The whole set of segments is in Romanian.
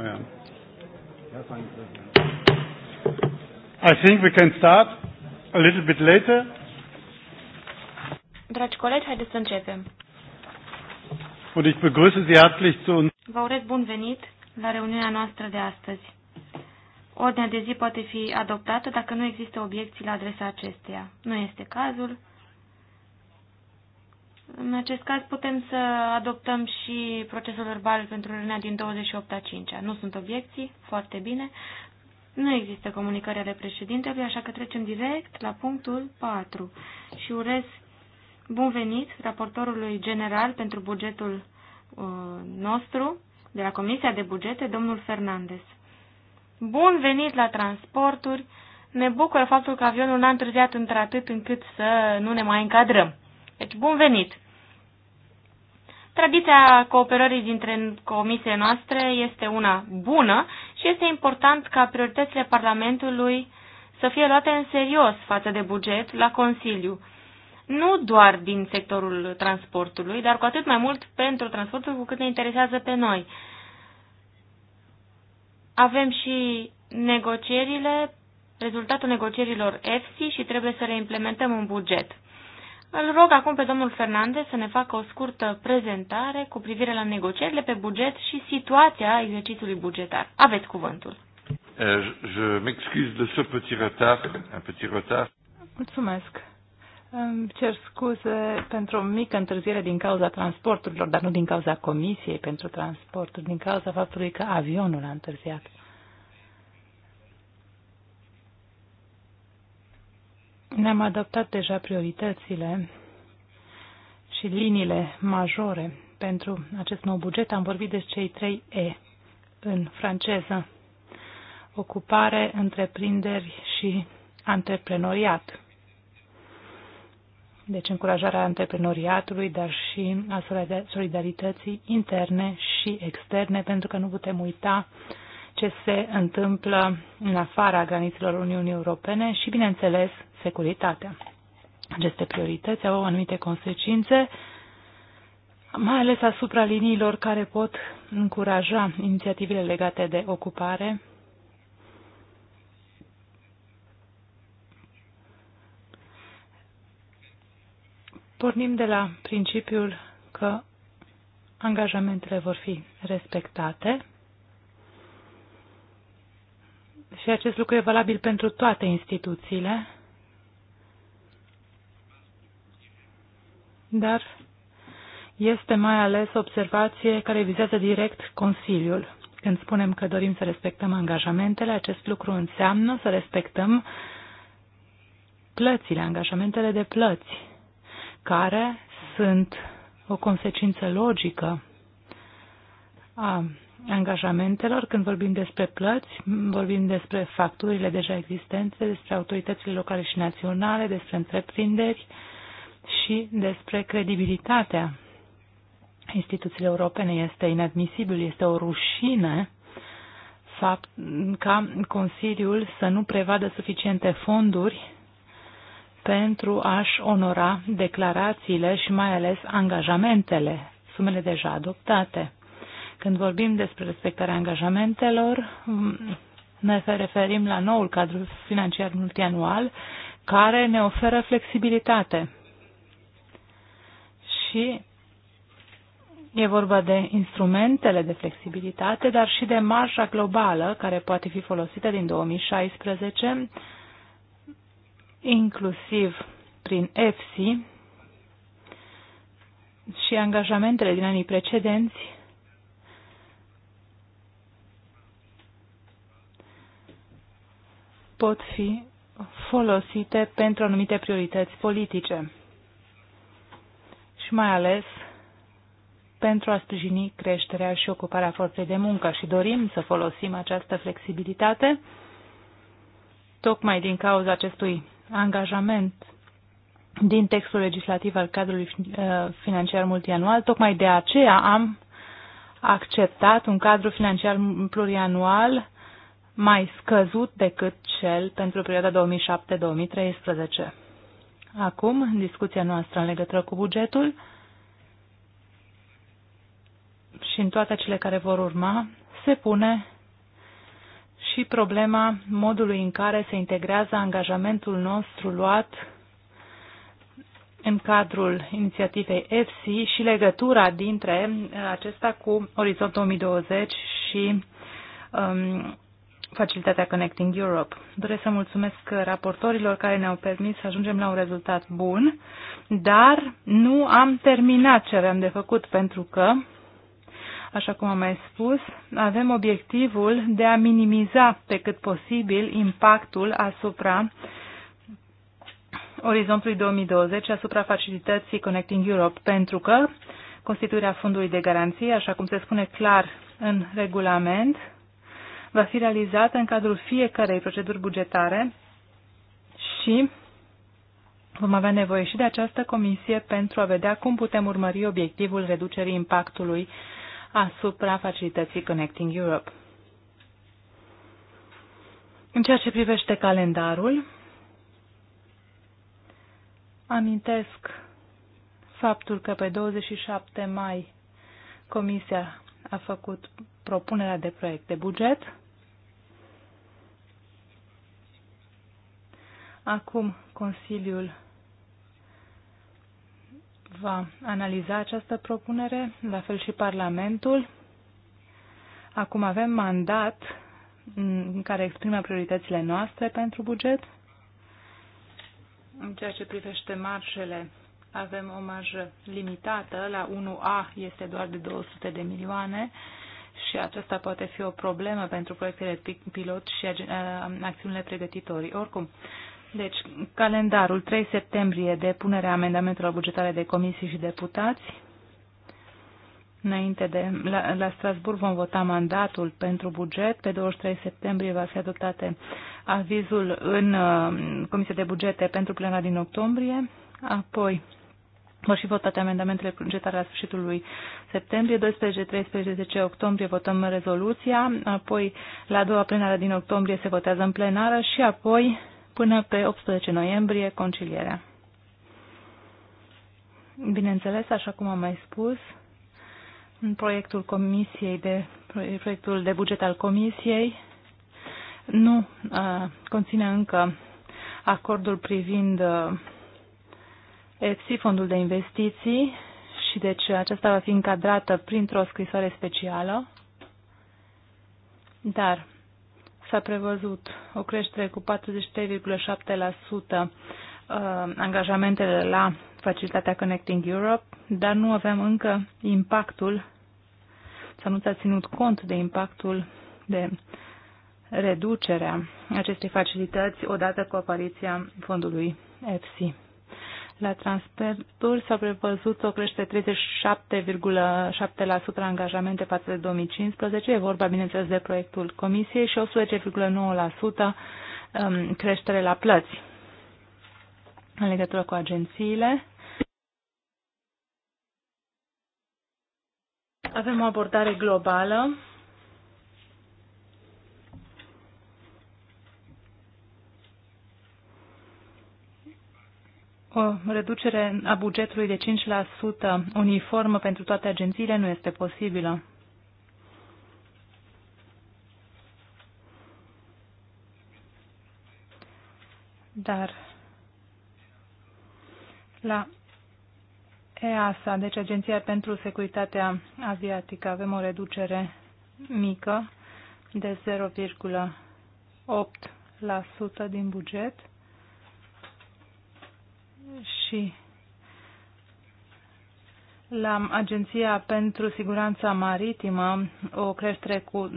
I think we can start a little bit later. Dragi colegi, haideți să începem. Und ich begrüße Sie herzlich zu uns. Vă urez bun venit la reuniunea noastră de astăzi. Ordinea de zi poate fi adoptată dacă nu există obiecții la adresa acesteia. Nu este cazul. În acest caz putem să adoptăm și procesul verbal pentru reuniunea din 28 a 5 -a. Nu sunt obiecții, foarte bine. Nu există comunicare ale președintelui, așa că trecem direct la punctul 4 și urez bun venit raportorului general pentru bugetul uh, nostru de la Comisia de Bugete, domnul Fernandez. Bun venit la transporturi! Ne bucură faptul că avionul n-a întârziat într-atât încât să nu ne mai încadrăm. Deci, bun venit! Tradiția cooperării dintre comisiile noastre este una bună și este important ca prioritățile Parlamentului să fie luate în serios față de buget la Consiliu. Nu doar din sectorul transportului, dar cu atât mai mult pentru transportul cu cât ne interesează pe noi. Avem și negocierile, rezultatul negocierilor EFSI și trebuie să le implementăm în buget. Îl rog acum pe domnul Fernandez să ne facă o scurtă prezentare cu privire la negocierile pe buget și situația exercițiului bugetar. Aveți cuvântul. Eh, je m'excuse de ce petit retard, un petit retard. Mulțumesc. Îmi cer scuze pentru o mică întârziere din cauza transporturilor, dar nu din cauza Comisiei pentru Transporturi, din cauza faptului că avionul a întârziat. Ne-am adaptat deja prioritățile și liniile majore pentru acest nou buget. Am vorbit de cei trei E în franceză. Ocupare, întreprinderi și antreprenoriat. Deci încurajarea antreprenoriatului, dar și a solidarității interne și externe, pentru că nu putem uita uh, ce se întâmplă în afara granițelor Uniunii Europene și, bineînțeles, securitatea. Aceste priorități au anumite consecințe, mai ales asupra liniilor care pot încuraja inițiativele legate de ocupare, Pornim de la principiul că angajamentele vor fi respectate și acest lucru e valabil pentru toate instituțiile, dar este mai ales o observație care vizează direct Consiliul. Când spunem că dorim să respectăm angajamentele, acest lucru înseamnă să respectăm plățile, angajamentele de plăți, care sunt o consecință logică a angajamentelor, când vorbim despre plăți, vorbim despre facturile deja existente, despre autoritățile locale și naționale, despre întreprinderi și despre credibilitatea instituțiilor europene. Este inadmisibil, este o rușine fapt, ca Consiliul să nu prevadă suficiente fonduri pentru a-și onora declarațiile și mai ales angajamentele, sumele deja adoptate. Când vorbim despre respectarea angajamentelor, ne referim la noul cadru financiar multianual care ne oferă flexibilitate. Și e vorba de instrumentele de flexibilitate, dar și de marja globală care poate fi folosită din 2016, inclusiv prin EFSI și angajamentele din anii precedenți pot fi folosite pentru anumite priorități politice și mai ales pentru a sprijini creșterea și ocuparea forței de muncă și dorim să folosim această flexibilitate tocmai din cauza acestui angajament din textul legislativ al cadrului uh, financiar multianual. Tocmai de aceea am acceptat un cadru financiar plurianual mai scăzut decât cel pentru perioada 2007-2013. Acum, discuția noastră în legătură cu bugetul și în toate cele care vor urma, se pune și problema modului în care se integrează angajamentul nostru luat în cadrul inițiativei EFSI și legătura dintre acesta cu Orizont 2020 și um, facilitatea Connecting Europe. Doresc să mulțumesc raportorilor care ne-au permis să ajungem la un rezultat bun, dar nu am terminat ce aveam de făcut pentru că, așa cum am mai spus, avem obiectivul de a minimiza pe cât posibil impactul asupra orizontului 2020 asupra facilității Connecting Europe, pentru că constituirea fondului de garanție, așa cum se spune clar în regulament, va fi realizată în cadrul fiecarei proceduri bugetare și vom avea nevoie și de această comisie pentru a vedea cum putem urmări obiectivul reducerii impactului asupra facilității Connecting Europe. În ceea ce privește calendarul, amintesc faptul că pe 27 mai Comisia a făcut propunerea de proiect de buget. Acum Consiliul va analiza această propunere, la fel și Parlamentul. Acum avem mandat în care exprimă prioritățile noastre pentru buget. În ceea ce privește marșele avem o marjă limitată, la 1A este doar de 200 de milioane și aceasta poate fi o problemă pentru proiectele pilot și acțiunile pregătitorii. Oricum, deci, calendarul 3 septembrie de punerea amendamentelor bugetare de comisii și deputați. Înainte de la, la Strasburg vom vota mandatul pentru buget. Pe 23 septembrie va fi adoptate avizul în uh, Comisia de Bugete pentru plena din octombrie. Apoi, vor fi votate amendamentele prângetare la sfârșitul lui septembrie, 12-13 octombrie votăm rezoluția, apoi la a doua plenară din octombrie se votează în plenară și apoi până pe 18 noiembrie concilierea. Bineînțeles, așa cum am mai spus, în proiectul comisiei de proiectul de buget al comisiei nu uh, conține încă acordul privind uh, EPSI, fondul de investiții, și deci aceasta va fi încadrată printr-o scrisoare specială, dar s-a prevăzut o creștere cu 43,7% uh, angajamentele la facilitatea Connecting Europe, dar nu avem încă impactul sau nu s-a ținut cont de impactul de reducerea acestei facilități odată cu apariția fondului EPSI. La transporturi s-a prevăzut o creștere 37,7% la angajamente față de 2015. E vorba, bineînțeles, de proiectul Comisiei și 18,9% um, creștere la plăți în legătură cu agențiile. Avem o abordare globală o reducere a bugetului de 5% uniformă pentru toate agențiile nu este posibilă. Dar la EASA, deci Agenția pentru Securitatea Aviatică, avem o reducere mică de 0,8% din buget și la Agenția pentru Siguranța Maritimă o creștere cu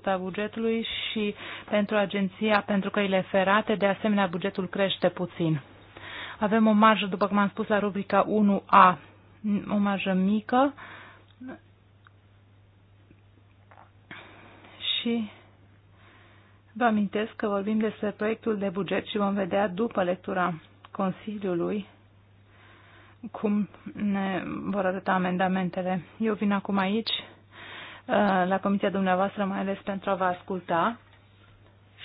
2% a bugetului și pentru Agenția pentru Căile Ferate, de asemenea, bugetul crește puțin. Avem o marjă, după cum am spus, la rubrica 1A, o marjă mică și vă amintesc că vorbim despre proiectul de buget și vom vedea după lectura Consiliului cum ne vor arăta amendamentele. Eu vin acum aici, uh, la comisia dumneavoastră, mai ales pentru a vă asculta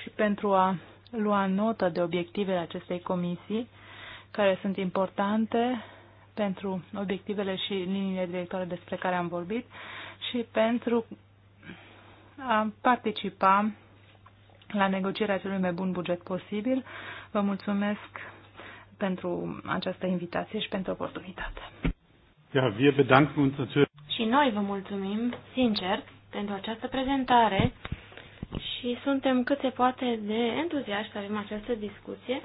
și pentru a lua notă de obiectivele acestei comisii, care sunt importante pentru obiectivele și liniile directoare despre care am vorbit și pentru a participa la negocierea celui mai bun buget posibil. Vă mulțumesc pentru această invitație și pentru oportunitate. Ja, wir bedanken uns natürlich. Și noi vă mulțumim, sincer, pentru această prezentare și suntem cât se poate de entuziaști să avem această discuție.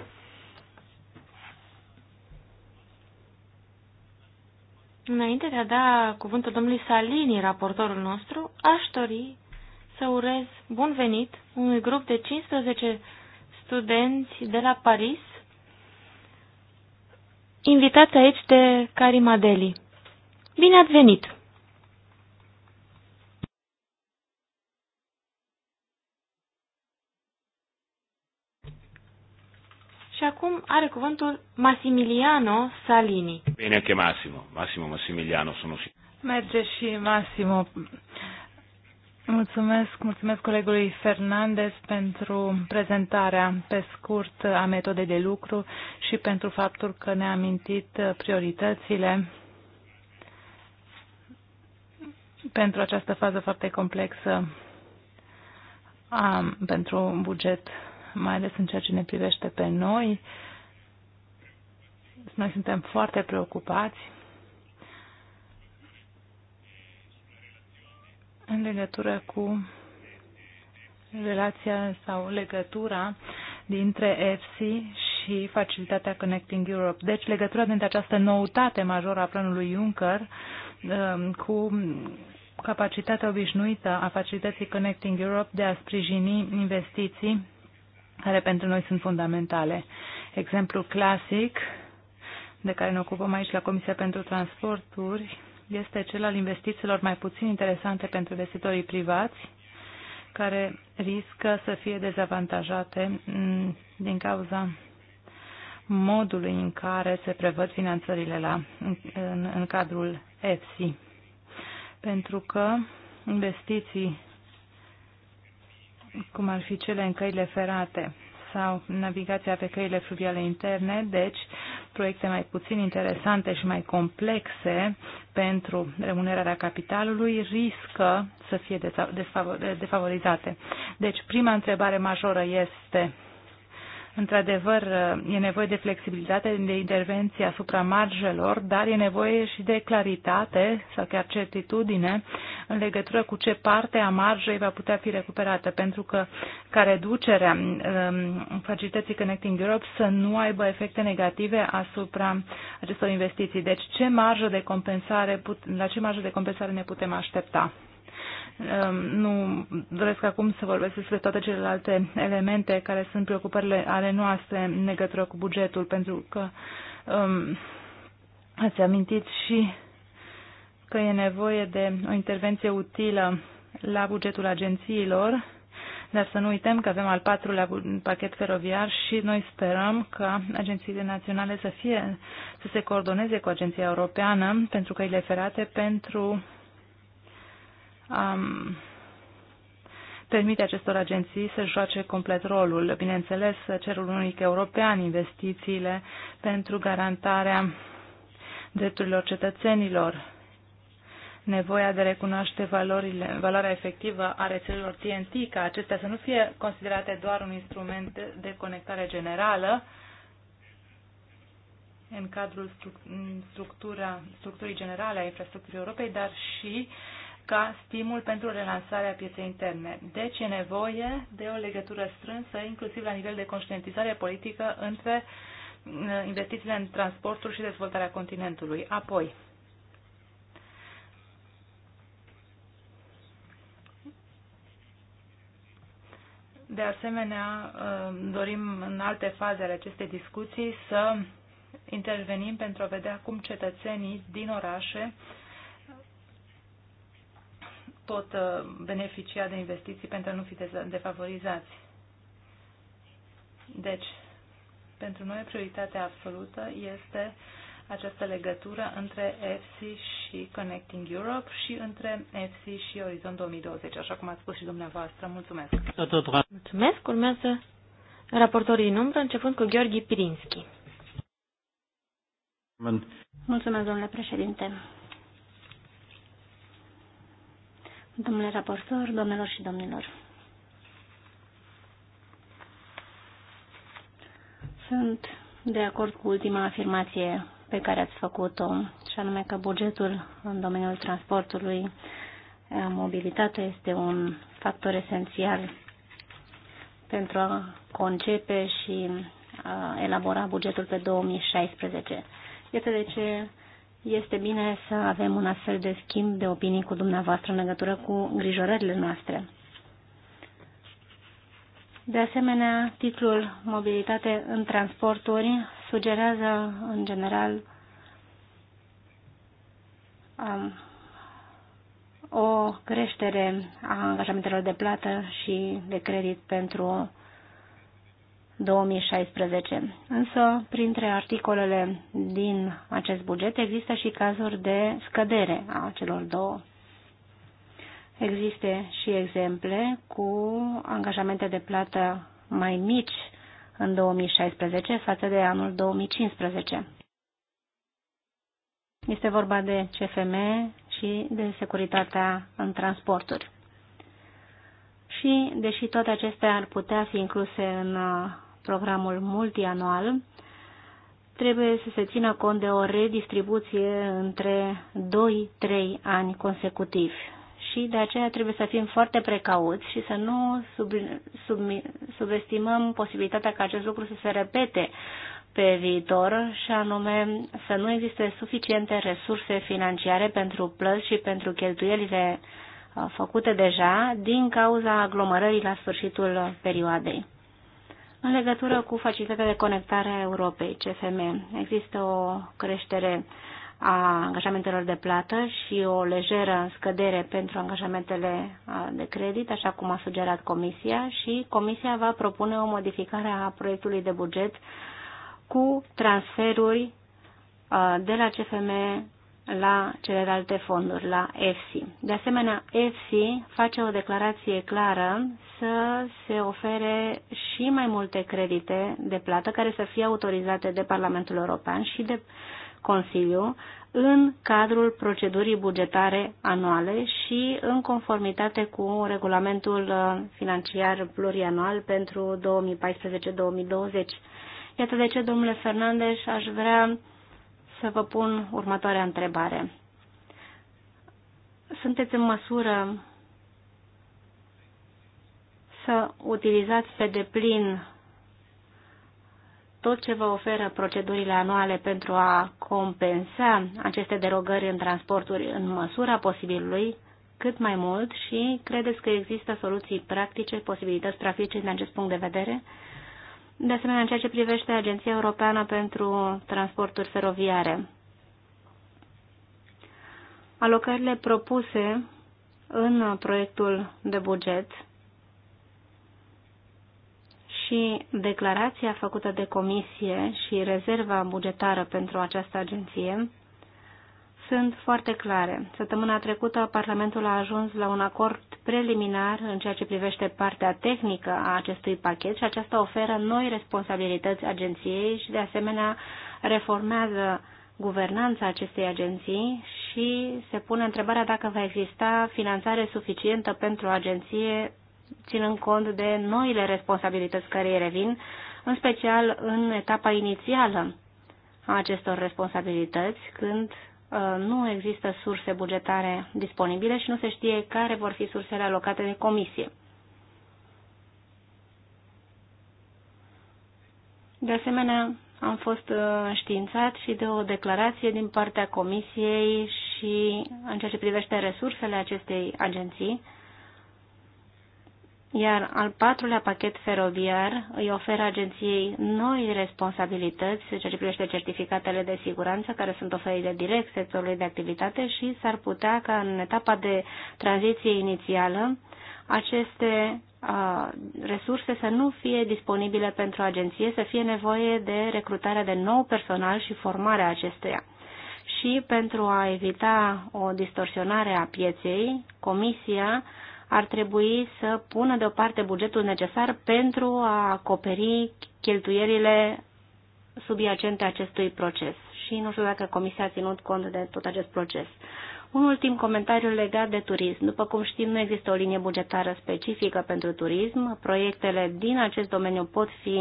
Înainte de a da cuvântul domnului Salini, raportorul nostru, aș dori să urez bun venit unui grup de 15 studenți de la Paris invitați aici de Karima Deli. Bine ați venit! Și acum are cuvântul Massimiliano Salini. Bine că Massimo, Massimo Massimiliano sunt și... Merge și Massimo. Mulțumesc, mulțumesc colegului Fernandez pentru prezentarea pe scurt a metodei de lucru și pentru faptul că ne-a amintit prioritățile pentru această fază foarte complexă a, pentru un buget, mai ales în ceea ce ne privește pe noi. Noi suntem foarte preocupați în legătură cu relația sau legătura dintre EFSI și facilitatea Connecting Europe. Deci legătura dintre această noutate majoră a planului Juncker um, cu capacitatea obișnuită a facilității Connecting Europe de a sprijini investiții care pentru noi sunt fundamentale. Exemplu clasic de care ne ocupăm aici la Comisia pentru Transporturi este cel al investițiilor mai puțin interesante pentru investitorii privați, care riscă să fie dezavantajate mm, din cauza modului în care se prevăd finanțările la, în, în cadrul EFSI. Pentru că investiții cum ar fi cele în căile ferate sau navigația pe căile fluviale interne, deci proiecte mai puțin interesante și mai complexe pentru remunerarea capitalului riscă să fie defavorizate. Deci, prima întrebare majoră este Într-adevăr, e nevoie de flexibilitate, de intervenție asupra marjelor, dar e nevoie și de claritate sau chiar certitudine în legătură cu ce parte a marjei va putea fi recuperată, pentru că ca reducerea um, facilității Connecting Europe să nu aibă efecte negative asupra acestor investiții. Deci, ce marjă de compensare, la ce marjă de compensare ne putem aștepta? Ehm, nu doresc acum să vorbesc despre toate celelalte elemente care sunt preocupările ale noastre în legătură cu bugetul, pentru că um, ați amintit și că e nevoie de o intervenție utilă la bugetul agențiilor, dar să nu uităm că avem al patrulea pachet feroviar și noi sperăm că agențiile naționale să, fie, să se coordoneze cu Agenția Europeană pentru căile ferate pentru um, permite acestor agenții să joace complet rolul. Bineînțeles, cerul unic european, investițiile pentru garantarea drepturilor cetățenilor, nevoia de a recunoaște valorile, valoarea efectivă a rețelelor TNT, ca acestea să nu fie considerate doar un instrument de conectare generală în cadrul structura, structurii generale a infrastructurii Europei, dar și uh, ca stimul pentru relansarea pieței interne. Deci e nevoie de o legătură strânsă, inclusiv la nivel de conștientizare politică, între uh, investițiile în transportul și dezvoltarea continentului. Apoi, De asemenea, uh, dorim în alte faze ale acestei discuții să intervenim pentru a vedea cum cetățenii din orașe uh, pot uh, beneficia de investiții pentru a nu fi defavorizați. Deci, pentru noi prioritatea absolută este această legătură între EFSI și Connecting Europe și între EFSI și Orizont 2020, așa cum ați spus și dumneavoastră. Mulțumesc! Mulțumesc! Urmează raportorii în umbră, începând cu Gheorghi Pirinski. Mulțumesc, domnule președinte! domnule raportor, domnilor și domnilor. Sunt de acord cu ultima afirmație pe care ați făcut-o, și anume că bugetul în domeniul transportului, mobilitate este un factor esențial pentru a concepe și a elabora bugetul pe 2016. Iată de ce este bine să avem un astfel de schimb de opinii cu dumneavoastră în legătură cu îngrijorările noastre. De asemenea, titlul Mobilitate în transporturi sugerează, în general, o creștere a angajamentelor de plată și de credit pentru 2016. Însă, printre articolele din acest buget există și cazuri de scădere a celor două. Există și exemple cu angajamente de plată mai mici în 2016 față de anul 2015. Este vorba de CFM și de securitatea în transporturi. Și, deși toate acestea ar putea fi incluse în uh, programul multianual, trebuie să se țină cont de o redistribuție între 2-3 ani consecutivi. Și de aceea trebuie să fim foarte precauți și să nu sub, sub, subestimăm posibilitatea ca acest lucru să se repete pe viitor și anume să nu existe suficiente resurse financiare pentru plăți și pentru cheltuielile uh, făcute deja din cauza aglomerării la sfârșitul perioadei. În legătură cu facilitatea de conectare a Europei, CFM, există o creștere a angajamentelor de plată și o lejeră scădere pentru angajamentele de credit, așa cum a sugerat Comisia, și Comisia va propune o modificare a proiectului de buget cu transferuri de la CFM la celelalte fonduri, la EFSI. De asemenea, EFSI face o declarație clară să se ofere și mai multe credite de plată care să fie autorizate de Parlamentul European și de Consiliu în cadrul procedurii bugetare anuale și în conformitate cu regulamentul uh, financiar plurianual pentru 2014-2020. Iată de ce, domnule Fernandez, aș vrea să vă pun următoarea întrebare. Sunteți în măsură să utilizați pe deplin tot ce vă oferă procedurile anuale pentru a compensa aceste derogări în transporturi în măsura posibilului cât mai mult și credeți că există soluții practice, posibilități practice din acest punct de vedere? De asemenea, în ceea ce privește Agenția Europeană pentru Transporturi Feroviare, alocările propuse în proiectul de buget și declarația făcută de comisie și rezerva bugetară pentru această agenție sunt foarte clare. Săptămâna trecută, Parlamentul a ajuns la un acord preliminar în ceea ce privește partea tehnică a acestui pachet și aceasta oferă noi responsabilități agenției și, de asemenea, reformează guvernanța acestei agenții și se pune întrebarea dacă va exista finanțare suficientă pentru agenție, ținând cont de noile responsabilități care îi revin, în special în etapa inițială a acestor responsabilități, când Uh, nu există surse bugetare disponibile și nu se știe care vor fi sursele alocate de comisie. De asemenea, am fost uh, științat și de o declarație din partea comisiei și în ceea ce privește resursele acestei agenții, iar al patrulea pachet feroviar îi oferă agenției noi responsabilități în ceea ce privește certificatele de siguranță care sunt oferite direct sectorului de activitate și s-ar putea ca în etapa de tranziție inițială aceste a, resurse să nu fie disponibile pentru agenție, să fie nevoie de recrutarea de nou personal și formarea acesteia. Și pentru a evita o distorsionare a pieței, Comisia ar trebui să pună deoparte bugetul necesar pentru a acoperi cheltuielile subiacente acestui proces. Și nu știu dacă Comisia a ținut cont de tot acest proces. Un ultim comentariu legat de turism. După cum știm, nu există o linie bugetară specifică pentru turism. Proiectele din acest domeniu pot fi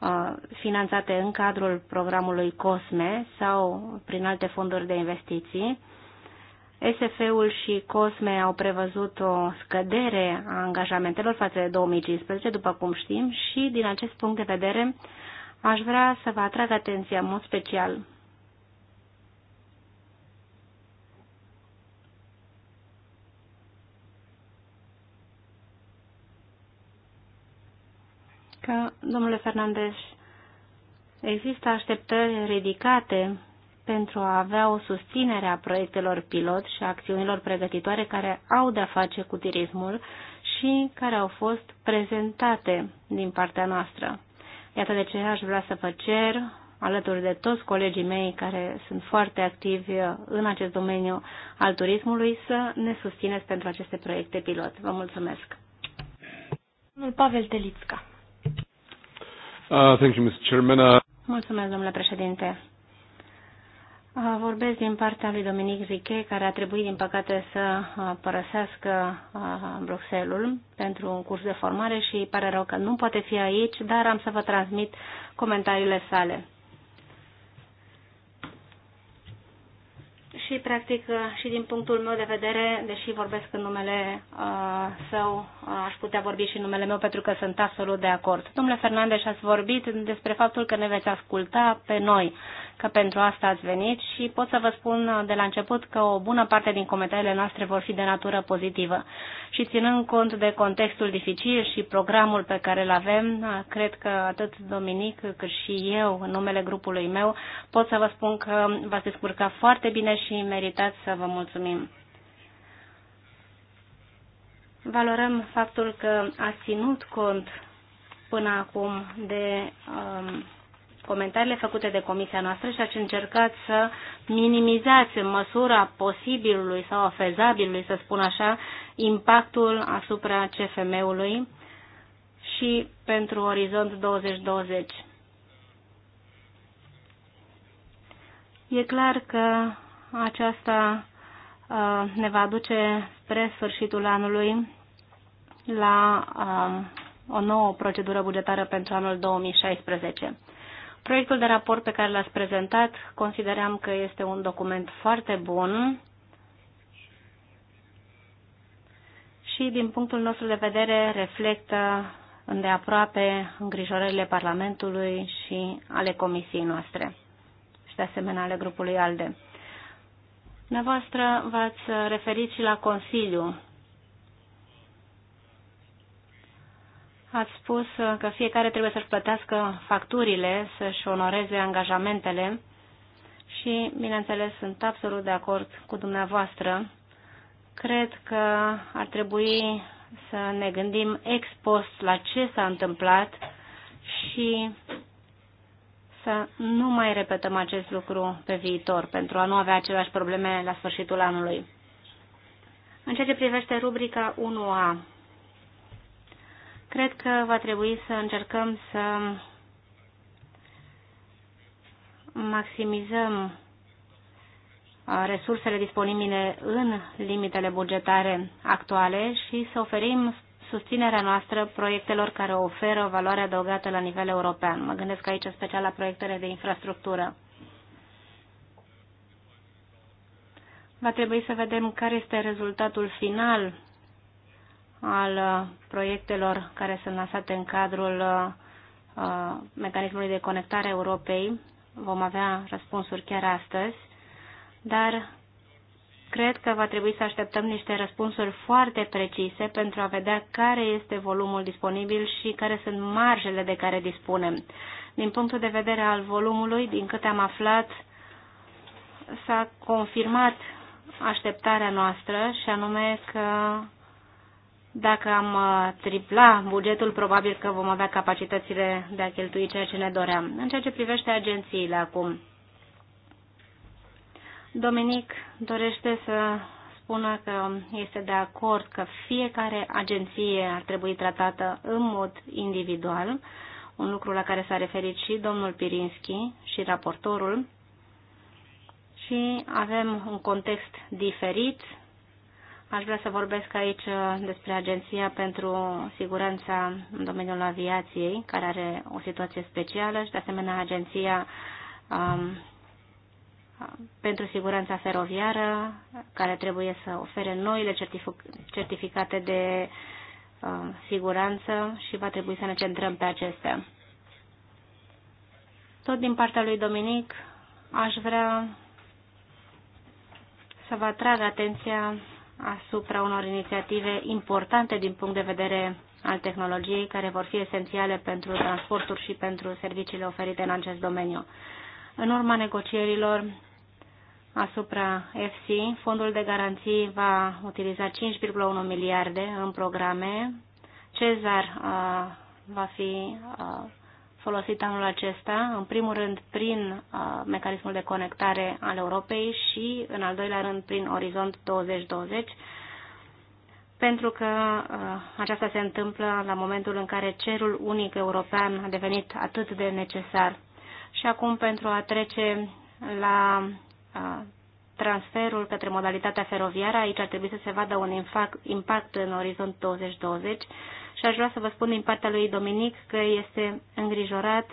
uh, finanțate în cadrul programului COSME sau prin alte fonduri de investiții. SF-ul și COSME au prevăzut o scădere a angajamentelor față de 2015, după cum știm, și din acest punct de vedere aș vrea să vă atrag atenția în mod special că, domnule Fernandez, există așteptări ridicate pentru a avea o susținere a proiectelor pilot și a acțiunilor pregătitoare care au de-a face cu turismul și care au fost prezentate din partea noastră. Iată de ce aș vrea să vă cer, alături de toți colegii mei care sunt foarte activi în acest domeniu al turismului, să ne susțineți pentru aceste proiecte pilot. Vă mulțumesc! Domnul Pavel Telițca. Uh, thank you, Mr. Chairman. Uh, mulțumesc, domnule președinte. Uh, vorbesc din partea lui Dominic Riche, care a trebuit, din păcate, să uh, părăsească uh, Bruxelles pentru un curs de formare și pare rău că nu poate fi aici, dar am să vă transmit comentariile sale și, practic, și din punctul meu de vedere, deși vorbesc în numele uh, său, uh, aș putea vorbi și în numele meu pentru că sunt absolut de acord. Domnule Fernandez, ați vorbit despre faptul că ne veți asculta pe noi, că pentru asta ați venit și pot să vă spun de la început că o bună parte din comentariile noastre vor fi de natură pozitivă. Și ținând cont de contextul dificil și programul pe care îl avem, cred că atât Dominic cât și eu, în numele grupului meu, pot să vă spun că v-ați descurcat foarte bine și meritați să vă mulțumim. Valorăm faptul că ați ținut cont până acum de um, comentariile făcute de comisia noastră și ați încercat să minimizați în măsura posibilului sau afezabilului fezabilului, să spun așa, impactul asupra CFM-ului și pentru Orizont 2020. E clar că aceasta uh, ne va aduce spre sfârșitul anului la um, o nouă procedură bugetară pentru anul 2016. Proiectul de raport pe care l-ați prezentat consideram că este un document foarte bun și, din punctul nostru de vedere, reflectă îndeaproape îngrijorările Parlamentului și ale comisiei noastre și, de asemenea, ale grupului ALDE. Dumneavoastră v-ați referit și la Consiliu. Ați spus că fiecare trebuie să-și plătească facturile, să-și onoreze angajamentele și, bineînțeles, sunt absolut de acord cu dumneavoastră. Cred că ar trebui să ne gândim ex post la ce s-a întâmplat și să nu mai repetăm acest lucru pe viitor, pentru a nu avea aceleași probleme la sfârșitul anului. În ceea ce privește rubrica 1A, cred că va trebui să încercăm să maximizăm resursele disponibile în limitele bugetare actuale și să oferim susținerea noastră proiectelor care oferă o valoare adăugată la nivel european. Mă gândesc aici special la proiectele de infrastructură. Va trebui să vedem care este rezultatul final al uh, proiectelor care sunt lansate în cadrul uh, uh, mecanismului de conectare a Europei. Vom avea răspunsuri chiar astăzi, dar Cred că va trebui să așteptăm niște răspunsuri foarte precise pentru a vedea care este volumul disponibil și care sunt marjele de care dispunem. Din punctul de vedere al volumului, din câte am aflat, s-a confirmat așteptarea noastră și anume că dacă am uh, tripla bugetul, probabil că vom avea capacitățile de a cheltui ceea ce ne doream. În ceea ce privește agențiile acum, Dominic dorește să spună că este de acord că fiecare agenție ar trebui tratată în mod individual, un lucru la care s-a referit și domnul Pirinski și raportorul, și avem un context diferit. Aș vrea să vorbesc aici despre Agenția pentru Siguranța în domeniul aviației, care are o situație specială și, de asemenea, Agenția um, pentru siguranța feroviară, care trebuie să ofere noile certificate de uh, siguranță și va trebui să ne centrăm pe acestea. Tot din partea lui Dominic, aș vrea să vă atrag atenția asupra unor inițiative importante din punct de vedere al tehnologiei, care vor fi esențiale pentru transporturi și pentru serviciile oferite în acest domeniu. În urma negocierilor asupra FC, Fondul de garanții va utiliza 5,1 miliarde în programe. Cezar va fi folosit anul acesta, în primul rând prin mecanismul de conectare al Europei și, în al doilea rând, prin Orizont 2020, pentru că aceasta se întâmplă la momentul în care cerul unic european a devenit atât de necesar. Și acum, pentru a trece la transferul către modalitatea feroviară, aici ar trebui să se vadă un impact în orizont 2020 și aș vrea să vă spun din partea lui Dominic că este îngrijorat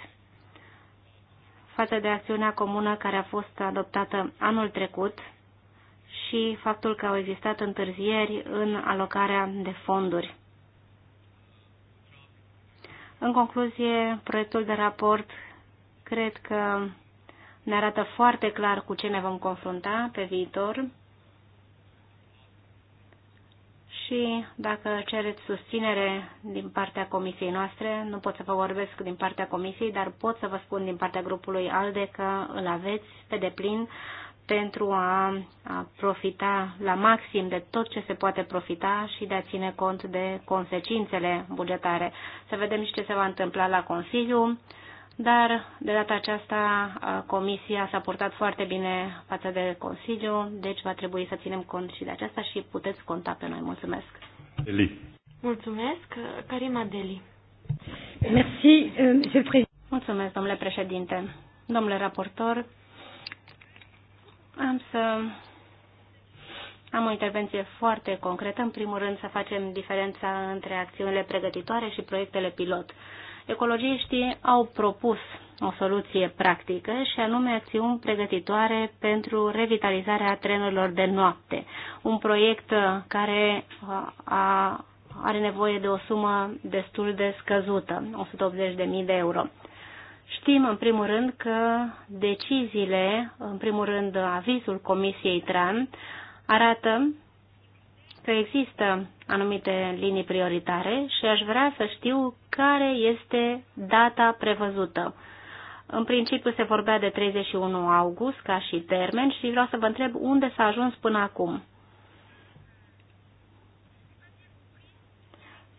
față de acțiunea comună care a fost adoptată anul trecut și faptul că au existat întârzieri în alocarea de fonduri. În concluzie, proiectul de raport cred că ne arată foarte clar cu ce ne vom confrunta pe viitor și dacă cereți susținere din partea comisiei noastre, nu pot să vă vorbesc din partea comisiei, dar pot să vă spun din partea grupului ALDE că îl aveți pe deplin pentru a, a profita la maxim de tot ce se poate profita și de a ține cont de consecințele bugetare. Să vedem și ce se va întâmpla la Consiliu dar de data aceasta Comisia s-a portat foarte bine față de Consiliu, deci va trebui să ținem cont și de aceasta și puteți conta pe noi. Mulțumesc! Eli. Mulțumesc, Karima Deli. Merci, euh, Mulțumesc, domnule președinte. Domnule raportor, am să am o intervenție foarte concretă. În primul rând, să facem diferența între acțiunile pregătitoare și proiectele pilot. Ecologiștii au propus o soluție practică și anume acțiuni pregătitoare pentru revitalizarea trenurilor de noapte. Un proiect care a, are nevoie de o sumă destul de scăzută, 180.000 de euro. Știm, în primul rând, că deciziile, în primul rând avizul Comisiei TRAN, arată că există anumite linii prioritare și aș vrea să știu care este data prevăzută. În principiu se vorbea de 31 august ca și termen și vreau să vă întreb unde s-a ajuns până acum.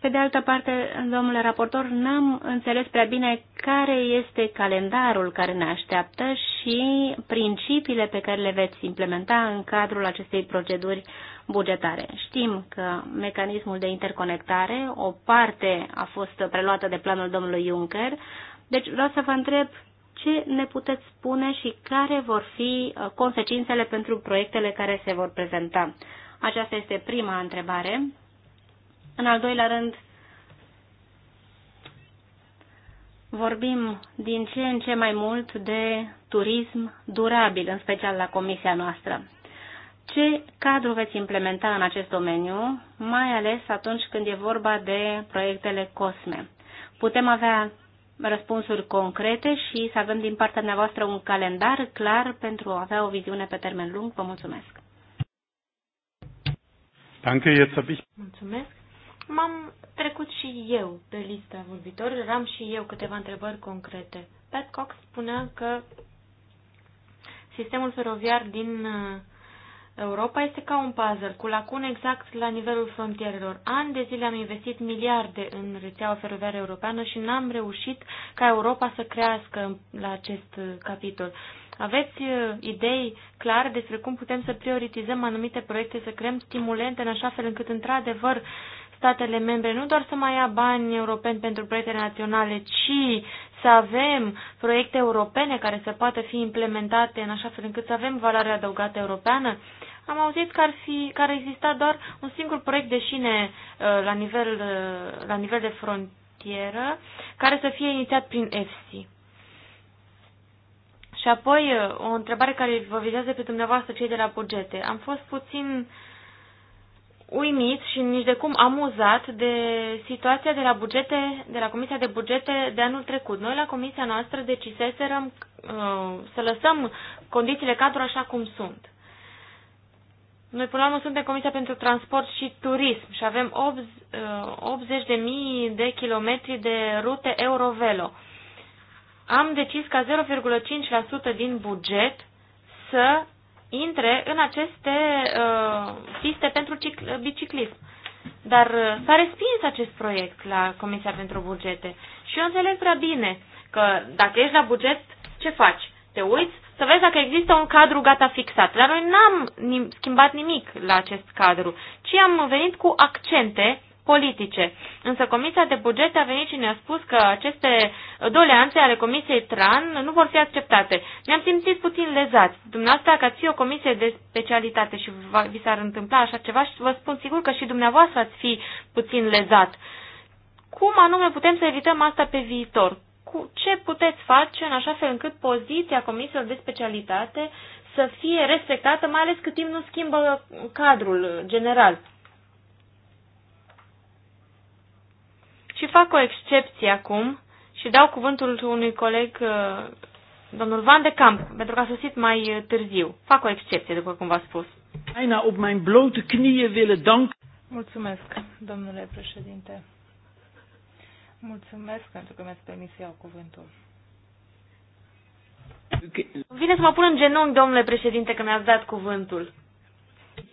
Pe de altă parte, domnule raportor, n-am înțeles prea bine care este calendarul care ne așteaptă și principiile pe care le veți implementa în cadrul acestei proceduri bugetare. Știm că mecanismul de interconectare, o parte a fost preluată de planul domnului Juncker, deci vreau să vă întreb ce ne puteți spune și care vor fi uh, consecințele pentru proiectele care se vor prezenta. Aceasta este prima întrebare. În al doilea rând, vorbim din ce în ce mai mult de turism durabil, în special la comisia noastră. Ce cadru veți implementa în acest domeniu, mai ales atunci când e vorba de proiectele COSME? Putem avea răspunsuri concrete și să avem din partea dumneavoastră un calendar clar pentru a avea o viziune pe termen lung. Vă mulțumesc! Mulțumesc! M-am trecut și eu pe lista vorbitorilor, am și eu câteva întrebări concrete. Pat Cox spunea că sistemul feroviar din uh, Europa este ca un puzzle, cu lacune exact la nivelul frontierelor. Ani de zile am investit miliarde în rețeaua feroviară europeană și n-am reușit ca Europa să crească la acest uh, capitol. Aveți uh, idei clare despre cum putem să prioritizăm anumite proiecte, să creăm stimulente în așa fel încât, într-adevăr, statele membre nu doar să mai ia bani europeni pentru proiecte naționale, ci să avem proiecte europene care să poată fi implementate în așa fel încât să avem valoare adăugată europeană. Am auzit că ar, fi, că ar exista doar un singur proiect de șine uh, la nivel, uh, la nivel de frontieră care să fie inițiat prin EFSI. Și apoi, uh, o întrebare care vă vizează pe dumneavoastră cei de la bugete. Am fost puțin uh, uimit și nici de cum amuzat de situația de la bugete, de la Comisia de Bugete de anul trecut. Noi la Comisia noastră deciseserăm uh, să lăsăm condițiile cadru așa cum sunt. Noi, până la urmă, suntem Comisia pentru Transport și Turism și avem 80.000 uh, de kilometri de rute Eurovelo. Am decis ca 0,5% din buget să intre în aceste uh, piste pentru biciclism. Dar uh, s-a respins acest proiect la Comisia pentru Bugete și eu înțeleg prea bine că dacă ești la buget, ce faci? Te uiți să vezi dacă există un cadru gata fixat. Dar noi n-am schimbat nimic la acest cadru, ci am venit cu accente politice. Însă Comisia de Buget a venit și ne-a spus că aceste doleanțe ale Comisiei TRAN nu vor fi acceptate. Ne-am simțit puțin lezați. Dumneavoastră, că ați fi o comisie de specialitate și vi s-ar întâmpla așa ceva și vă spun sigur că și dumneavoastră ați fi puțin lezat. Cum anume putem să evităm asta pe viitor? Cu ce puteți face în așa fel încât poziția comisiilor de specialitate să fie respectată, mai ales cât timp nu schimbă cadrul general? Și fac o excepție acum și dau cuvântul unui coleg, uh, domnul Van de Camp, pentru că a sosit mai uh, târziu. Fac o excepție, după cum v-a spus. Aina, op mijn blote knieën willen dank. Mulțumesc, domnule președinte. Mulțumesc pentru că mi-ați permis să iau cuvântul. Vine să mă pun în genunchi, domnule președinte, că mi-ați dat cuvântul.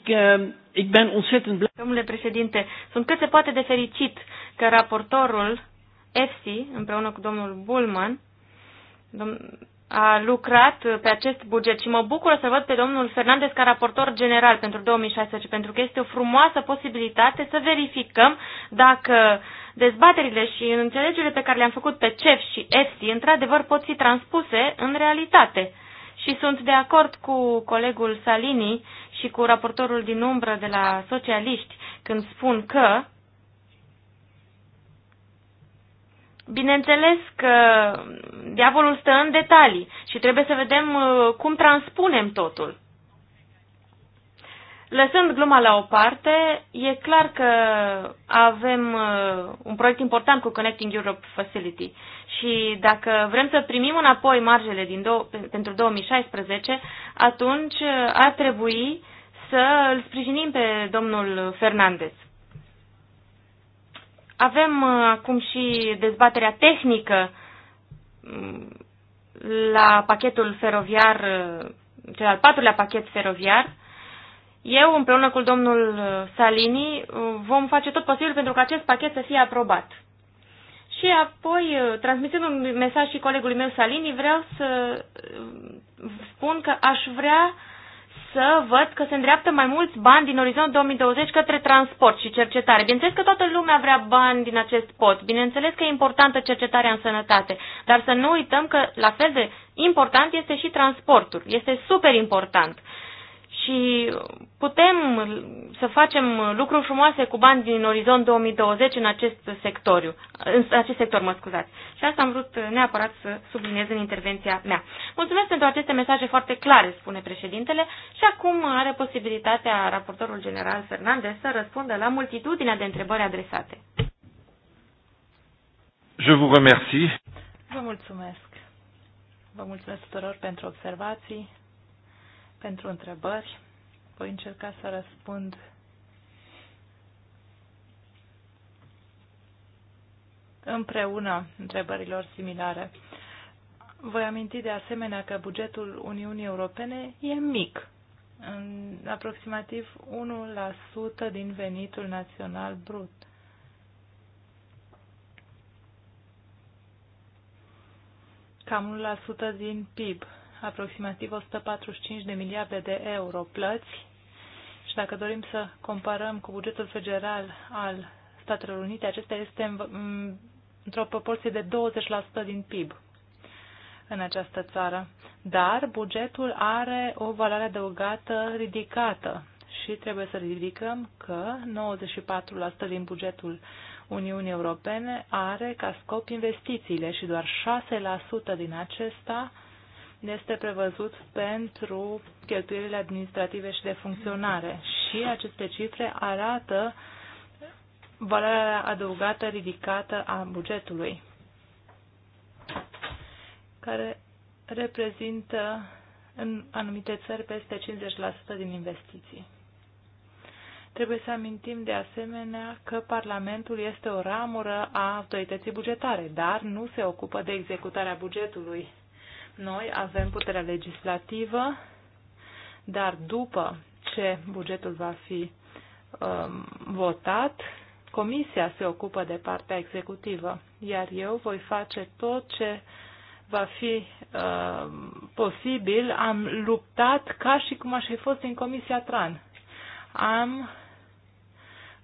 Ehm, ik ben ontzettend blij. Domnule președinte, sunt cât se poate de fericit că raportorul EFSI, împreună cu domnul Bulman, a lucrat pe acest buget și mă bucur să văd pe domnul Fernandez ca raportor general pentru 2016, pentru că este o frumoasă posibilitate să verificăm dacă dezbaterile și înțelegerile pe care le-am făcut pe CEF și EFSI, într-adevăr, pot fi transpuse în realitate. Și sunt de acord cu colegul Salini și cu raportorul din umbră de la socialiști când spun că Bineînțeles că diavolul stă în detalii și trebuie să vedem uh, cum transpunem totul. Lăsând gluma la o parte, e clar că avem uh, un proiect important cu Connecting Europe Facility și dacă vrem să primim înapoi marjele din dou- pentru 2016, atunci uh, ar trebui să îl sprijinim pe domnul Fernandez. Avem uh, acum și dezbaterea tehnică mm, la pachetul feroviar, uh, cel al patrulea pachet feroviar. Eu, împreună cu domnul Salini, vom face tot posibil pentru ca acest pachet să fie aprobat. Și apoi, uh, transmitând un mesaj și colegului meu Salini, vreau să uh, spun că aș vrea să văd că se îndreaptă mai mulți bani din orizont 2020 către transport și cercetare. Bineînțeles că toată lumea vrea bani din acest pot, bineînțeles că e importantă cercetarea în sănătate, dar să nu uităm că la fel de important este și transportul. Este super important și putem să facem lucruri frumoase cu bani din orizont 2020 în acest sectoriu, în acest sector, mă scuzați. Și asta am vrut neapărat să subliniez în intervenția mea. Mulțumesc pentru aceste mesaje foarte clare, spune președintele, și acum are posibilitatea raportorul general Fernandez să răspundă la multitudinea de întrebări adresate. Je vous remercie. Vă mulțumesc. Vă mulțumesc tuturor pentru observații pentru întrebări. Voi încerca să răspund împreună întrebărilor similare. Voi aminti de asemenea că bugetul Uniunii Europene e mic, în aproximativ 1% din venitul național brut. Cam 1% din PIB aproximativ 145 de miliarde de euro plăți și dacă dorim să comparăm cu bugetul federal al Statelor Unite, acesta este într-o proporție de 20% din PIB în această țară. Dar bugetul are o valoare adăugată ridicată și trebuie să ridicăm că 94% din bugetul Uniunii Europene are ca scop investițiile și doar 6% din acesta este prevăzut pentru cheltuielile administrative și de funcționare. Și aceste cifre arată valoarea adăugată ridicată a bugetului, care reprezintă în anumite țări peste 50% din investiții. Trebuie să amintim de asemenea că Parlamentul este o ramură a autorității bugetare, dar nu se ocupă de executarea bugetului noi avem puterea legislativă, dar după ce bugetul va fi um, votat, Comisia se ocupă de partea executivă, iar eu voi face tot ce va fi uh, posibil. Am luptat ca și cum aș fi fost în Comisia Tran. Am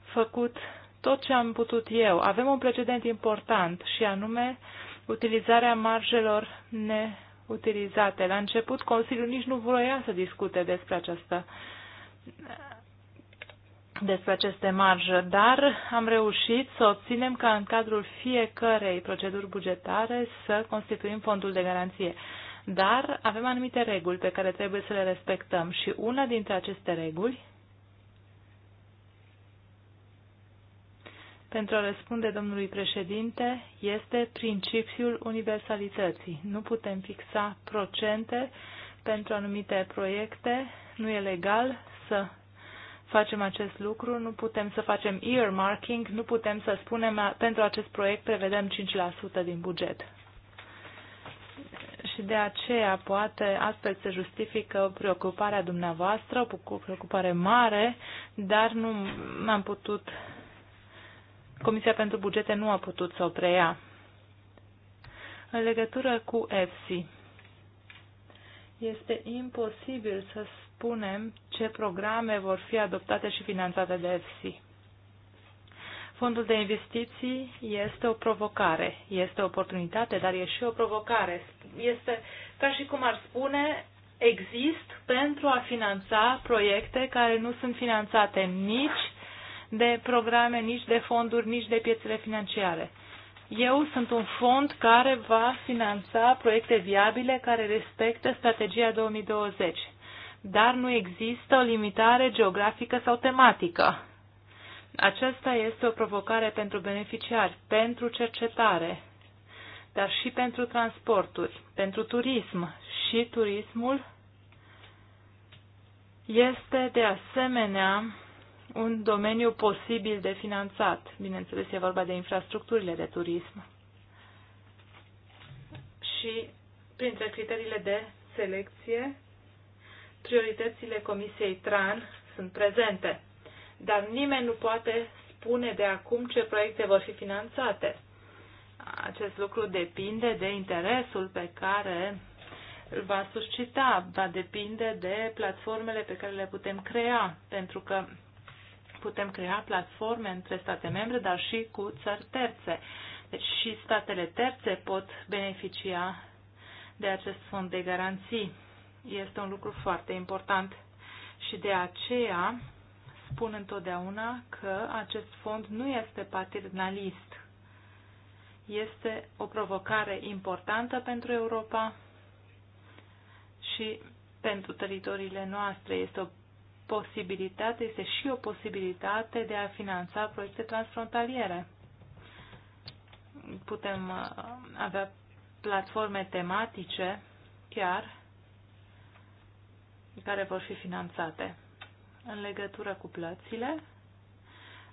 făcut tot ce am putut eu. Avem un precedent important și anume utilizarea marjelor ne utilizate. La început, Consiliul nici nu vroia să discute despre această despre aceste marjă, dar am reușit să obținem ca în cadrul fiecărei proceduri bugetare să constituim fondul de garanție. Dar avem anumite reguli pe care trebuie să le respectăm și una dintre aceste reguli pentru a răspunde domnului președinte este principiul universalității. Nu putem fixa procente pentru anumite proiecte, nu e legal să facem acest lucru, nu putem să facem earmarking, nu putem să spunem pentru acest proiect prevedem 5% din buget. Și de aceea, poate, astfel se justifică preocuparea dumneavoastră, o preocupare mare, dar nu am putut Comisia pentru Bugete nu a putut să o preia. În legătură cu EFSI, este imposibil să spunem ce programe vor fi adoptate și finanțate de EFSI. Fondul de investiții este o provocare, este o oportunitate, dar e și o provocare. Este ca și cum ar spune, exist pentru a finanța proiecte care nu sunt finanțate nici de programe, nici de fonduri, nici de piețele financiare. Eu sunt un fond care va finanța proiecte viabile care respectă strategia 2020, dar nu există o limitare geografică sau tematică. Aceasta este o provocare pentru beneficiari, pentru cercetare, dar și pentru transporturi, pentru turism și turismul este de asemenea un domeniu posibil de finanțat. Bineînțeles, e vorba de infrastructurile de turism. Și printre criteriile de selecție, prioritățile Comisiei TRAN sunt prezente, dar nimeni nu poate spune de acum ce proiecte vor fi finanțate. Acest lucru depinde de interesul pe care îl va suscita, va depinde de platformele pe care le putem crea, pentru că Putem crea platforme între state membre, dar și cu țări terțe. Deci și statele terțe pot beneficia de acest fond de garanții. Este un lucru foarte important și de aceea spun întotdeauna că acest fond nu este paternalist. Este o provocare importantă pentru Europa și pentru teritoriile noastre. Este o posibilitate, este și o posibilitate de a finanța proiecte transfrontaliere. Putem uh, avea platforme tematice chiar care vor fi finanțate. În legătură cu plățile,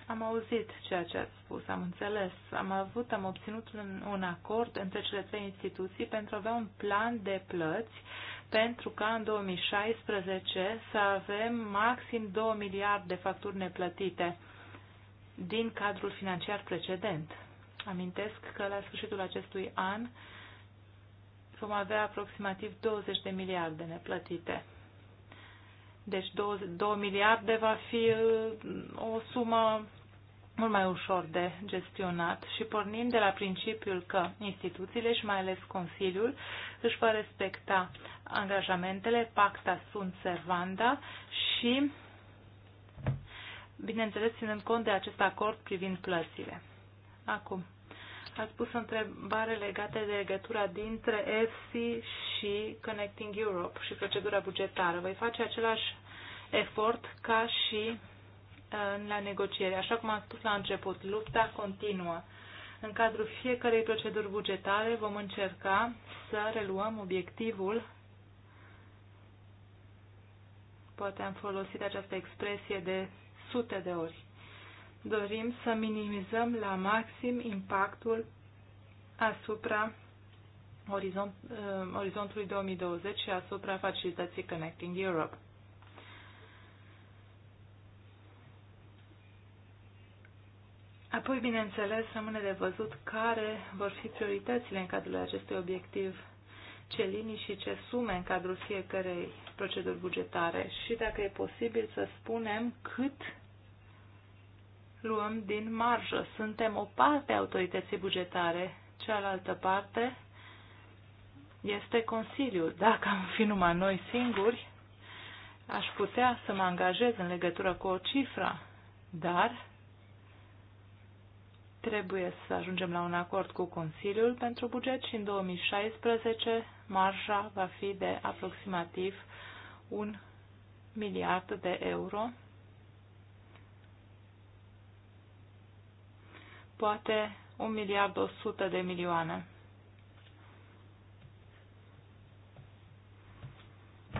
am auzit ceea ce ați spus, am înțeles, am avut, am obținut un, un acord între cele trei instituții pentru a avea un plan de plăți pentru ca în 2016 să avem maxim 2 miliarde de facturi neplătite din cadrul financiar precedent. Amintesc că la sfârșitul acestui an vom avea aproximativ 20 de miliarde neplătite. Deci 2, miliarde va fi uh, o sumă mult mai ușor de gestionat și pornim de la principiul că instituțiile și mai ales Consiliul își va respecta angajamentele, pacta sunt servanda și, bineînțeles, ținând cont de acest acord privind plățile. Acum, ați pus o întrebare legată de legătura dintre EFSI și Connecting Europe și procedura bugetară. Voi face același efort ca și la negociere. Așa cum am spus la început, lupta continuă. În cadrul fiecarei proceduri bugetare vom încerca să reluăm obiectivul poate am folosit această expresie de sute de ori. Dorim să minimizăm la maxim impactul asupra orizont, uh, orizontului 2020 și asupra facilității Connecting Europe. Apoi, bineînțeles, rămâne de văzut care vor fi prioritățile în cadrul acestui obiectiv, ce linii și ce sume în cadrul fiecarei proceduri bugetare și dacă e posibil să spunem cât luăm din marjă. Suntem o parte a autorității bugetare, cealaltă parte este Consiliul. Dacă am fi numai noi singuri, aș putea să mă angajez în legătură cu o cifră, dar Trebuie să ajungem la un acord cu Consiliul pentru buget și în 2016 marja va fi de aproximativ un miliard de euro. Poate un miliard sută de milioane.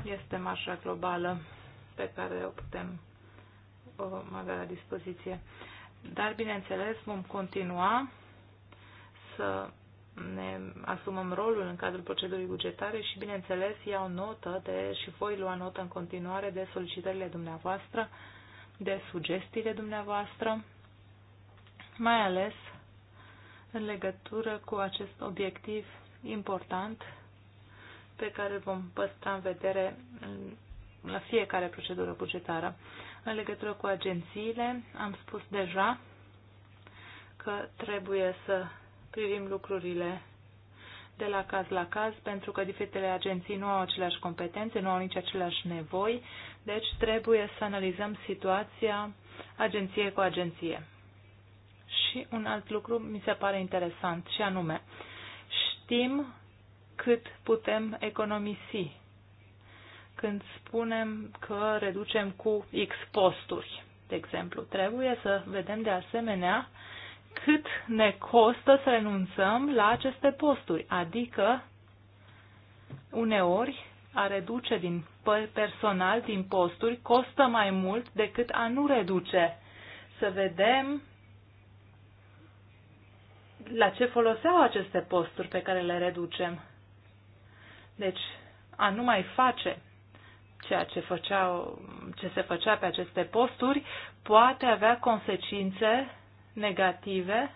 Este marja globală pe care o putem o avea la dispoziție. Dar, bineînțeles, vom continua să ne asumăm rolul în cadrul procedurii bugetare și, bineînțeles, iau notă de, și voi lua notă în continuare de solicitările dumneavoastră, de sugestiile dumneavoastră, mai ales în legătură cu acest obiectiv important pe care vom păstra în vedere la fiecare procedură bugetară. În legătură cu agențiile, am spus deja că trebuie să privim lucrurile de la caz la caz, pentru că diferitele agenții nu au aceleași competențe, nu au nici aceleași nevoi, deci trebuie să analizăm situația agenție cu agenție. Și un alt lucru mi se pare interesant, și anume, știm cât putem economisi când spunem că reducem cu X posturi, de exemplu. Trebuie să vedem de asemenea cât ne costă să renunțăm la aceste posturi, adică uneori a reduce din personal, din posturi, costă mai mult decât a nu reduce. Să vedem la ce foloseau aceste posturi pe care le reducem. Deci, a nu mai face ceea ce, făceau, ce se făcea pe aceste posturi poate avea consecințe negative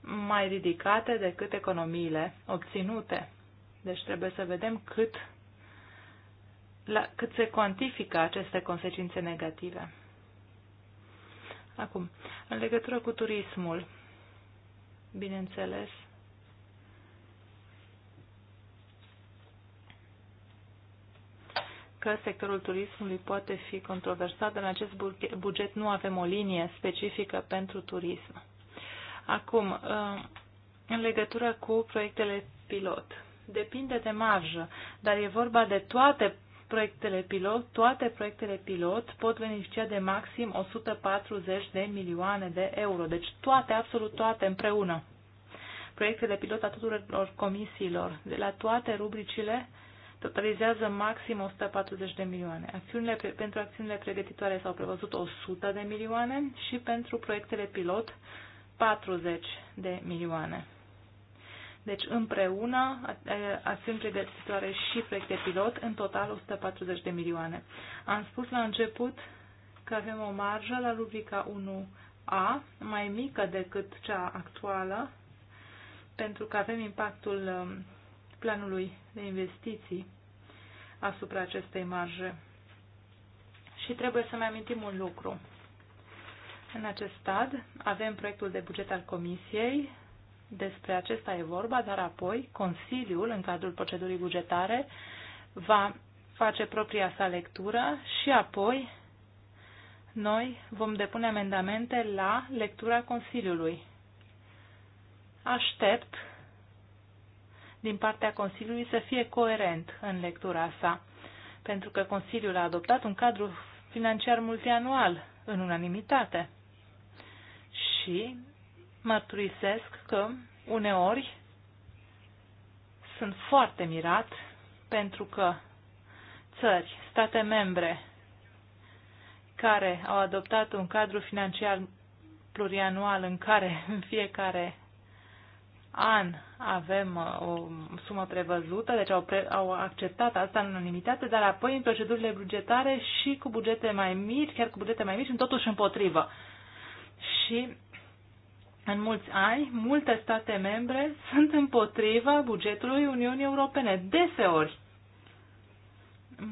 mai ridicate decât economiile obținute. Deci trebuie să vedem cât, la, cât se cuantifică aceste consecințe negative. Acum, în legătură cu turismul, bineînțeles, că sectorul turismului poate fi controversat, dar în acest buget nu avem o linie specifică pentru turism. Acum, uh, în legătură cu proiectele pilot, depinde de marjă, dar e vorba de toate proiectele pilot, toate proiectele pilot pot beneficia de maxim 140 de milioane de euro. Deci toate, absolut toate împreună. Proiectele pilot a tuturor comisiilor, de la toate rubricile totalizează maxim 140 de milioane. Acțiunile, pentru acțiunile pregătitoare s-au prevăzut 100 de milioane și pentru proiectele pilot 40 de milioane. Deci împreună, acțiuni pregătitoare și proiecte pilot, în total 140 de milioane. Am spus la început că avem o marjă la rubrica 1A, mai mică decât cea actuală, pentru că avem impactul um, planului de investiții asupra acestei marje. Și trebuie să-mi amintim un lucru. În acest stad avem proiectul de buget al Comisiei, despre acesta e vorba, dar apoi Consiliul, în cadrul procedurii bugetare, va face propria sa lectură și apoi noi vom depune amendamente la lectura Consiliului. Aștept din partea Consiliului să fie coerent în lectura sa, pentru că Consiliul a adoptat un cadru financiar multianual în unanimitate. Și mărturisesc că uneori sunt foarte mirat pentru că țări, state membre care au adoptat un cadru financiar plurianual în care în fiecare an avem uh, o sumă prevăzută, deci au, pre, au acceptat asta în unanimitate, dar apoi în procedurile bugetare și cu bugete mai mici, chiar cu bugete mai mici, sunt totuși împotrivă. Și în mulți ani, multe state membre sunt împotriva bugetului Uniunii Europene, deseori.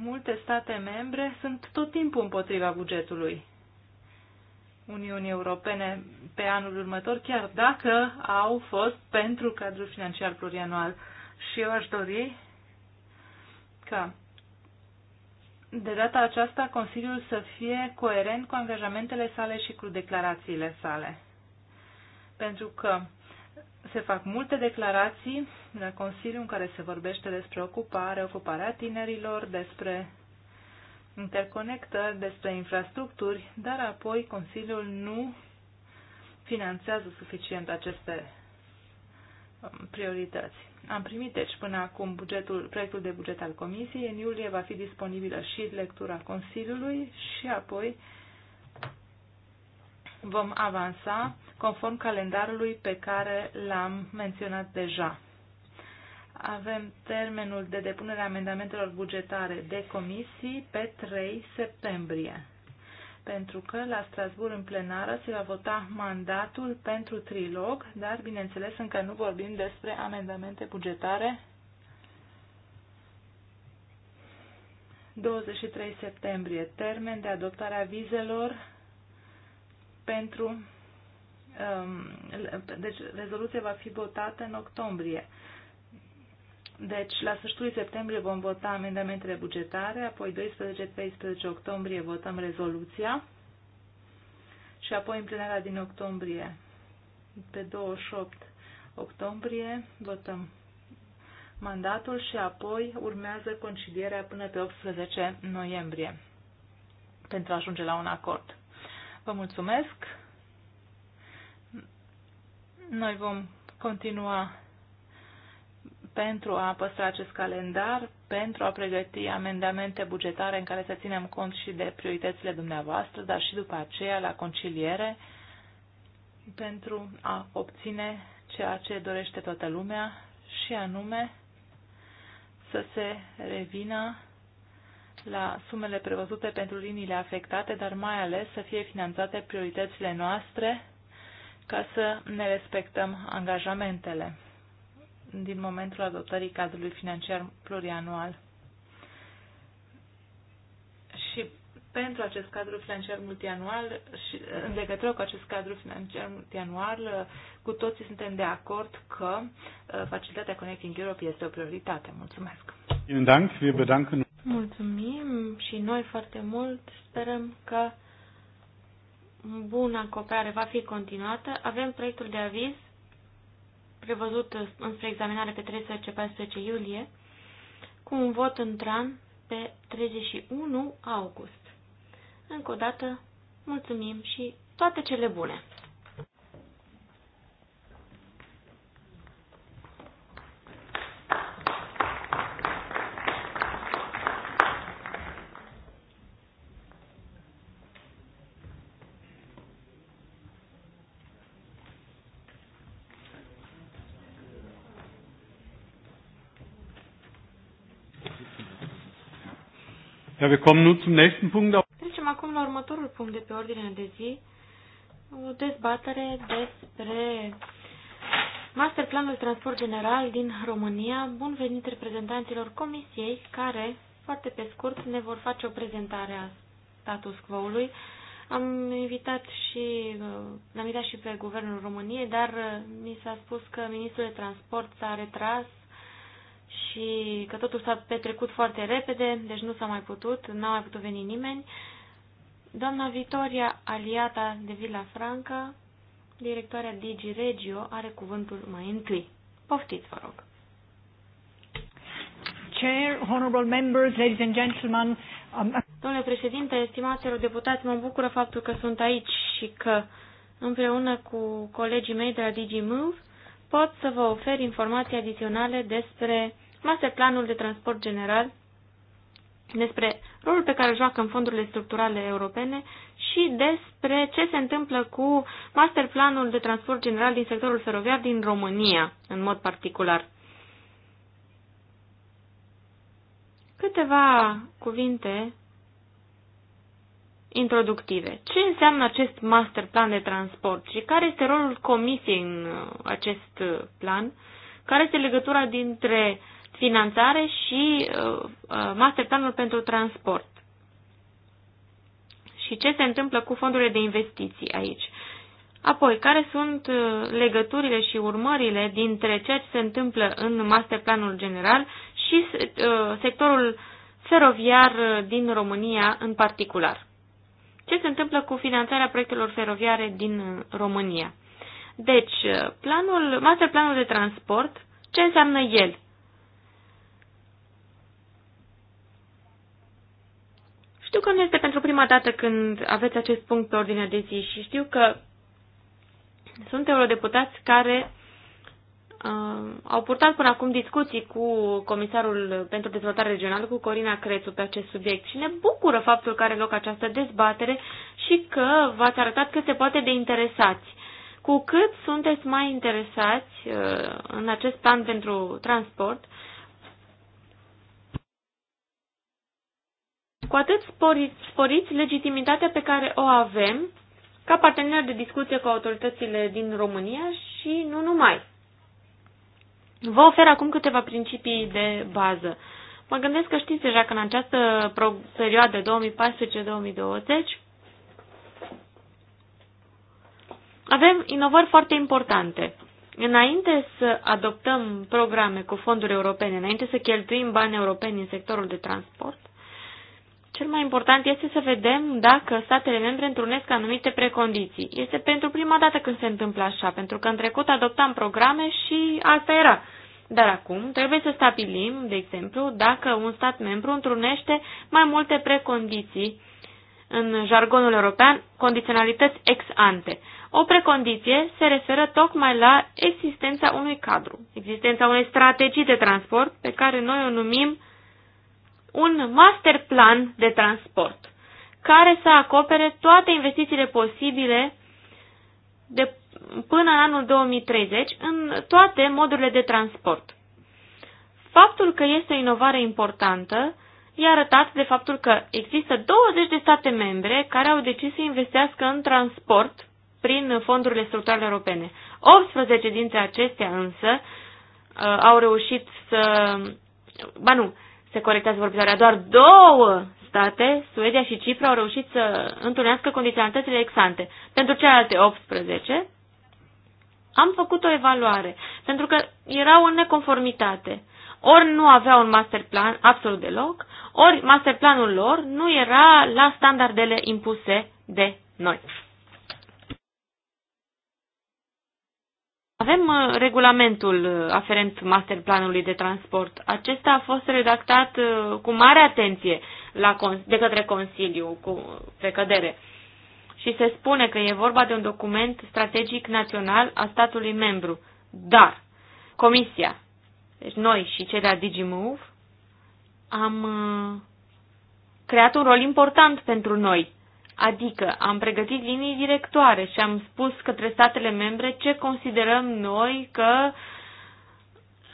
Multe state membre sunt tot timpul împotriva bugetului Uniunii Europene pe anul următor, chiar dacă au fost pentru cadrul financiar plurianual. Și eu aș dori ca de data aceasta Consiliul să fie coerent cu angajamentele sale și cu declarațiile sale. Pentru că se fac multe declarații la Consiliu în care se vorbește despre ocupare, ocuparea tinerilor, despre interconectări, despre infrastructuri, dar apoi Consiliul nu finanțează suficient aceste um, priorități. Am primit, deci, până acum bugetul, proiectul de buget al Comisiei. În iulie va fi disponibilă și lectura Consiliului și apoi vom avansa conform calendarului pe care l-am menționat deja avem termenul de depunere a amendamentelor bugetare de comisii pe 3 septembrie, pentru că la Strasbourg în plenară se va vota mandatul pentru trilog, dar bineînțeles încă nu vorbim despre amendamente bugetare. 23 septembrie, termen de adoptare a vizelor pentru um, deci rezoluția va fi votată în octombrie. Deci, la sfârșitul septembrie vom vota amendamentele bugetare, apoi 12-13 octombrie votăm rezoluția și apoi în plenarea din octombrie, pe 28 octombrie, votăm mandatul și apoi urmează concilierea până pe 18 noiembrie pentru a ajunge la un acord. Vă mulțumesc! Noi vom continua pentru a păstra acest calendar, pentru a pregăti amendamente bugetare în care să ținem cont și de prioritățile dumneavoastră, dar și după aceea la conciliere, pentru a obține ceea ce dorește toată lumea și anume să se revină la sumele prevăzute pentru liniile afectate, dar mai ales să fie finanțate prioritățile noastre ca să ne respectăm angajamentele din momentul adoptării cadrului financiar plurianual. Și pentru acest cadru financiar multianual și în legătură cu acest cadru financiar multianual, cu toții suntem de acord că uh, facilitatea Connecting Europe este o prioritate. Mulțumesc! Mulțumim și noi foarte mult. Sperăm că buna cooperare va fi continuată. Avem proiectul de aviz prevăzut înspre examinare pe 13-14 iulie, cu un vot în tran pe 31 august. Încă o dată, mulțumim și toate cele bune! Ja, wir kommen nun zum nächsten Punkt. Trecem acum la următorul punct de pe ordinea de zi, o dezbatere despre masterplanul transport general din România. Bun venit reprezentanților comisiei care, foarte pe scurt, ne vor face o prezentare a status quo-ului. Am invitat și, l-am invitat și pe Guvernul României, dar uh, mi s-a spus că Ministrul de Transport s-a retras și că totul s-a petrecut foarte repede, deci nu s-a mai putut, n-a mai putut veni nimeni. Doamna Vitoria Aliata de Villa Franca, directoarea Digi Regio, are cuvântul mai întâi. Poftiți, vă rog. Chair, honorable members, ladies and gentlemen. Um... Domnule președinte, estimați deputați, mă bucură faptul că sunt aici și că împreună cu colegii mei de la Move, pot să vă ofer informații adiționale despre planul de transport general despre rolul pe care joacă în fondurile structurale europene și despre ce se întâmplă cu masterplanul de transport general din sectorul feroviar din România, în mod particular. Câteva cuvinte introductive. Ce înseamnă acest masterplan de transport și care este rolul comisiei în acest plan? Care este legătura dintre uh, finanțare și uh, uh, masterplanul pentru transport. Și ce se întâmplă cu fondurile de investiții aici? Apoi, care sunt uh, legăturile și urmările dintre ceea ce se întâmplă în masterplanul general și sectorul feroviar din România în particular? Ce se întâmplă cu finanțarea proiectelor feroviare din România? Deci, planul, masterplanul de transport, ce înseamnă el? Știu că nu este pentru prima dată când aveți acest punct pe ordinea de zi și știu că sunt eurodeputați care uh, au purtat până acum discuții cu Comisarul pentru Dezvoltare Regională, cu Corina Crețu, pe acest subiect și ne bucură faptul că are loc această dezbatere și că v-ați arătat cât se poate de interesați. Cu cât sunteți mai interesați uh, în acest plan pentru transport, uh, cu atât sporiți, sporiți legitimitatea pe care o avem ca partener de discuție cu autoritățile din România și nu numai. Vă ofer acum câteva principii de bază. Mă gândesc că știți deja că în această perioadă 2014-2020 avem inovări foarte importante. Înainte să adoptăm programe cu fonduri europene, înainte să cheltuim bani europeni în sectorul de transport, cel mai important este să vedem dacă statele membre întrunesc anumite precondiții. Este pentru prima dată când se întâmplă așa, pentru că în trecut adoptam programe și asta era. Dar acum trebuie să stabilim, de exemplu, dacă un stat membru întrunește mai multe precondiții, în jargonul european, condiționalități ex ante. O precondiție se referă tocmai la existența unui cadru, existența unei strategii de transport pe care noi o numim un master plan de transport care să acopere toate investițiile posibile de până în anul 2030 în toate modurile de transport. Faptul că este o inovare importantă e arătat de faptul că există 20 de state membre care au decis să investească în transport prin fondurile structurale europene. 18 dintre acestea însă uh, au reușit să... Ba nu, se corectează vorbitoarea, doar două state, Suedia și Cipru, au reușit să întâlnească condiționalitățile exante. Pentru celelalte 18, am făcut o evaluare, pentru că erau în neconformitate. Ori nu aveau un master plan absolut deloc, ori master planul lor nu era la standardele impuse de noi. Avem uh, regulamentul uh, aferent masterplanului de transport. Acesta a fost redactat uh, cu mare atenție la, de către Consiliu, cu precădere. Și se spune că e vorba de un document strategic național a statului membru. Dar Comisia, deci noi și cei de la DigiMove, am creat un rol important pentru noi Adică am pregătit linii directoare și am spus către statele membre ce considerăm noi că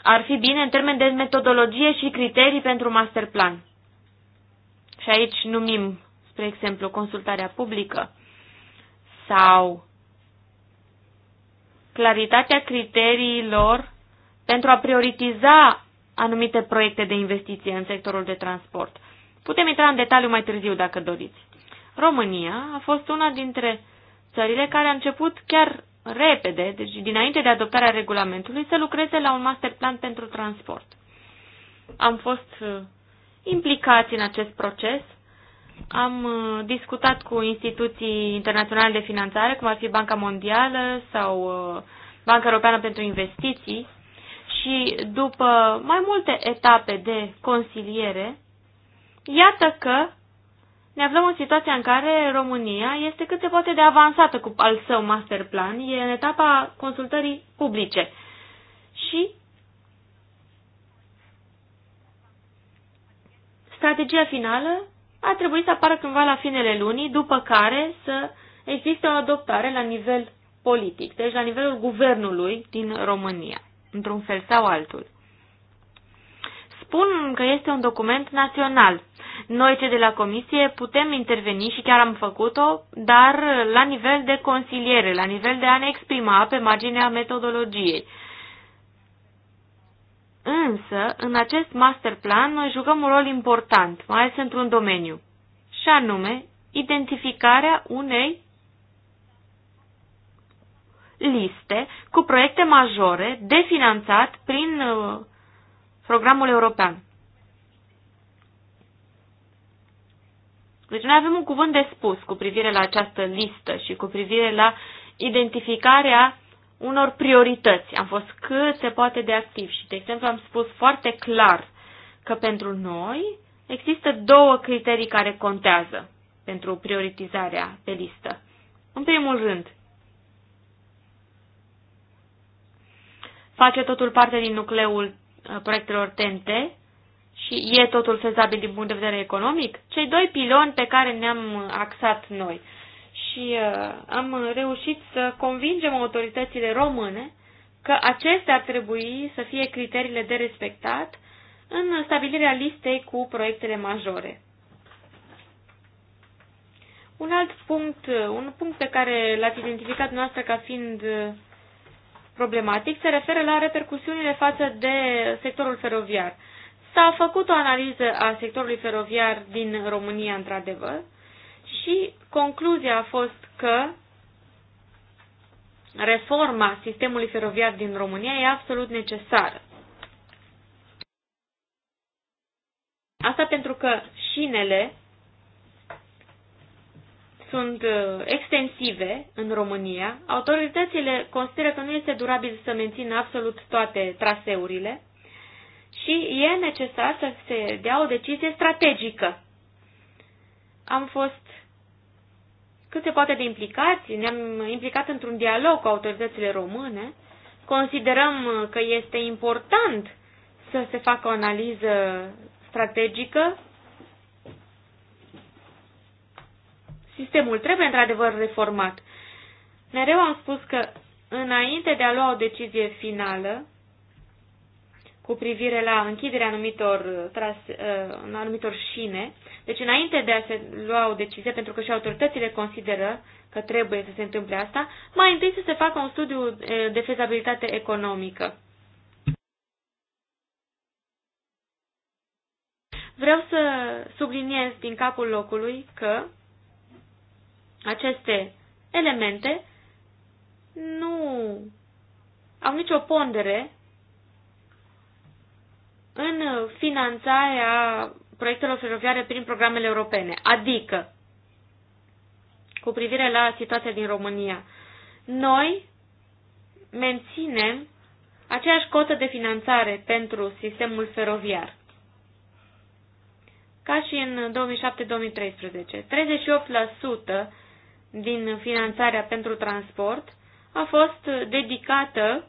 ar fi bine în termen de metodologie și criterii pentru master plan. Și aici numim, spre exemplu, consultarea publică sau claritatea criteriilor pentru a prioritiza anumite proiecte de investiție în sectorul de transport. Putem intra în detaliu mai târziu dacă doriți. România a fost una dintre țările care a început chiar repede, deci dinainte de adoptarea regulamentului, să lucreze la un master plan pentru transport. Am fost uh, implicați în acest proces, am uh, discutat cu instituții internaționale de finanțare, cum ar fi Banca Mondială sau uh, Banca Europeană pentru Investiții și după mai multe etape de consiliere, iată că ne aflăm în situația în care România este cât se poate de avansată cu al său master plan, e în etapa consultării publice. Și strategia finală a trebuit să apară cândva la finele lunii, după care să existe o adoptare la nivel politic, deci la nivelul guvernului din România, într-un fel sau altul. Spun că este un document național, noi, cei de la comisie, putem interveni și chiar am făcut-o, dar la nivel de consiliere, la nivel de a ne exprima pe marginea metodologiei. Însă, în acest master plan, noi jucăm un rol important, mai ales într-un domeniu, și anume identificarea unei liste cu proiecte majore definanțat prin uh, programul european. Deci noi avem un cuvânt de spus cu privire la această listă și cu privire la identificarea unor priorități. Am fost cât se poate de activ și, de exemplu, am spus foarte clar că pentru noi există două criterii care contează pentru prioritizarea pe listă. În primul rând, face totul parte din nucleul uh, proiectelor TNT și e totul fezabil din punct de vedere economic? Cei doi piloni pe care ne-am axat noi. Și uh, am reușit să convingem autoritățile române că acestea ar trebui să fie criteriile de respectat în stabilirea listei cu proiectele majore. Un alt punct, uh, un punct pe care l-ați identificat noastră ca fiind uh, problematic se referă la repercusiunile față de sectorul feroviar. S-a făcut o analiză a sectorului feroviar din România, într-adevăr, și concluzia a fost că reforma sistemului feroviar din România e absolut necesară. Asta pentru că șinele sunt uh, extensive în România. Autoritățile consideră că nu este durabil să mențină absolut toate traseurile și e necesar să se dea o decizie strategică. Am fost cât se poate de implicați, ne-am implicat într-un dialog cu autoritățile române, considerăm că este important să se facă o analiză strategică. Sistemul trebuie într-adevăr reformat. Mereu am spus că înainte de a lua o decizie finală, cu privire la închiderea anumitor, trase, uh, anumitor șine. Deci înainte de a se lua o decizie, pentru că și autoritățile consideră că trebuie să se întâmple asta, mai întâi să se facă un studiu uh, de fezabilitate economică. Vreau să subliniez din capul locului că aceste elemente nu au nicio pondere în finanțarea proiectelor feroviare prin programele europene, adică cu privire la situația din România. Noi menținem aceeași cotă de finanțare pentru sistemul feroviar, ca și în 2007-2013. 38% din finanțarea pentru transport a fost dedicată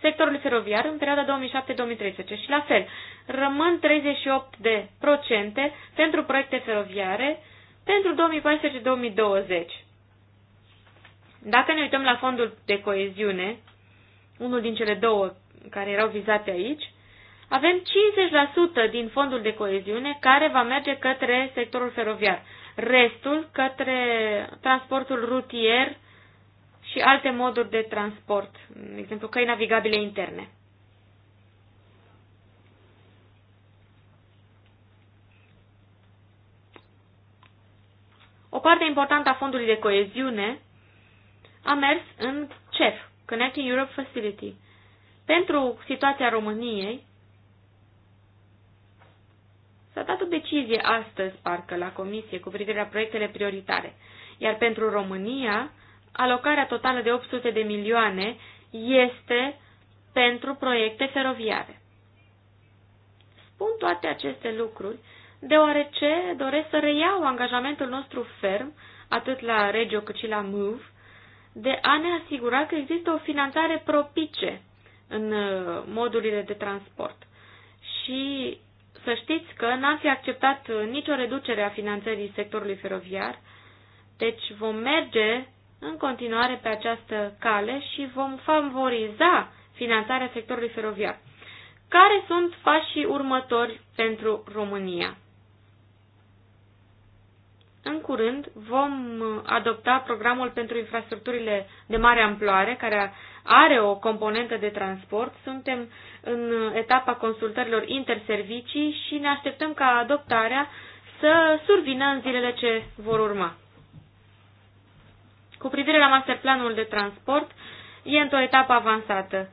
sectorului feroviar în perioada 2007-2013 și la fel rămân 38 de procente pentru proiecte feroviare pentru 2014-2020. Dacă ne uităm la fondul de coeziune, unul din cele două care erau vizate aici, avem 50% din fondul de coeziune care va merge către sectorul feroviar, restul către transportul rutier, și alte moduri de transport, de exemplu căi navigabile interne. O parte importantă a fondului de coeziune a mers în CEF, Connecting Europe Facility. Pentru situația României, s-a dat o decizie astăzi, parcă, la Comisie cu privire la proiectele prioritare. Iar pentru România, alocarea totală de 800 de milioane este pentru proiecte feroviare. Spun toate aceste lucruri deoarece doresc să reiau angajamentul nostru ferm, atât la Regio cât și la MOVE, de a ne asigura că există o finanțare propice în uh, modurile de transport. Și să știți că n-am fi acceptat uh, nicio reducere a finanțării sectorului feroviar, deci vom merge în continuare pe această cale și vom favoriza finanțarea sectorului feroviar. Care sunt pașii următori pentru România? În curând vom adopta programul pentru infrastructurile de mare amploare, care are o componentă de transport. Suntem în etapa consultărilor interservicii și ne așteptăm ca adoptarea să survină în zilele ce vor urma. Cu privire la masterplanul de transport, e într-o etapă avansată.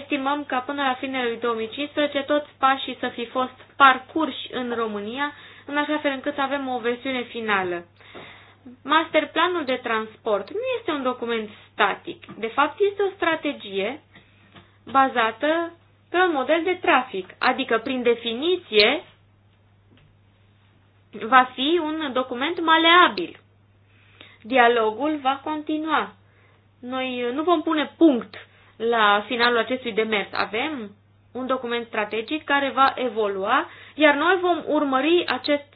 Estimăm că până la finele lui 2015 toți pașii să fi fost parcurși în România, în așa fel încât să avem o versiune finală. Masterplanul de transport nu este un document static. De fapt, este o strategie bazată pe un model de trafic, adică, prin definiție, va fi un document maleabil dialogul va continua. Noi uh, nu vom pune punct la finalul acestui demers. Avem un document strategic care va evolua, iar noi vom urmări acest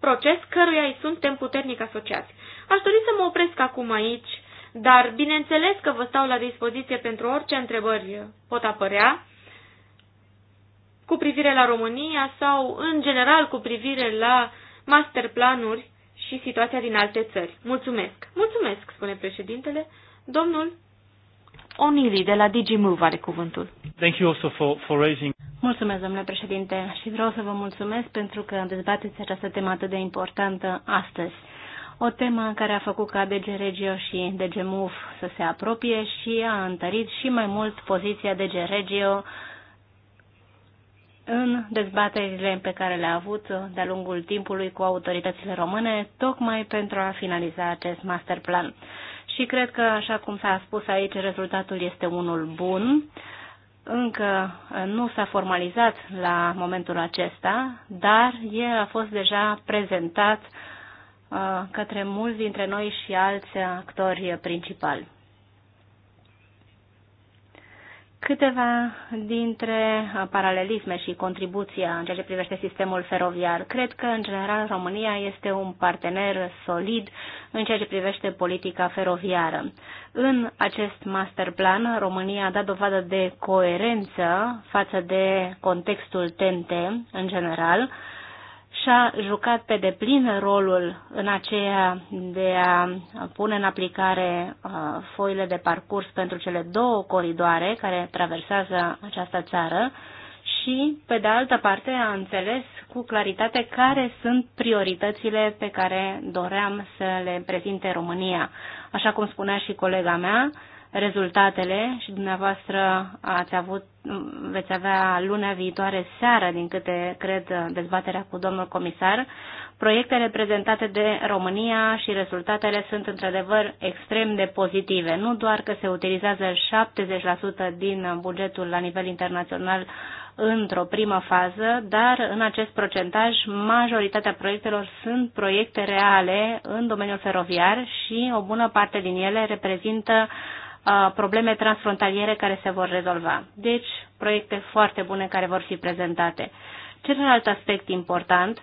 proces căruia îi suntem puternic asociați. Aș dori să mă opresc acum aici, dar bineînțeles că vă stau la dispoziție pentru orice întrebări pot apărea cu privire la România sau, în general, cu privire la masterplanuri și situația din alte țări. Mulțumesc! Mulțumesc, spune președintele. Domnul Onili de la DigiMove are cuvântul. Thank you also for, for raising... Mulțumesc, domnule președinte, și vreau să vă mulțumesc pentru că dezbateți această temă atât de importantă astăzi. O temă care a făcut ca DG Regio și DG Move să se apropie și a întărit și mai mult poziția DG Regio în dezbaterile pe care le-a avut de-a lungul timpului cu autoritățile române, tocmai pentru a finaliza acest master plan. Și cred că, așa cum s-a spus aici, rezultatul este unul bun. Încă uh, nu s-a formalizat la momentul acesta, dar el a fost deja prezentat uh, către mulți dintre noi și alți actori principali. câteva dintre uh, paralelisme și contribuția în ceea ce privește sistemul feroviar. Cred că, în general, România este un partener solid în ceea ce privește politica feroviară. În acest master plan, România a dat dovadă de coerență față de contextul TNT în general și-a jucat pe deplin rolul în aceea de a pune în aplicare uh, foile de parcurs pentru cele două coridoare care traversează această țară și, pe de altă parte, a înțeles cu claritate care sunt prioritățile pe care doream să le prezinte România. Așa cum spunea și colega mea, rezultatele și dumneavoastră ați avut, veți avea luna viitoare seară, din câte cred dezbaterea cu domnul comisar. Proiectele prezentate de România și rezultatele sunt într-adevăr extrem de pozitive. Nu doar că se utilizează 70% din bugetul la nivel internațional într-o primă fază, dar în acest procentaj majoritatea proiectelor sunt proiecte reale în domeniul feroviar și o bună parte din ele reprezintă uh, probleme transfrontaliere care se vor rezolva. Deci, proiecte foarte bune care vor fi prezentate. Celălalt aspect important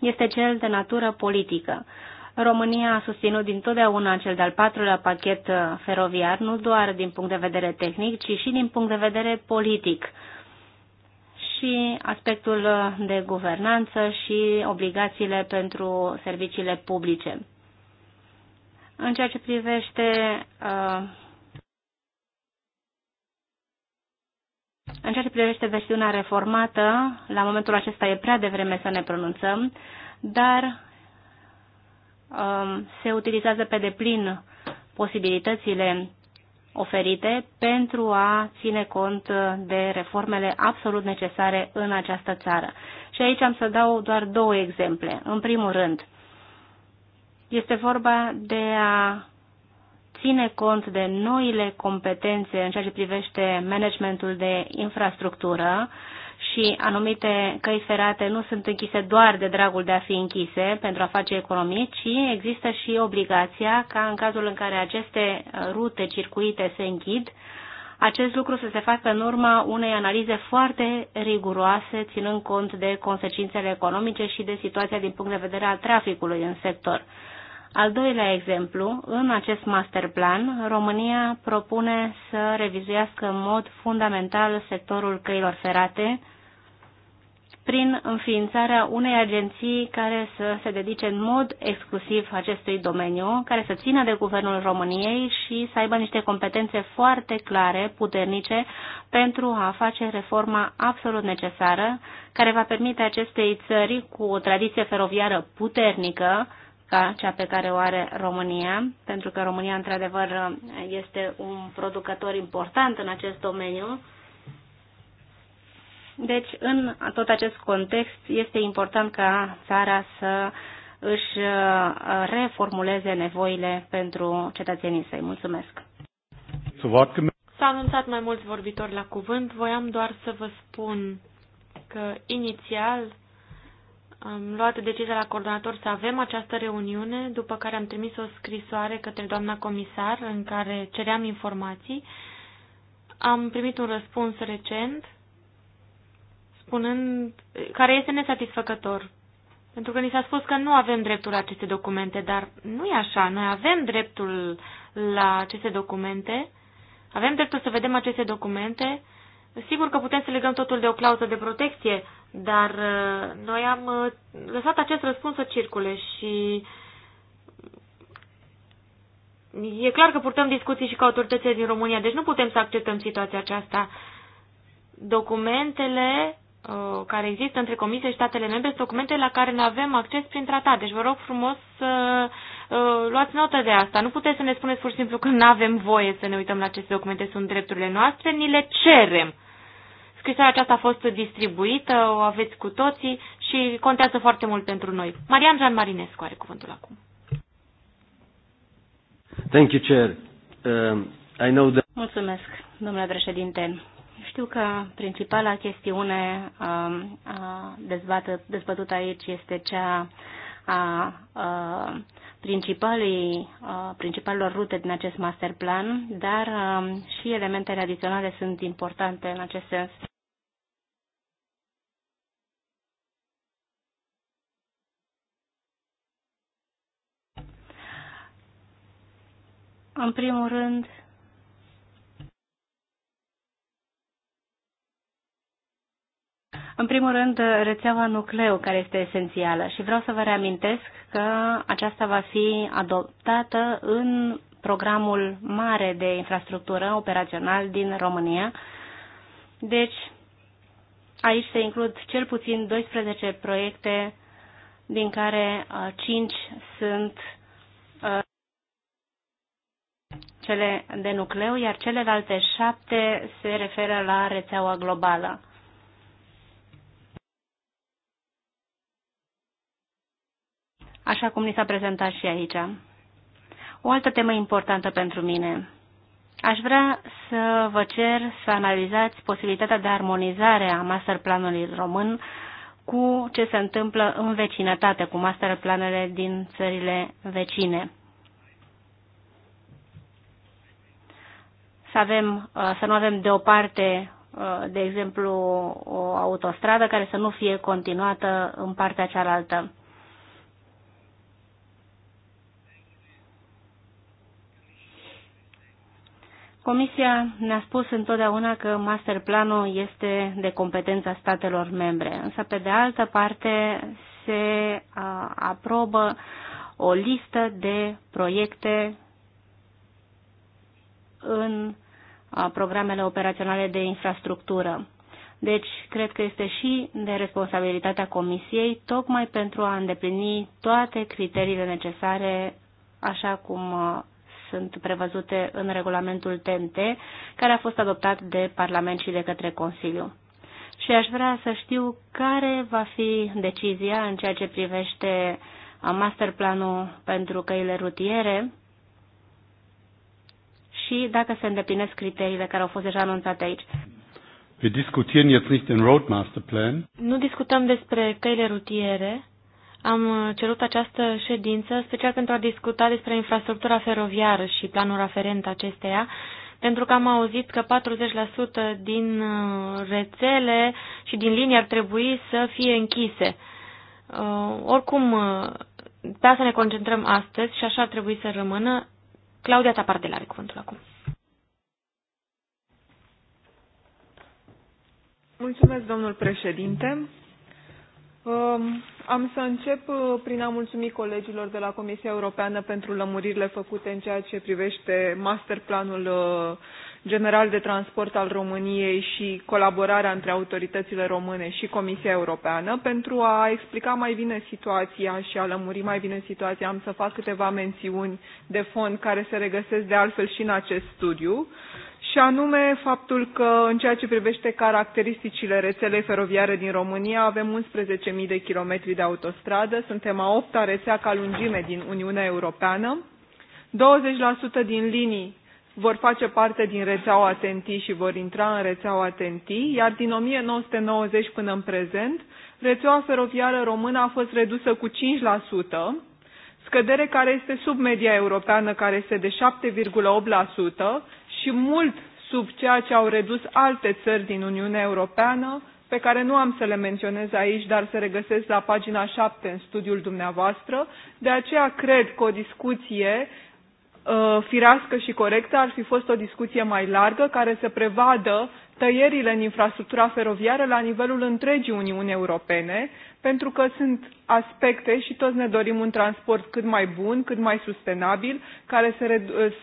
este cel de natură politică. România a susținut dintotdeauna cel de-al patrulea pachet uh, feroviar, nu doar din punct de vedere tehnic, ci și din punct de vedere politic și aspectul uh, de guvernanță și obligațiile pentru serviciile publice. În ceea ce privește uh, în ceea ce privește versiunea reformată, la momentul acesta e prea devreme să ne pronunțăm, dar um, se utilizează pe deplin posibilitățile oferite pentru a ține cont de reformele absolut necesare în această țară. Și aici am să dau doar două exemple. În primul rând, este vorba de a ține cont de noile competențe în ceea ce privește managementul de infrastructură și anumite căi ferate nu sunt închise doar de dragul de a fi închise pentru a face economii, ci există și obligația ca în cazul în care aceste rute, circuite se închid, acest lucru să se facă în urma unei analize foarte riguroase, ținând cont de consecințele economice și de situația din punct de vedere al traficului în sector. Al doilea exemplu, în acest master plan, România propune să revizuiască în mod fundamental sectorul căilor ferate prin înființarea unei agenții care să se dedice în mod exclusiv acestui domeniu, care să țină de Guvernul României și să aibă niște competențe foarte clare, puternice, pentru a face reforma absolut necesară, care va permite acestei țări cu o tradiție feroviară puternică, ca cea pe care o are România, pentru că România, într-adevăr, este un producător important în acest domeniu. Deci, în tot acest context, este important ca țara să își uh, reformuleze nevoile pentru cetățenii săi. Mulțumesc! S-a anunțat mai mulți vorbitori la cuvânt. Voiam doar să vă spun că inițial am luat decizia la coordonator să avem această reuniune, după care am trimis o scrisoare către doamna comisar în care ceream informații. Am primit un răspuns recent spunând, care este nesatisfăcător, pentru că ni s-a spus că nu avem dreptul la aceste documente, dar nu e așa. Noi avem dreptul la aceste documente, avem dreptul să vedem aceste documente, Sigur că putem să legăm totul de o clauză de protecție, dar uh, noi am uh, lăsat acest răspuns să circule și e clar că purtăm discuții și cu autoritățile din România, deci nu putem să acceptăm situația aceasta. Documentele uh, care există între Comisie și statele membre sunt documente la care nu avem acces prin tratat. Deci vă rog frumos să luați notă de asta. Nu puteți să ne spuneți pur și simplu că nu avem voie să ne uităm la aceste documente, sunt drepturile noastre, ni le cerem. Scrisoarea aceasta a fost distribuită, o aveți cu toții și contează foarte mult pentru noi. Marian Jean Marinescu are cuvântul acum. Thank you, Chair. Uh, I know that... Mulțumesc, domnule președinte. Știu că principala chestiune um, a dezbată, dezbătută aici este cea a, a principalii, uh, principalelor rute din acest master plan, dar um, și elementele adiționale sunt importante în acest sens. În primul rând, În primul rând, rețeaua nucleu, care este esențială și vreau să vă reamintesc că aceasta va fi adoptată în programul mare de infrastructură operațional din România. Deci, aici se includ cel puțin 12 proiecte, din care 5 uh, sunt uh, cele de nucleu, iar celelalte șapte se referă la rețeaua globală. așa cum ni s-a prezentat și aici. O altă temă importantă pentru mine. Aș vrea să vă cer să analizați posibilitatea de armonizare a masterplanului român cu ce se întâmplă în vecinătate, cu masterplanele din țările vecine. Să, avem, uh, să nu avem de o parte, uh, de exemplu, o autostradă care să nu fie continuată în partea cealaltă. Comisia ne-a spus întotdeauna că masterplanul este de competența statelor membre, însă pe de altă parte se aprobă o listă de proiecte în programele operaționale de infrastructură. Deci, cred că este și de responsabilitatea Comisiei, tocmai pentru a îndeplini toate criteriile necesare, așa cum sunt prevăzute în regulamentul TNT, care a fost adoptat de Parlament și de către Consiliu. Și aș vrea să știu care va fi decizia în ceea ce privește masterplanul pentru căile rutiere și dacă se îndeplinesc criteriile care au fost deja anunțate aici. Wir diskutieren jetzt nicht den Nu discutăm despre căile rutiere, am uh, cerut această ședință special pentru a discuta despre infrastructura feroviară și planul aferent acesteia, pentru că am auzit că 40% din uh, rețele și din linii ar trebui să fie închise. Uh, oricum, pe asta ne concentrăm astăzi și așa ar trebui să rămână. Claudia Tapardel are cuvântul acum. Mulțumesc, domnul președinte. Am să încep uh, prin a mulțumi colegilor de la Comisia Europeană pentru lămuririle făcute în ceea ce privește masterplanul uh, general de transport al României și colaborarea între autoritățile române și Comisia Europeană. Pentru a explica mai bine situația și a lămuri mai bine situația, am să fac câteva mențiuni de fond care se regăsesc de altfel și în acest studiu. Uh, și anume faptul că în ceea ce privește caracteristicile rețelei feroviare din România avem 11.000 de kilometri de autostradă, suntem a opta rețea ca lungime din Uniunea Europeană, 20% din linii vor face parte din rețeaua TNT și vor intra în rețeaua TNT, iar din 1990 până în prezent, rețeaua feroviară română a fost redusă cu 5%, scădere care este sub media europeană, care este de 7,8%, și mult sub ceea ce au redus alte țări din Uniunea Europeană, pe care nu am să le menționez aici, dar se regăsesc la pagina 7 în studiul dumneavoastră. De aceea cred că o discuție uh, firească și corectă ar fi fost o discuție mai largă care să prevadă tăierile în infrastructura feroviară la nivelul întregii Uniuni Europene, pentru că sunt aspecte și toți ne dorim un transport cât mai bun, cât mai sustenabil, care să,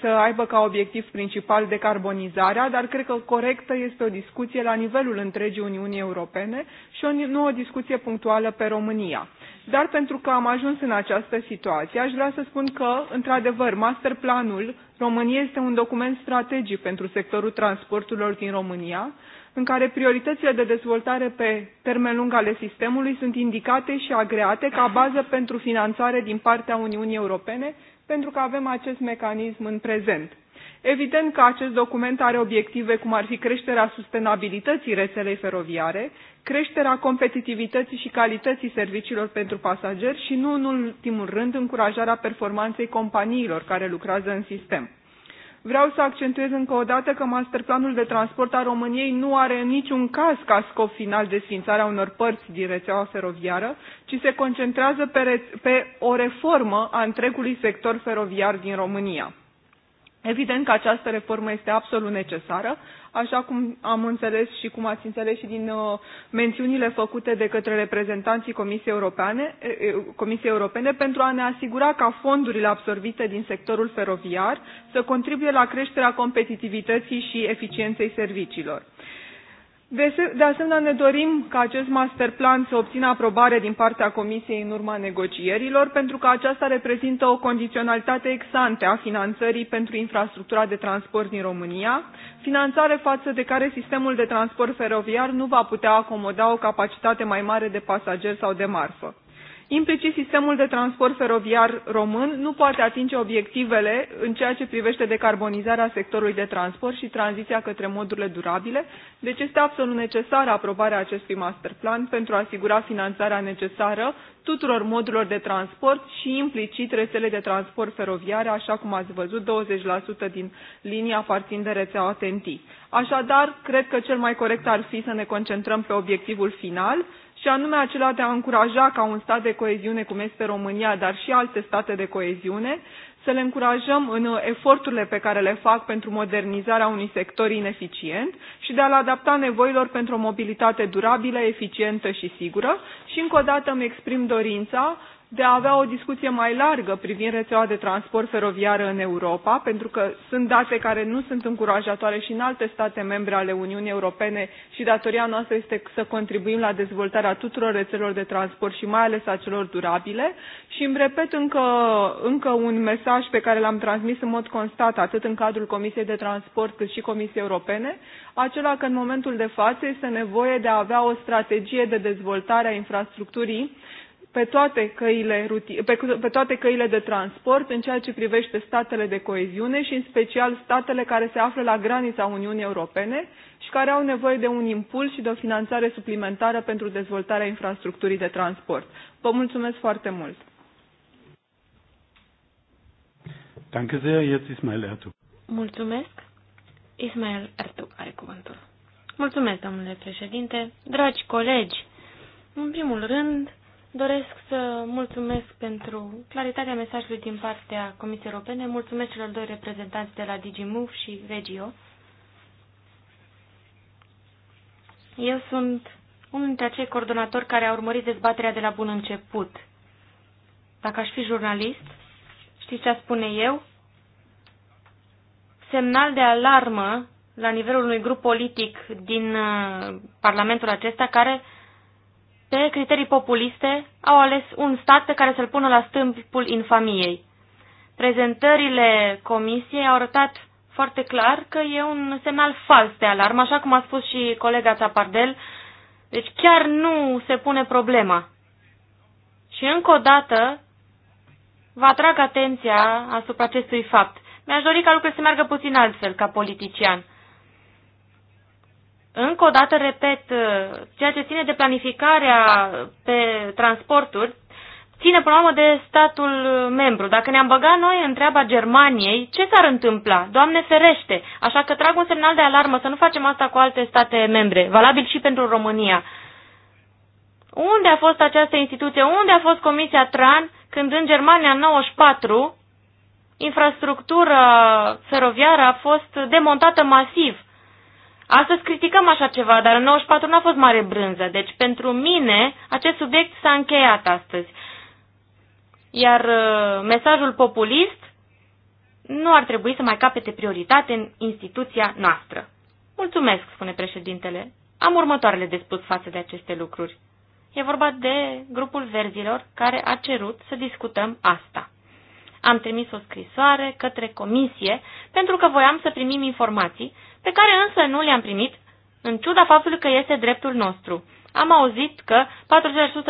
să aibă ca obiectiv principal decarbonizarea, dar cred că corectă este o discuție la nivelul întregii Uniunii Europene și o, nu o discuție punctuală pe România. Dar pentru că am ajuns în această situație, aș vrea să spun că, într-adevăr, masterplanul României este un document strategic pentru sectorul transporturilor din România, în care prioritățile de dezvoltare pe termen lung ale sistemului sunt indicate și agreate ca bază pentru finanțare din partea Uniunii Europene, pentru că avem acest mecanism în prezent Evident că acest document are obiective cum ar fi creșterea sustenabilității rețelei feroviare, creșterea competitivității și calității serviciilor pentru pasageri și, nu în ultimul rând, încurajarea performanței companiilor care lucrează în sistem. Vreau să accentuez încă o dată că masterplanul de transport al României nu are în niciun caz ca scop final desfințarea unor părți din rețeaua feroviară, ci se concentrează pe, pe o reformă a întregului sector feroviar din România. Evident că această reformă este absolut necesară, așa cum am înțeles și cum ați înțeles și din uh, mențiunile făcute de către reprezentanții Comisiei Europene, Comisiei Europene pentru a ne asigura ca fondurile absorbite din sectorul feroviar să contribuie la creșterea competitivității și eficienței serviciilor de asemenea, ne dorim ca acest master plan să obțină aprobare din partea Comisiei în urma negocierilor, pentru că aceasta reprezintă o condiționalitate exante a finanțării pentru infrastructura de transport din România, finanțare față de care sistemul de transport feroviar nu va putea acomoda o capacitate mai mare de pasageri sau de marfă Implicit, sistemul de transport feroviar român nu poate atinge obiectivele în ceea ce privește decarbonizarea sectorului de transport și tranziția către modurile durabile, deci este absolut necesară aprobarea acestui master plan pentru a asigura finanțarea necesară tuturor modurilor de transport și implicit rețele de transport feroviare, așa cum ați văzut, 20% din linia aparțin de rețeaua TNT. Așadar, cred că cel mai corect ar fi să ne concentrăm pe obiectivul final, și anume acela de a încuraja ca un stat de coeziune cum este România, dar și alte state de coeziune, să le încurajăm în uh, eforturile pe care le fac pentru modernizarea unui sector ineficient și de a-l adapta nevoilor pentru o mobilitate durabilă, eficientă și sigură. Și încă o dată îmi exprim dorința de a avea o discuție mai largă privind rețeaua de transport feroviară în Europa, pentru că sunt date care nu sunt încurajatoare și în alte state membre ale Uniunii Europene și datoria noastră este să contribuim la dezvoltarea tuturor rețelor de transport și mai ales a celor durabile. Și îmi repet încă, încă un mesaj pe care l-am transmis în mod constat atât în cadrul Comisiei de Transport cât și Comisiei Europene, acela că în momentul de față este nevoie de a avea o strategie de dezvoltare a infrastructurii pe toate, căile pe, toate căile de transport în ceea ce privește statele de coeziune și în special statele care se află la granița Uniunii Europene și care au nevoie de un impuls și de o finanțare suplimentară pentru dezvoltarea infrastructurii de transport. Vă mulțumesc foarte mult! Danke sehr, jetzt Ismail Ertug. Mulțumesc. Ismail Ertug are cuvântul. Mulțumesc, domnule președinte. Dragi colegi, în primul rând, Doresc să mulțumesc pentru claritatea mesajului din partea Comisiei Europene. Mulțumesc celor doi reprezentanți de la DigiMove și Regio. Eu sunt unul dintre acei coordonatori care a urmărit dezbaterea de la bun început. Dacă aș fi jurnalist, știți ce spune eu? Semnal de alarmă la nivelul unui grup politic din uh, Parlamentul acesta care pe criterii populiste au ales un stat pe care să-l pună la stâmpul infamiei. Prezentările comisiei au arătat foarte clar că e un semnal fals de alarmă, așa cum a spus și colega Țapardel, deci chiar nu se pune problema. Și încă o dată vă atrag atenția asupra acestui fapt. Mi-aș dori ca lucrurile să meargă puțin altfel ca politician. Încă o dată repet, uh, ceea ce ține de planificarea pe transporturi ține până la urmă de statul membru. Dacă ne-am băgat noi în treaba Germaniei, ce s-ar întâmpla? Doamne ferește! Așa că trag un semnal de alarmă să nu facem asta cu alte state membre, valabil și pentru România. Unde a fost această instituție? Unde a fost Comisia Tran când în Germania 94 infrastructura feroviară a fost demontată masiv? Astăzi criticăm așa ceva, dar în 94 nu a fost mare brânză, deci pentru mine acest subiect s-a încheiat astăzi. Iar uh, mesajul populist nu ar trebui să mai capete prioritate în instituția noastră. Mulțumesc, spune președintele. Am următoarele de spus față de aceste lucruri. E vorba de grupul verzilor care a cerut să discutăm asta. Am trimis o scrisoare către comisie pentru că voiam să primim informații pe care însă nu le-am primit, în ciuda faptului că este dreptul nostru. Am auzit că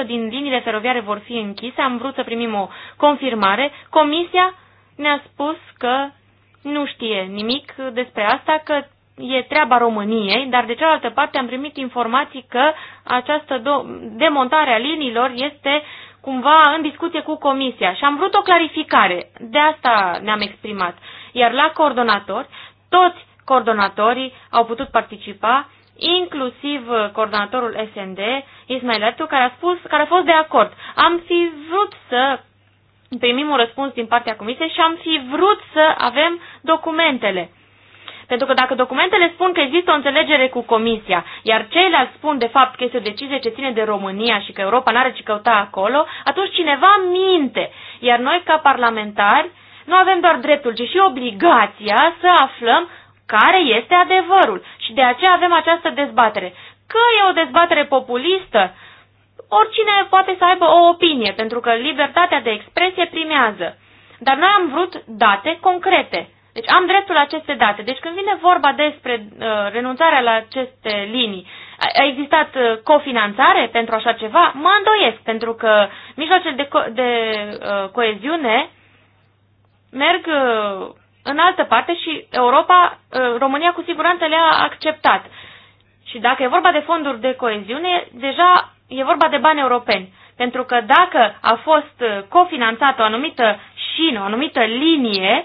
40% din liniile feroviare vor fi închise, am vrut să primim o confirmare. Comisia ne-a spus că nu știe nimic despre asta, că e treaba României, dar de cealaltă parte am primit informații că această demontare a liniilor este cumva în discuție cu Comisia și am vrut o clarificare. De asta ne-am exprimat. Iar la coordonator, toți coordonatorii au putut participa, inclusiv uh, coordonatorul SND, Ismail Ertu, care a spus, care a fost de acord. Am fi vrut să primim un răspuns din partea comisiei și am fi vrut să avem documentele. Pentru că dacă documentele spun că există o înțelegere cu Comisia, iar ceilalți spun de fapt că este o decizie ce ține de România și că Europa n-are ce căuta acolo, atunci cineva minte. Iar noi, ca parlamentari, nu avem doar dreptul, ci și obligația să aflăm care este adevărul. Și de aceea avem această dezbatere. Că e o dezbatere populistă, oricine poate să aibă o opinie, pentru că libertatea de expresie primează. Dar noi am vrut date concrete. Deci am dreptul la aceste date. Deci când vine vorba despre uh, renunțarea la aceste linii, a, a existat uh, cofinanțare pentru așa ceva? Mă îndoiesc, pentru că mijloacele de, co- de uh, coeziune merg uh, în altă parte și Europa, ă, România cu siguranță le-a acceptat. Și dacă e vorba de fonduri de coeziune, deja e vorba de bani europeni. Pentru că dacă a fost ă, cofinanțată o anumită șină, o anumită linie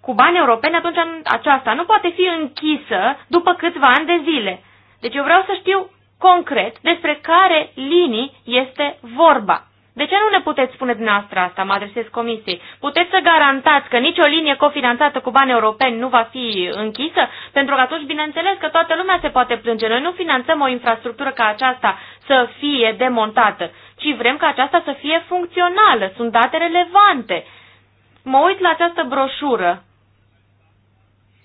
cu bani europeni, atunci aceasta nu poate fi închisă după câțiva ani de zile. Deci eu vreau să știu concret despre care linii este vorba. De ce nu ne puteți spune dumneavoastră asta? Mă adresez comisiei. Puteți să garantați că nicio linie cofinanțată cu bani europeni nu va fi închisă? Pentru că atunci, bineînțeles, că toată lumea se poate plânge. Noi nu finanțăm o infrastructură ca aceasta să fie demontată, ci vrem ca aceasta să fie funcțională. Sunt date relevante. Mă uit la această broșură,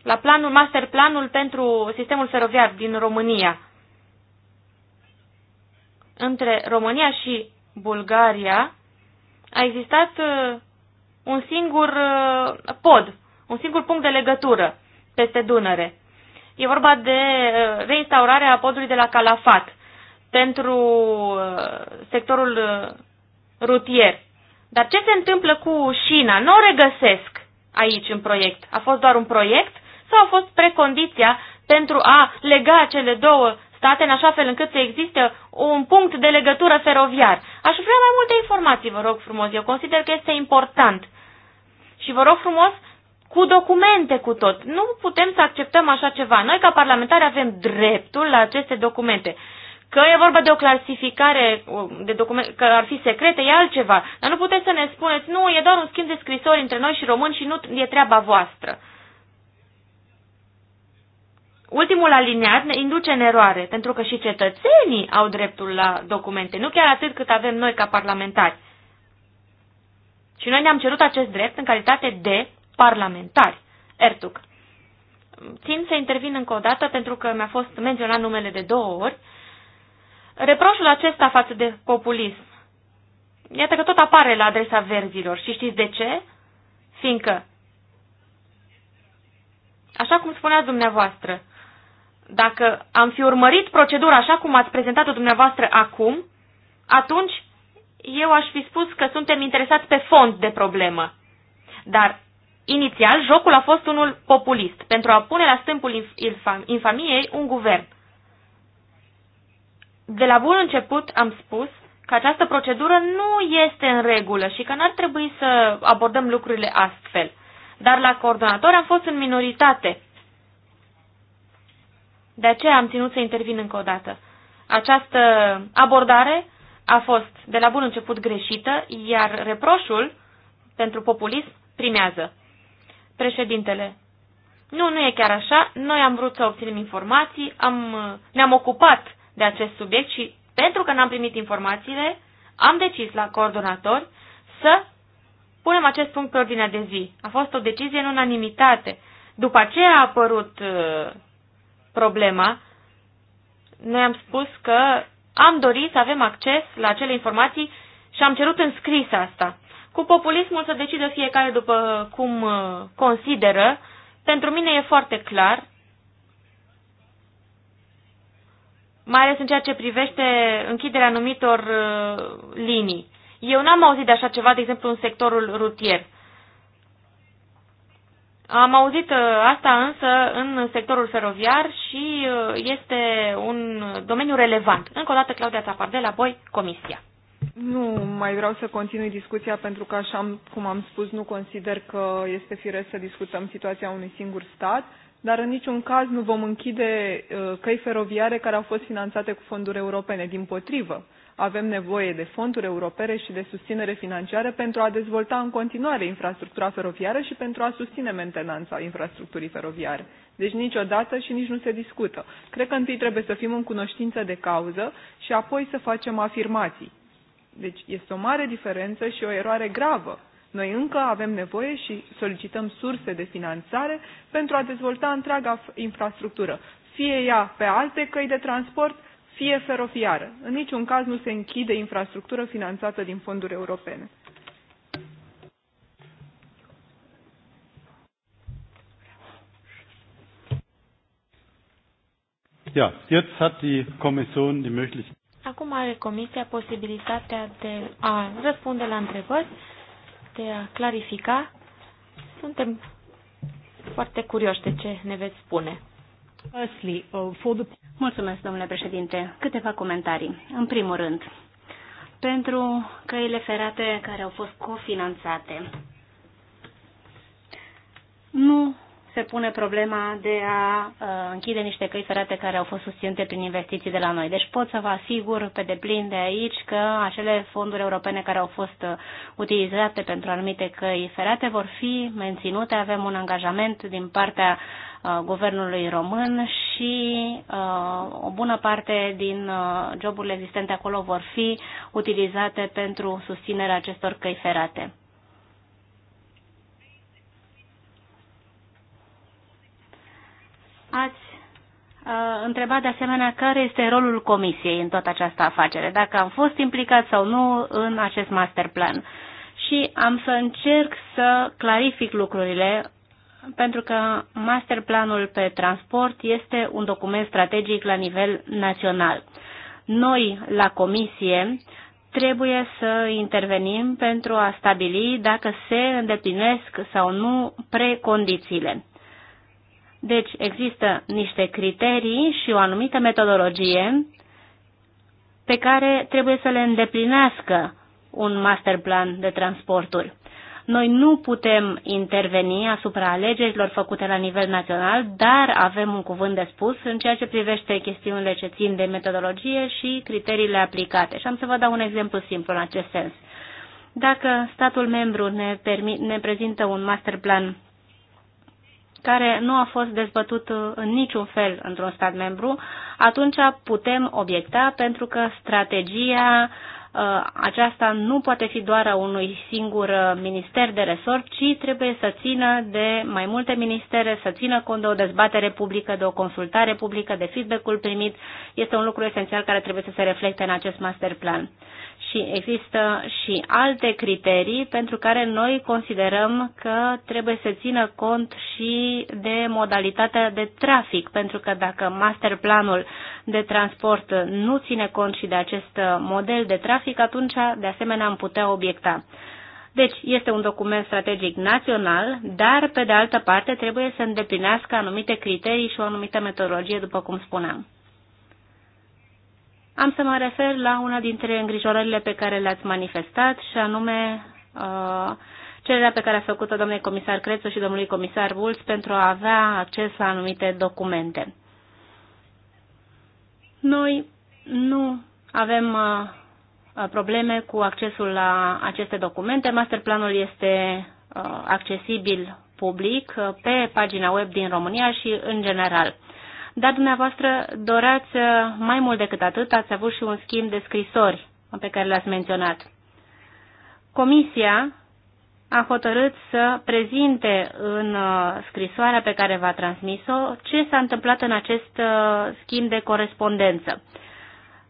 la planul, master planul pentru sistemul feroviar din România. Între România și Bulgaria, a existat uh, un singur uh, pod, un singur punct de legătură peste Dunăre. E vorba de uh, reinstaurarea podului de la Calafat pentru sectorul rutier. Dar ce se întâmplă cu șina? Nu o regăsesc aici în proiect. A fost doar un proiect sau a fost precondiția pentru a lega cele două state în așa fel încât să existe un punct de legătură feroviar. Aș vrea mai multe informații, vă rog frumos. Eu consider că este important. Și vă rog frumos, cu documente cu tot. Nu putem să acceptăm așa ceva. Noi, ca parlamentari, avem dreptul la aceste documente. Că e vorba de o clasificare, de document, că ar fi secrete, e altceva. Dar nu puteți să ne spuneți, nu, e doar un schimb de scrisori între noi și români și nu e treaba voastră ultimul aliniat ne induce în eroare, pentru că și cetățenii au dreptul la documente, nu chiar atât cât avem noi ca parlamentari. Și noi ne-am cerut acest drept în calitate de parlamentari. Ertuc. Țin să intervin încă o dată pentru că mi-a fost menționat numele de două ori. Reproșul acesta față de populism, iată că tot apare la adresa verzilor. Și știți de ce? Fiindcă, așa cum spunea dumneavoastră, dacă am fi urmărit procedura așa cum ați prezentat-o dumneavoastră acum, atunci eu aș fi spus că suntem interesați pe fond de problemă. Dar, inițial, jocul a fost unul populist, pentru a pune la stâmpul infamiei un guvern. De la bun început am spus că această procedură nu este în regulă și că n-ar trebui să abordăm lucrurile astfel. Dar la coordonator am fost în minoritate de aceea am ținut să intervin încă o dată. Această abordare a fost de la bun început greșită, iar reproșul pentru populism primează. Președintele, nu, nu e chiar așa, noi am vrut să obținem informații, am, ne-am ocupat de acest subiect și pentru că n-am primit informațiile, am decis la coordonatori să punem acest punct pe ordinea de zi. A fost o decizie în unanimitate. După aceea a apărut uh, problema, noi am spus că am dorit să avem acces la acele informații și am cerut în scris asta. Cu populismul să decidă fiecare după cum uh, consideră, pentru mine e foarte clar, mai ales în ceea ce privește închiderea anumitor uh, linii. Eu n-am auzit de așa ceva, de exemplu, în sectorul rutier. Am auzit uh, asta însă în sectorul feroviar și uh, este un domeniu relevant. Încă o dată, Claudia Țapardel, apoi Comisia. Nu mai vreau să continui discuția pentru că, așa cum am spus, nu consider că este firesc să discutăm situația unui singur stat, dar în niciun caz nu vom închide uh, căi feroviare care au fost finanțate cu fonduri europene. Din potrivă, avem nevoie de fonduri europene și de susținere financiară pentru a dezvolta în continuare infrastructura feroviară și pentru a susține mentenanța infrastructurii feroviare. Deci niciodată și nici nu se discută. Cred că întâi trebuie să fim în cunoștință de cauză și apoi să facem afirmații. Deci este o mare diferență și o eroare gravă. Noi încă avem nevoie și solicităm surse de finanțare pentru a dezvolta întreaga infrastructură, fie ea pe alte căi de transport, fie feroviară. În niciun caz nu se închide infrastructură finanțată din fonduri europene. Ja, jetzt hat die Kommission die Möglichkeit. Acum are Comisia posibilitatea de a răspunde la întrebări, de a clarifica. Suntem foarte curioși de ce ne veți spune. Uh, Mulțumesc, domnule președinte. Câteva comentarii. În primul rând, pentru căile ferate care au fost cofinanțate, nu se pune problema de a uh, închide niște căi ferate care au fost susținute prin investiții de la noi. Deci pot să vă asigur pe deplin de aici că acele fonduri europene care au fost uh, utilizate pentru anumite căi ferate vor fi menținute. Avem un angajament din partea uh, guvernului român și o bună parte din joburile existente acolo vor fi utilizate pentru susținerea acestor căi ferate. Ați uh, întrebat de asemenea care este rolul Comisiei în toată această afacere, dacă am fost implicat sau nu în acest master plan. Și am să încerc să clarific lucrurile, pentru că master planul pe transport este un document strategic la nivel național. Noi, la Comisie, trebuie să intervenim pentru a stabili dacă se îndeplinesc sau nu precondițiile. Deci există niște criterii și o anumită metodologie pe care trebuie să le îndeplinească un master plan de transporturi. Noi nu putem interveni asupra alegerilor făcute la nivel național, dar avem un cuvânt de spus în ceea ce privește chestiunile ce țin de metodologie și criteriile aplicate. Și am să vă dau un exemplu simplu în acest sens. Dacă statul membru ne, permit, ne prezintă un master plan care nu a fost dezbătut uh, în niciun fel într-un stat membru, atunci putem obiecta pentru că strategia uh, aceasta nu poate fi doar a unui singur uh, minister de resort, ci trebuie să țină de mai multe ministere, să țină cont de o dezbatere publică, de o consultare publică, de feedback-ul primit. Este un lucru esențial care trebuie să se reflecte în acest master plan. Și există și alte criterii pentru care noi considerăm că trebuie să țină cont și de modalitatea de trafic, pentru că dacă masterplanul de transport nu ține cont și de acest model de trafic, atunci de asemenea am putea obiecta. Deci, este un document strategic național, dar, pe de altă parte, trebuie să îndeplinească anumite criterii și o anumită metodologie, după cum spuneam. Am să mă refer la una dintre îngrijorările pe care le-ați manifestat și anume uh, cererea pe care a făcut-o domnului comisar Crețu și domnului comisar Bulț pentru a avea acces la anumite documente. Noi nu avem uh, probleme cu accesul la aceste documente. Masterplanul este uh, accesibil public uh, pe pagina web din România și în general dar dumneavoastră doreați uh, mai mult decât atât, ați avut și un schimb de scrisori pe care l-ați menționat. Comisia a hotărât să prezinte în uh, scrisoarea pe care v-a transmis-o ce s-a întâmplat în acest uh, schimb de corespondență.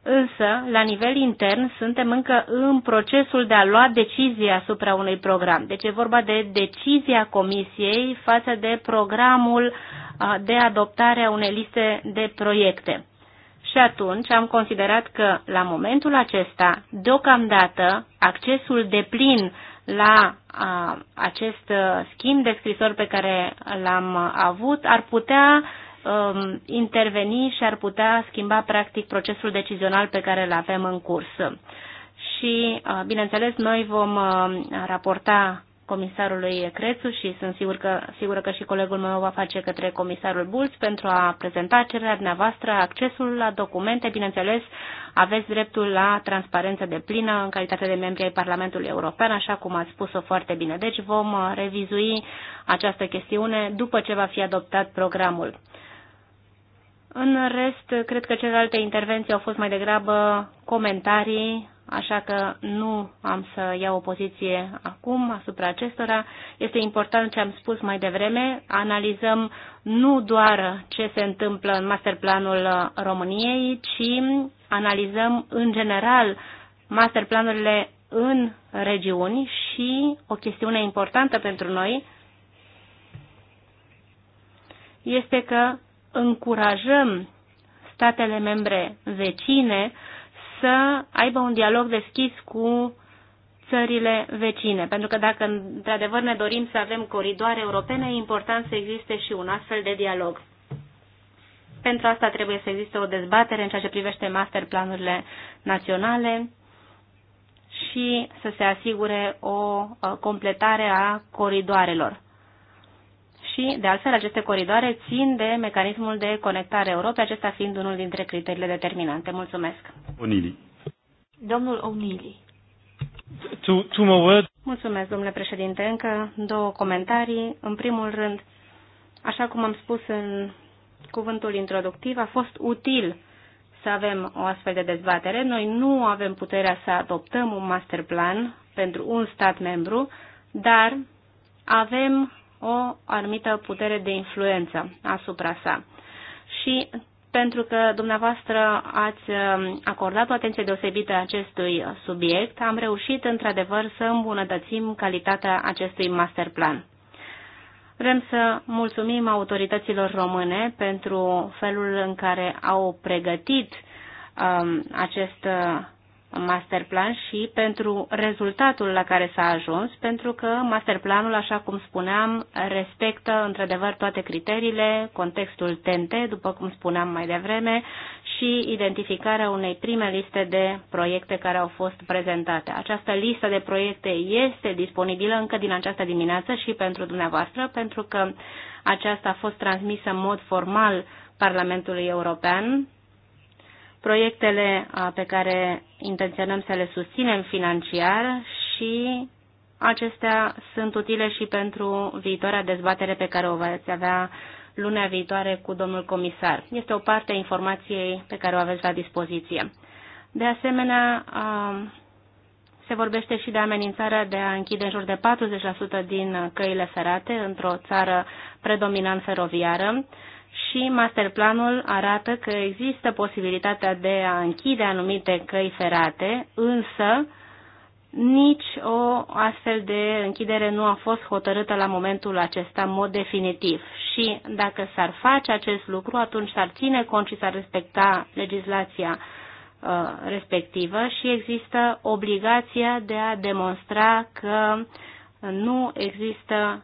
Însă, la nivel intern, suntem încă în procesul de a lua decizie asupra unui program. Deci e vorba de decizia Comisiei față de programul de adoptare a unei liste de proiecte. Și atunci am considerat că, la momentul acesta, deocamdată, accesul de plin la a, acest uh, schimb de scrisori pe care l-am avut ar putea Um, interveni și ar putea schimba practic procesul decizional pe care îl avem în curs. Și, uh, bineînțeles, noi vom uh, raporta comisarului Crețu și sunt sigur că, sigură că și colegul meu va face către comisarul Bulț pentru a prezenta cererea dumneavoastră, accesul la documente, bineînțeles, aveți dreptul la transparență de plină în calitate de membri ai Parlamentului European, așa cum ați spus-o foarte bine. Deci vom uh, revizui această chestiune după ce va fi adoptat programul. În rest, cred că celelalte intervenții au fost mai degrabă comentarii, așa că nu am să iau o poziție acum asupra acestora. Este important ce am spus mai devreme, analizăm nu doar ce se întâmplă în masterplanul României, ci analizăm în general masterplanurile în regiuni și o chestiune importantă pentru noi este că încurajăm statele membre vecine să aibă un dialog deschis cu țările vecine. Pentru că dacă într-adevăr ne dorim să avem coridoare europene, e important să existe și un astfel de dialog. Pentru asta trebuie să existe o dezbatere în ceea ce privește masterplanurile naționale și să se asigure o uh, completare a coridoarelor și, de altfel, aceste coridoare țin de mecanismul de conectare Europei, acesta fiind unul dintre criteriile determinante. Mulțumesc. Onili. Domnul Onili. Two, two more words. Mulțumesc, domnule președinte. Încă două comentarii. În primul rând, așa cum am spus în cuvântul introductiv, a fost util să avem o astfel de dezbatere. Noi nu avem puterea să adoptăm un master plan pentru un stat membru, dar avem o anumită putere de influență asupra sa. Și pentru că dumneavoastră ați um, acordat o atenție deosebită acestui subiect, am reușit într-adevăr să îmbunătățim calitatea acestui masterplan. Vrem să mulțumim autorităților române pentru felul în care au pregătit um, acest masterplan și pentru rezultatul la care s-a ajuns, pentru că masterplanul, așa cum spuneam, respectă într-adevăr toate criteriile, contextul TNT, după cum spuneam mai devreme, și identificarea unei prime liste de proiecte care au fost prezentate. Această listă de proiecte este disponibilă încă din această dimineață și pentru dumneavoastră, pentru că aceasta a fost transmisă în mod formal Parlamentului European proiectele pe care intenționăm să le susținem financiar și acestea sunt utile și pentru viitoarea dezbatere pe care o veți avea lunea viitoare cu domnul comisar. Este o parte a informației pe care o aveți la dispoziție. De asemenea, se vorbește și de amenințarea de a închide în jur de 40% din căile ferate într-o țară predominant feroviară și masterplanul arată că există posibilitatea de a închide anumite căi ferate, însă nici o astfel de închidere nu a fost hotărâtă la momentul acesta în mod definitiv și dacă s-ar face acest lucru, atunci s-ar ține cont și s-ar respecta legislația uh, respectivă și există obligația de a demonstra că nu există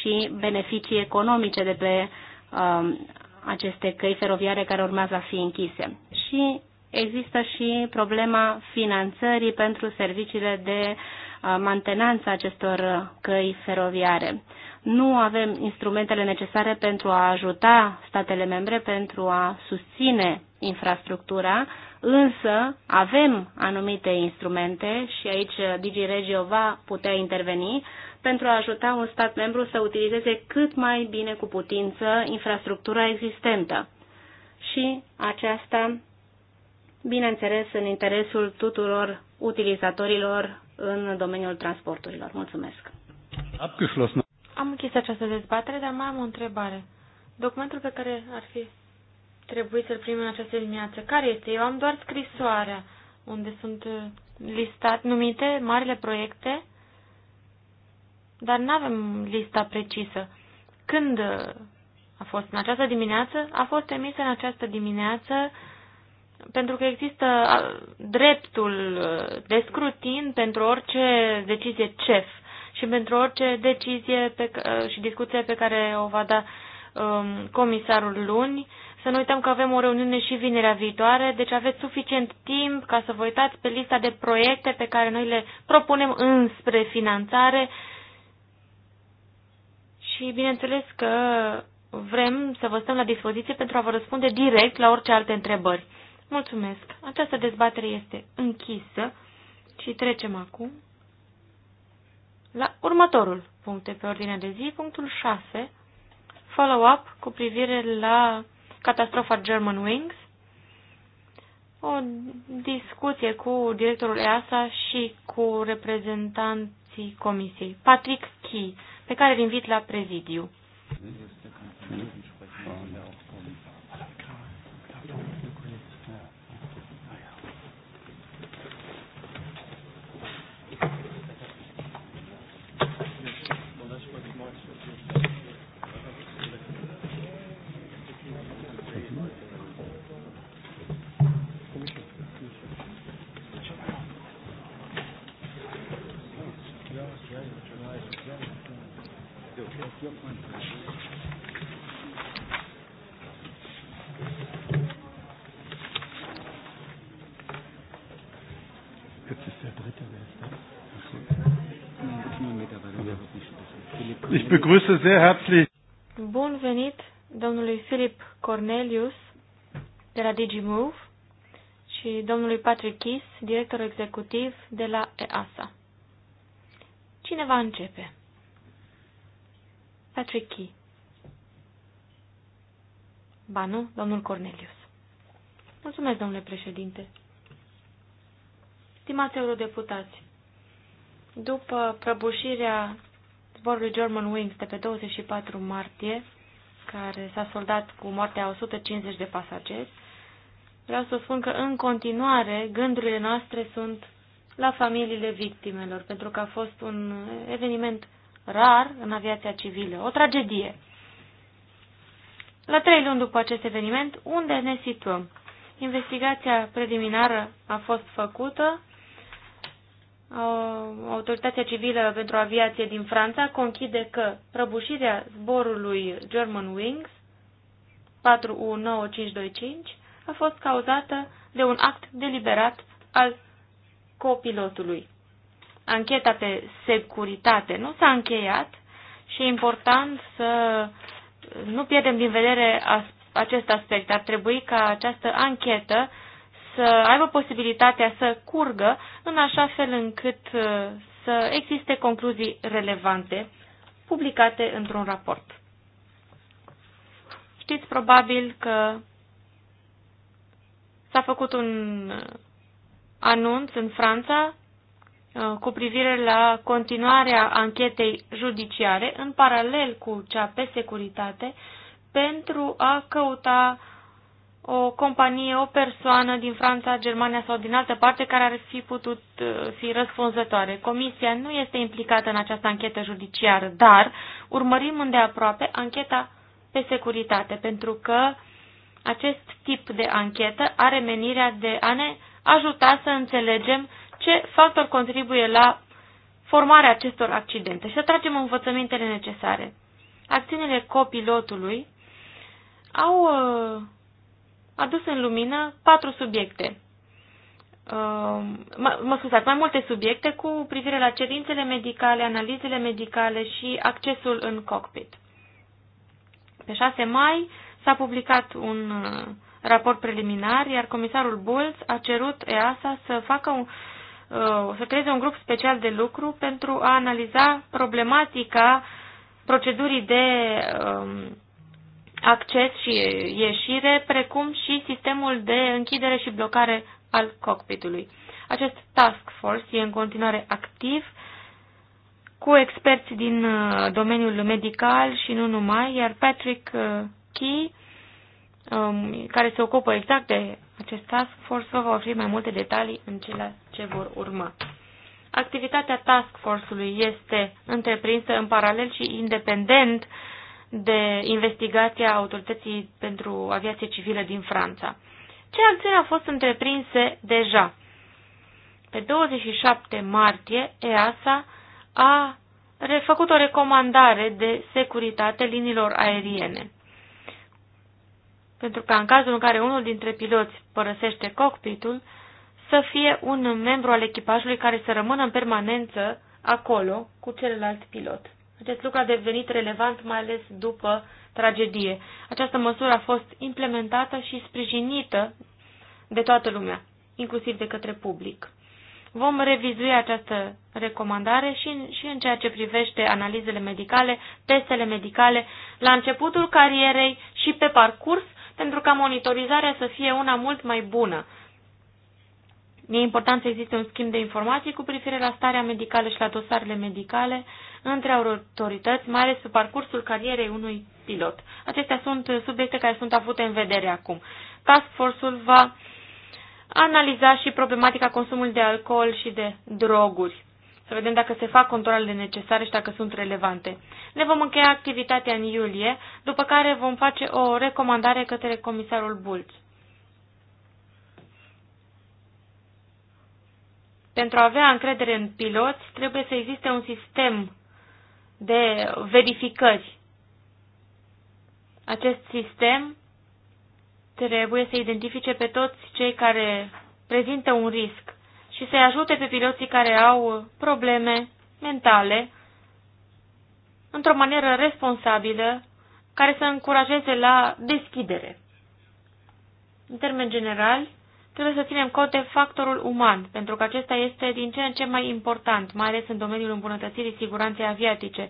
și beneficii economice de pe uh, Um, aceste căi feroviare care urmează a fi închise. Și există și problema finanțării pentru serviciile de uh, mantenanță acestor căi feroviare. Nu avem instrumentele necesare pentru a ajuta statele membre pentru a susține infrastructura, însă avem anumite instrumente și aici DigiRegio va putea interveni pentru a ajuta un stat membru să utilizeze cât mai bine cu putință infrastructura existentă. Și aceasta, bineînțeles, în interesul tuturor utilizatorilor în domeniul transporturilor. Mulțumesc! Am închis această dezbatere, dar mai am o întrebare. Documentul pe care ar fi trebuit să-l primim în această dimineață, care este? Eu am doar scrisoarea unde sunt listat numite marile proiecte dar nu avem lista precisă. Când a fost? În această dimineață? A fost emisă în această dimineață pentru că există dreptul uh, de scrutin pentru orice decizie CEF și pentru orice decizie pe, uh, și discuție pe care o va da um, comisarul luni. Să nu uităm că avem o reuniune și vinerea viitoare, deci aveți suficient timp ca să vă uitați pe lista de proiecte pe care noi le propunem înspre finanțare și bineînțeles că vrem să vă stăm la dispoziție pentru a vă răspunde direct la orice alte întrebări. Mulțumesc! Această dezbatere este închisă și trecem acum la următorul punct pe ordinea de zi, punctul 6, follow-up cu privire la catastrofa German Wings, o discuție cu directorul EASA și cu reprezentanții comisiei. Patrick Key pe care îl invit la prezidiu. Ich begrüße sehr herzlich. Bun venit domnului Philip Cornelius de la DigiMove și domnului Patrick Kiss, director executiv de la EASA. Cine va începe? Patrick Key. Ba nu, domnul Cornelius. Mulțumesc, domnule președinte. Stimați eurodeputați, după prăbușirea zborului German Wings de pe 24 martie, care s-a soldat cu moartea 150 de pasageri, vreau să spun că în continuare gândurile noastre sunt la familiile victimelor, pentru că a fost un eveniment rar în aviația civilă. O tragedie. La trei luni după acest eveniment, unde ne situăm? Investigația preliminară a fost făcută. Autoritatea Civilă pentru Aviație din Franța conchide că prăbușirea zborului German Wings 419525 a fost cauzată de un act deliberat al copilotului ancheta pe securitate nu s-a încheiat și e important să nu pierdem din vedere acest aspect. Ar trebui ca această anchetă să aibă posibilitatea să curgă în așa fel încât uh, să existe concluzii relevante publicate într-un raport. Știți probabil că s-a făcut un uh, anunț în Franța Uh, cu privire la continuarea anchetei judiciare în paralel cu cea pe securitate pentru a căuta o companie, o persoană din Franța, Germania sau din altă parte care ar fi putut uh, fi răspunzătoare. Comisia nu este implicată în această anchetă judiciară, dar urmărim îndeaproape ancheta pe securitate, pentru că acest tip de anchetă are menirea de a ne ajuta să înțelegem ce factor contribuie la formarea acestor accidente și să tragem învățămintele necesare. Acțiunile copilotului au uh, adus în lumină patru subiecte. Uh, mă, mă scuzați, mai multe subiecte cu privire la cerințele medicale, analizele medicale și accesul în cockpit. Pe 6 mai s-a publicat un uh, raport preliminar, iar comisarul Bulls a cerut EASA să facă un, Uh, să creeze un grup special de lucru pentru a analiza problematica procedurii de um, acces și ieșire, precum și sistemul de închidere și blocare al cockpitului. Acest task force e în continuare activ cu experți din uh, domeniul medical și nu numai, iar Patrick uh, Key, um, care se ocupă exact de acest task force vă va oferi mai multe detalii în cele ce vor urma. Activitatea task force-ului este întreprinsă în paralel și independent de investigația Autorității pentru Aviație Civilă din Franța. Ce acțiuni au fost întreprinse deja? Pe 27 martie, EASA a făcut o recomandare de securitate liniilor aeriene pentru ca în cazul în care unul dintre piloți părăsește cockpitul, să fie un membru al echipajului care să rămână în permanență acolo cu celălalt pilot. Acest lucru a devenit relevant mai ales după tragedie. Această măsură a fost implementată și sprijinită de toată lumea, inclusiv de către public. Vom revizui această recomandare și în, și în ceea ce privește analizele medicale, testele medicale, la începutul carierei și pe parcurs pentru ca monitorizarea să fie una mult mai bună. E important să existe un schimb de informații cu privire la starea medicală și la dosarele medicale între autorități, mai ales pe parcursul carierei unui pilot. Acestea sunt subiecte care sunt avute în vedere acum. Task Force-ul va analiza și problematica consumului de alcool și de droguri să vedem dacă se fac controlele necesare și dacă sunt relevante. Ne vom încheia activitatea în iulie, după care vom face o recomandare către comisarul Bulț. Pentru a avea încredere în piloți, trebuie să existe un sistem de verificări. Acest sistem trebuie să identifice pe toți cei care prezintă un risc și să-i ajute pe piloții care au probleme mentale într-o manieră responsabilă care să încurajeze la deschidere. În termen general, trebuie să ținem cont de factorul uman, pentru că acesta este din ce în ce mai important, mai ales în domeniul îmbunătățirii siguranței aviatice.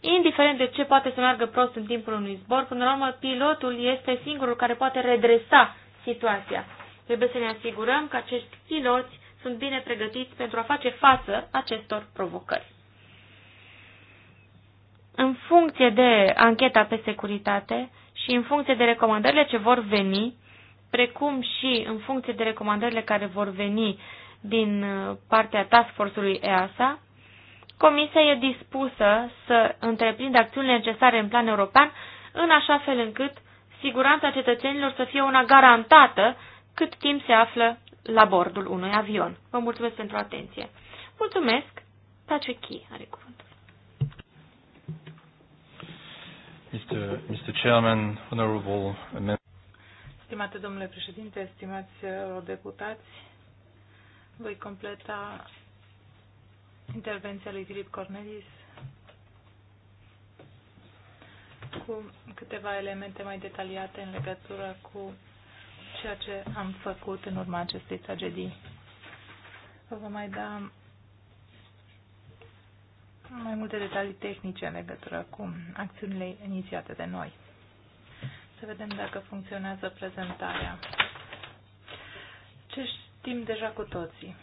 Indiferent de ce poate să meargă prost în timpul unui zbor, până la urmă pilotul este singurul care poate redresa situația. Trebuie să ne asigurăm că acești piloți sunt bine pregătiți pentru a face față acestor provocări. În funcție de ancheta pe securitate și în funcție de recomandările ce vor veni, precum și în funcție de recomandările care vor veni din uh, partea task force-ului EASA, Comisia e dispusă să întreprindă acțiunile necesare în plan european, în așa fel încât siguranța cetățenilor să fie una garantată cât timp se află la bordul unui avion. Vă mulțumesc pentru atenție. Mulțumesc. Tacechi are cuvântul. Mr. Mr. Chairman, honorable members. Stimate domnule președinte, stimați deputați, voi completa intervenția lui Filip Cornelis cu câteva elemente mai detaliate în legătură cu ceea ce am făcut în urma acestei tragedii. Vă voi mai da mai multe detalii tehnice în legătură cu acțiunile inițiate de noi. Să vedem dacă funcționează prezentarea. Ce știm deja cu toții?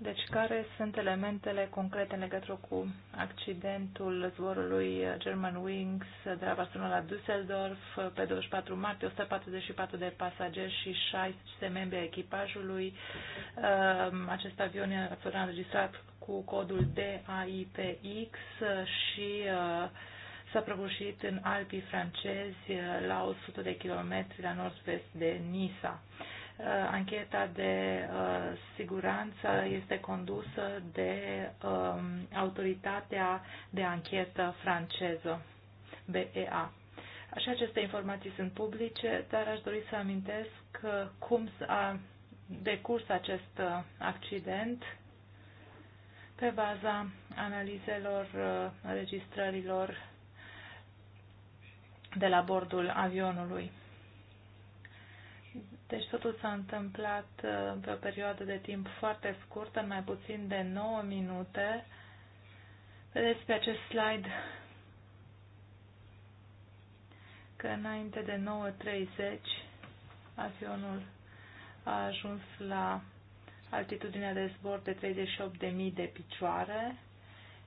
Deci, care sunt elementele concrete în legătură cu accidentul zborului Germanwings de la Barcelona la Düsseldorf pe 24 martie, 144 de pasageri și 16 membri ai echipajului. Um, acest avion a fost înregistrat cu codul DAIPX și uh, s-a prăbușit în Alpii francezi uh, la 100 de kilometri la nord-vest de Nisa. Nice. Uh, ancheta de uh, siguranță este condusă de um, autoritatea de anchetă franceză, BEA. Așa, aceste informații sunt publice, dar aș dori să amintesc cum a decurs acest uh, accident pe baza analizelor, înregistrărilor de la bordul avionului. Deci totul s-a întâmplat pe uh, o perioadă de timp foarte scurtă, mai puțin de 9 minute. Vedeți pe acest slide că înainte de 9.30 avionul a ajuns la altitudinea de zbor de 38.000 de picioare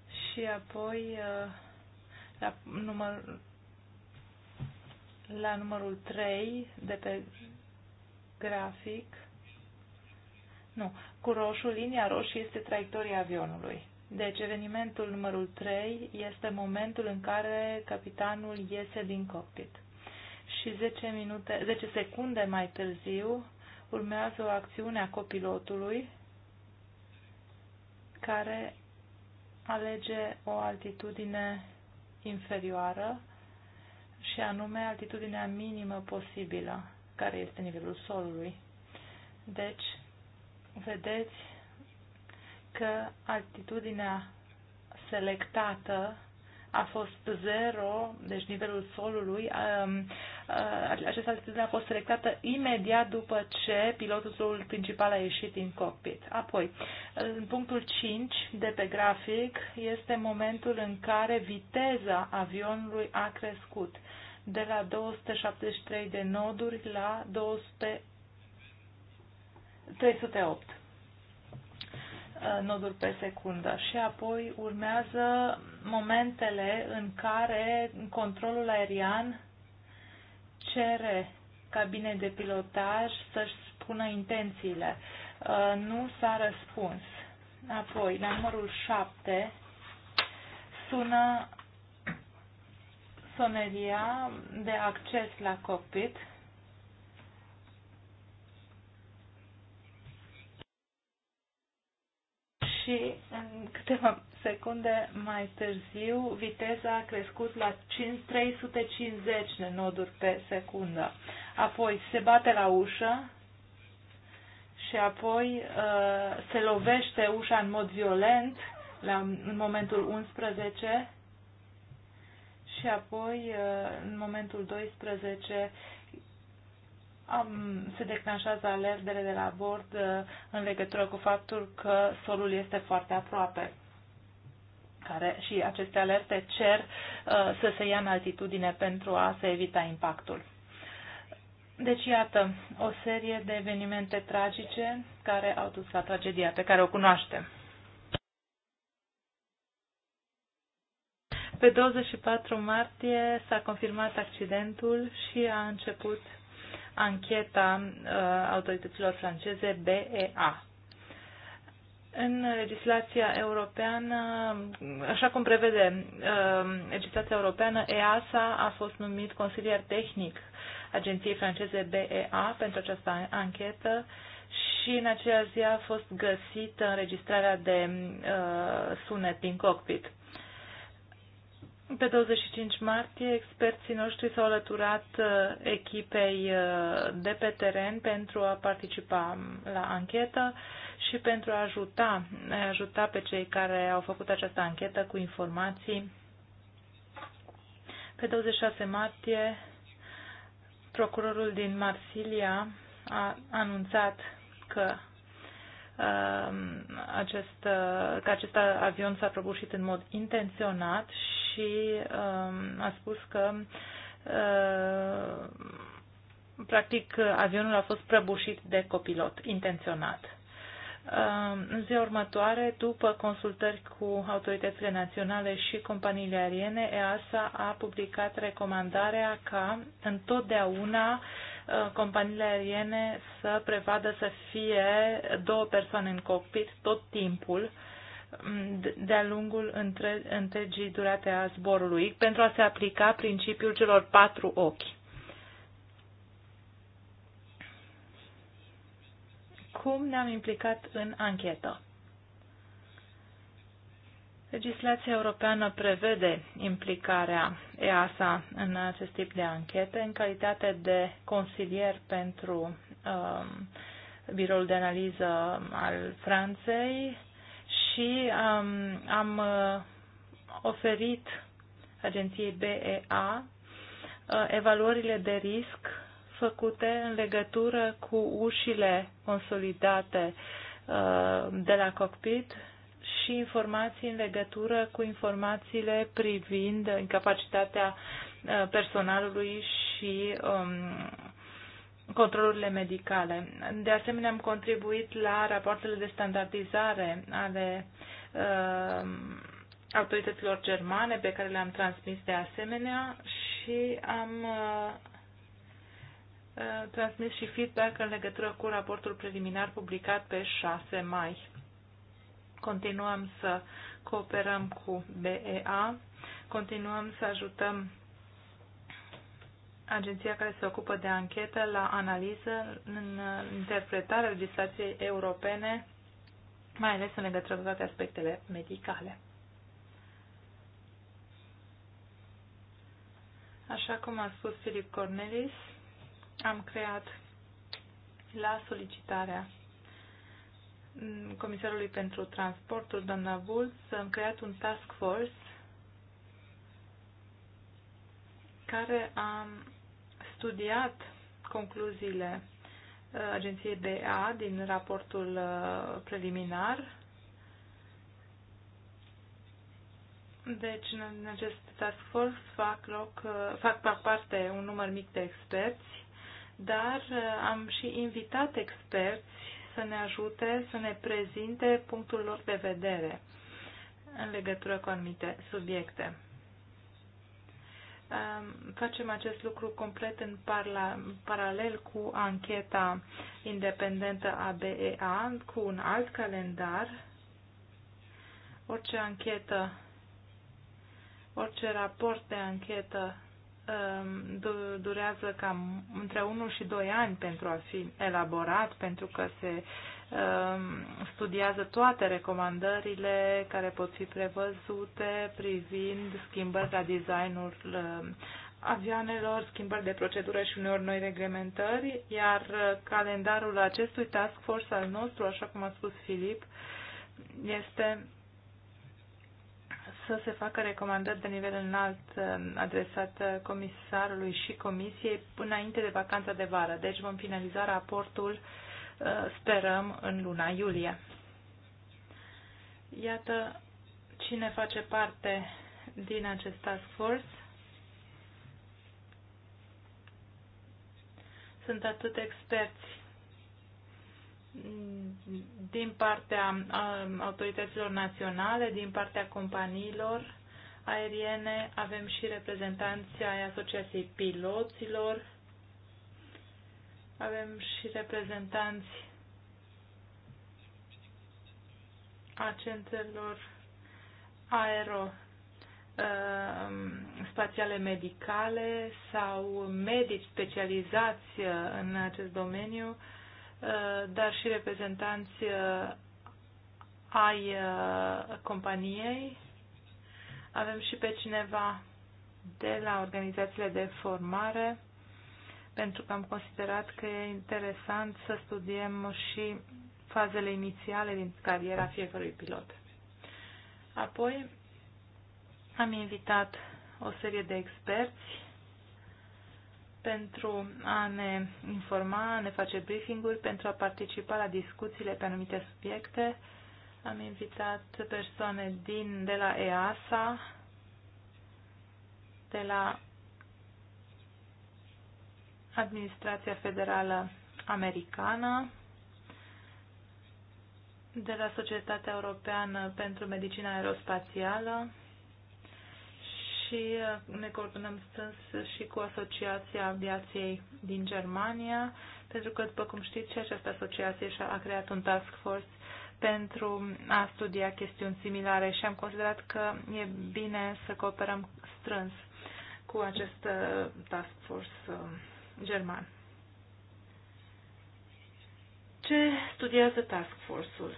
și apoi uh, la, număr, la numărul 3 de pe grafic. Nu, cu roșu, linia roșie este traiectoria avionului. Deci evenimentul numărul 3 este momentul în care capitanul iese din cockpit. Și 10, minute, 10 secunde mai târziu urmează o acțiune a copilotului care alege o altitudine inferioară și anume altitudinea minimă posibilă care este nivelul solului. Deci, vedeți că altitudinea selectată a fost 0, deci nivelul solului, um, uh, această altitudine a fost selectată imediat după ce pilotul principal a ieșit din cockpit. Apoi, în punctul 5 de pe grafic este momentul în care viteza avionului a crescut de la 273 de noduri la 200, 308 uh, noduri pe secundă și apoi urmează momentele în care controlul aerian cere cabinei de pilotaj să-și spună intențiile. Uh, nu s-a răspuns. Apoi, la numărul 7, sună masoneria de acces la cockpit. Și în câteva secunde mai târziu, viteza a crescut la 350 de noduri pe secundă. Apoi se bate la ușă și apoi uh, se lovește ușa în mod violent la, în momentul 11 și apoi, uh, în momentul 12, se declanșează alertele de la bord uh, în legătură cu faptul că solul este foarte aproape. Care, și aceste alerte cer uh, să se ia în altitudine pentru a se evita impactul. Deci, iată, o serie de evenimente tragice care au dus la tragedia pe care o cunoaștem. Pe 24 martie s-a confirmat accidentul și a început ancheta uh, autorităților franceze BEA. În legislația europeană, așa cum prevede uh, legislația europeană, EASA a fost numit consilier tehnic agenției franceze BEA pentru această anchetă și în aceea zi a fost găsită înregistrarea de uh, sunet din cockpit. Pe 25 martie, experții noștri s-au alăturat uh, echipei uh, de pe teren pentru a participa um, la anchetă și pentru a ajuta, a ajuta pe cei care au făcut această anchetă cu informații. Pe 26 martie, procurorul din Marsilia a anunțat că Um, acest, uh, că acest avion s-a prăbușit în mod intenționat și um, a spus că uh, practic avionul a fost prăbușit de copilot intenționat. Um, în ziua următoare, după consultări cu autoritățile naționale și companiile aeriene, EASA a publicat recomandarea ca întotdeauna uh, Uh, companiile aeriene să prevadă să fie două persoane în cockpit tot timpul mm, de-a lungul între, întregii durate a zborului pentru a se aplica principiul celor patru ochi. Cum ne-am implicat în anchetă? Legislația europeană prevede implicarea EASA în acest tip de anchete în calitate de consilier pentru um, biroul de analiză al Franței și um, am uh, oferit agenției BEA uh, evaluările de risc făcute în legătură cu ușile consolidate uh, de la cockpit și informații în legătură cu informațiile privind incapacitatea uh, personalului și um, controlurile medicale. De asemenea, am contribuit la rapoartele de standardizare ale um, autorităților germane pe care le-am transmis de asemenea și am uh, uh transmis și feedback în legătură cu raportul preliminar publicat pe 6 mai. Continuăm să cooperăm cu BEA, continuăm să ajutăm agenția care se ocupă de anchetă la analiză în interpretarea legislației europene, mai ales în legătură cu toate aspectele medicale. Așa cum a spus Filip Cornelis, am creat la solicitarea Comisarului pentru Transportul, doamna Bulls, am creat un task force care a studiat concluziile uh, agenției BA din raportul uh, preliminar. Deci, în acest task force fac, loc, uh, fac, fac parte un număr mic de experți, dar am și invitat experți să ne ajute să ne prezinte punctul lor de vedere în legătură cu anumite subiecte. Facem acest lucru complet în paralel cu ancheta independentă a BEA, cu un alt calendar. Orice anchetă, orice raport de anchetă Um, durează cam între 1 și 2 ani pentru a fi elaborat, pentru că se um, studiază toate recomandările care pot fi prevăzute privind schimbări la designul um, avioanelor, schimbări de procedură și uneori noi reglementări, iar uh, calendarul acestui task force al nostru, așa cum a spus Filip, este să se facă recomandări de nivel înalt uh, adresat uh, comisarului și comisiei înainte de vacanța de vară. Deci vom finaliza raportul, uh, sperăm, în luna iulie. Iată cine face parte din acest task force. Sunt atât experți din partea um, autorităților naționale, din partea companiilor aeriene, avem și reprezentanții ai Asociației Piloților, avem și reprezentanți a centrelor aero um, spațiale medicale sau medici specializați uh, în acest domeniu Uh, dar și reprezentanți uh, ai uh, companiei. Avem și pe cineva de la organizațiile de formare, pentru că am considerat că e interesant să studiem și fazele inițiale din cariera fiecărui pilot. Apoi am invitat o serie de experți pentru a ne informa, a ne face briefing-uri, pentru a participa la discuțiile pe anumite subiecte. Am invitat persoane din, de la EASA, de la Administrația Federală Americană, de la Societatea Europeană pentru Medicina Aerospațială, și uh, ne coordonăm strâns și cu Asociația Aviației din Germania, pentru că, după cum știți, și această asociație și-a creat un task force pentru a studia chestiuni similare și am considerat că e bine să cooperăm strâns cu acest uh, task force uh, german. Ce studiază task force-ul?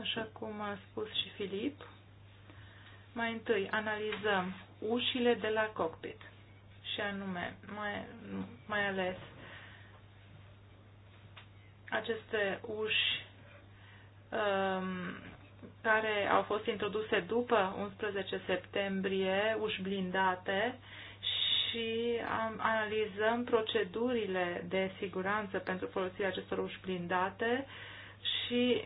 Așa cum a spus și Filip, mai întâi, analizăm ușile de la cockpit și anume, mai, mai ales aceste uși um, care au fost introduse după 11 septembrie, uși blindate și am, analizăm procedurile de siguranță pentru folosirea acestor uși blindate și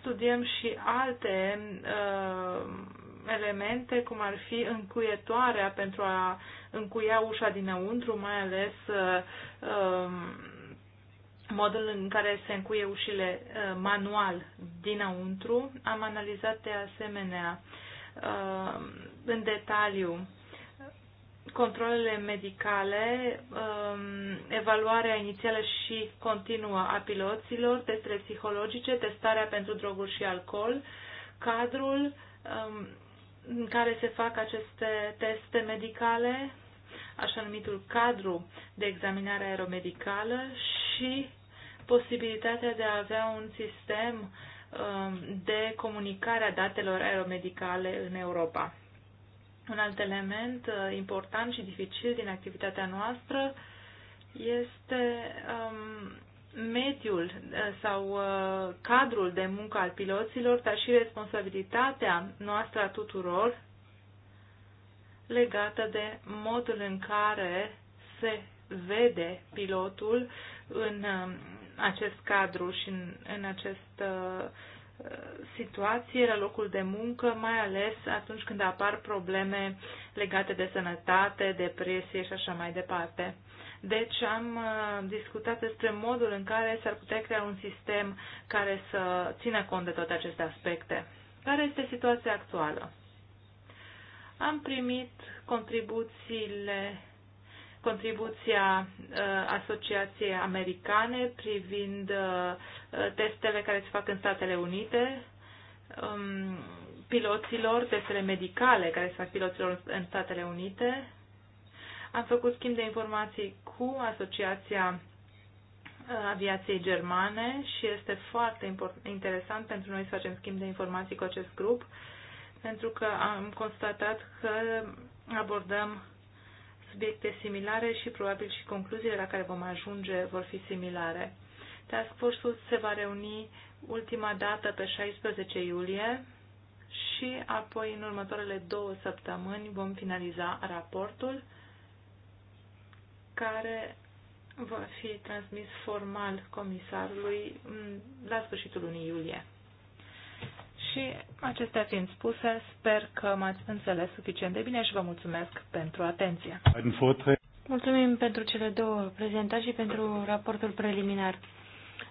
studiem și alte uh, elemente cum ar fi încuietoarea pentru a încuia ușa dinăuntru, mai ales uh, modul în care se încuie ușile uh, manual dinăuntru. Am analizat de asemenea uh, în detaliu controlele medicale, um, evaluarea inițială și continuă a piloților, testele psihologice, testarea pentru droguri și alcool, cadrul în care se fac aceste teste medicale, așa numitul cadru de examinare aeromedicală și posibilitatea de a avea un sistem um, de comunicare a datelor aeromedicale în Europa. Un alt element uh, important și dificil din activitatea noastră este um, mediul eh, sau eh, cadrul de muncă al piloților, dar și responsabilitatea noastră a tuturor legată de modul în care se vede pilotul în eh, acest cadru și în, în această situație la locul de muncă, mai ales atunci când apar probleme legate de sănătate, depresie și așa mai departe. Deci am uh, discutat despre modul în care s-ar putea crea un sistem care să țină cont de toate aceste aspecte. Care este situația actuală? Am primit contribuțiile contribuția uh, Asociației Americane privind uh, testele care se fac în Statele Unite, um, piloților, testele medicale care se fac piloților în Statele Unite, am făcut schimb de informații cu Asociația uh, aviației germane și este foarte interesant pentru noi să facem schimb de informații cu acest grup, pentru că am constatat că abordăm subiecte similare și probabil și concluziile la care vom ajunge vor fi similare. Task Force-ul se va reuni ultima dată pe 16 iulie și apoi în următoarele două săptămâni vom finaliza raportul care va fi transmis formal comisarului la sfârșitul lunii iulie. Și acestea fiind spuse, sper că m-ați înțeles suficient de bine și vă mulțumesc pentru atenție. Mulțumim pentru cele două prezentări și pentru raportul preliminar.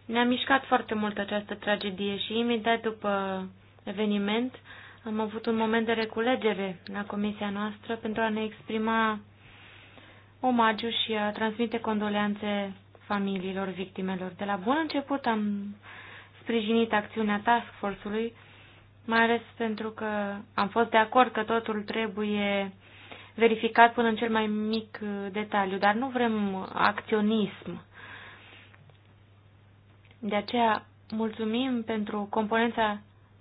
Ne-a mișcat foarte mult această tragedie și imediat după eveniment am avut un moment de reculegere la comisia noastră pentru a ne exprima omagiu și a uh, transmite condoleanțe familiilor victimelor. De la bun început am sprijinit acțiunea task force-ului, mai ales pentru că am fost de acord că totul trebuie verificat până în cel mai mic uh, detaliu, dar nu vrem acționism. De aceea mulțumim pentru componența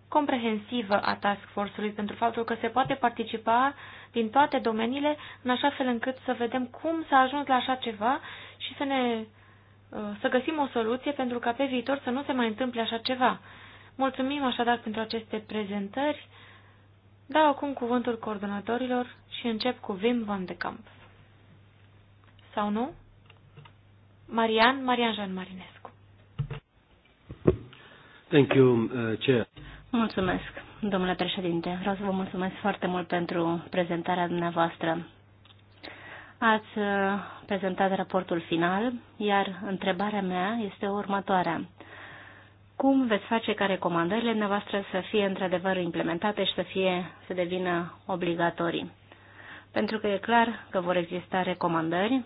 comprehensivă a task force-ului pentru faptul că se poate participa din toate domeniile în așa fel încât să vedem cum s-a ajuns la așa ceva și să ne uh, să găsim o soluție pentru ca pe viitor să nu se mai întâmple așa ceva. Mulțumim așadar pentru aceste prezentări. Dau acum cuvântul coordonatorilor și încep cu Wim van de Camp. Sau nu? Marian, Marian Jean Marinescu. Thank you, uh, Chair. Mulțumesc, domnule președinte. Vreau să vă mulțumesc foarte mult pentru prezentarea dumneavoastră. Ați uh, prezentat raportul final, iar întrebarea mea este următoarea. Cum veți face ca recomandările dumneavoastră să fie într-adevăr implementate și să, fie, să devină obligatorii? Pentru că e clar că vor exista recomandări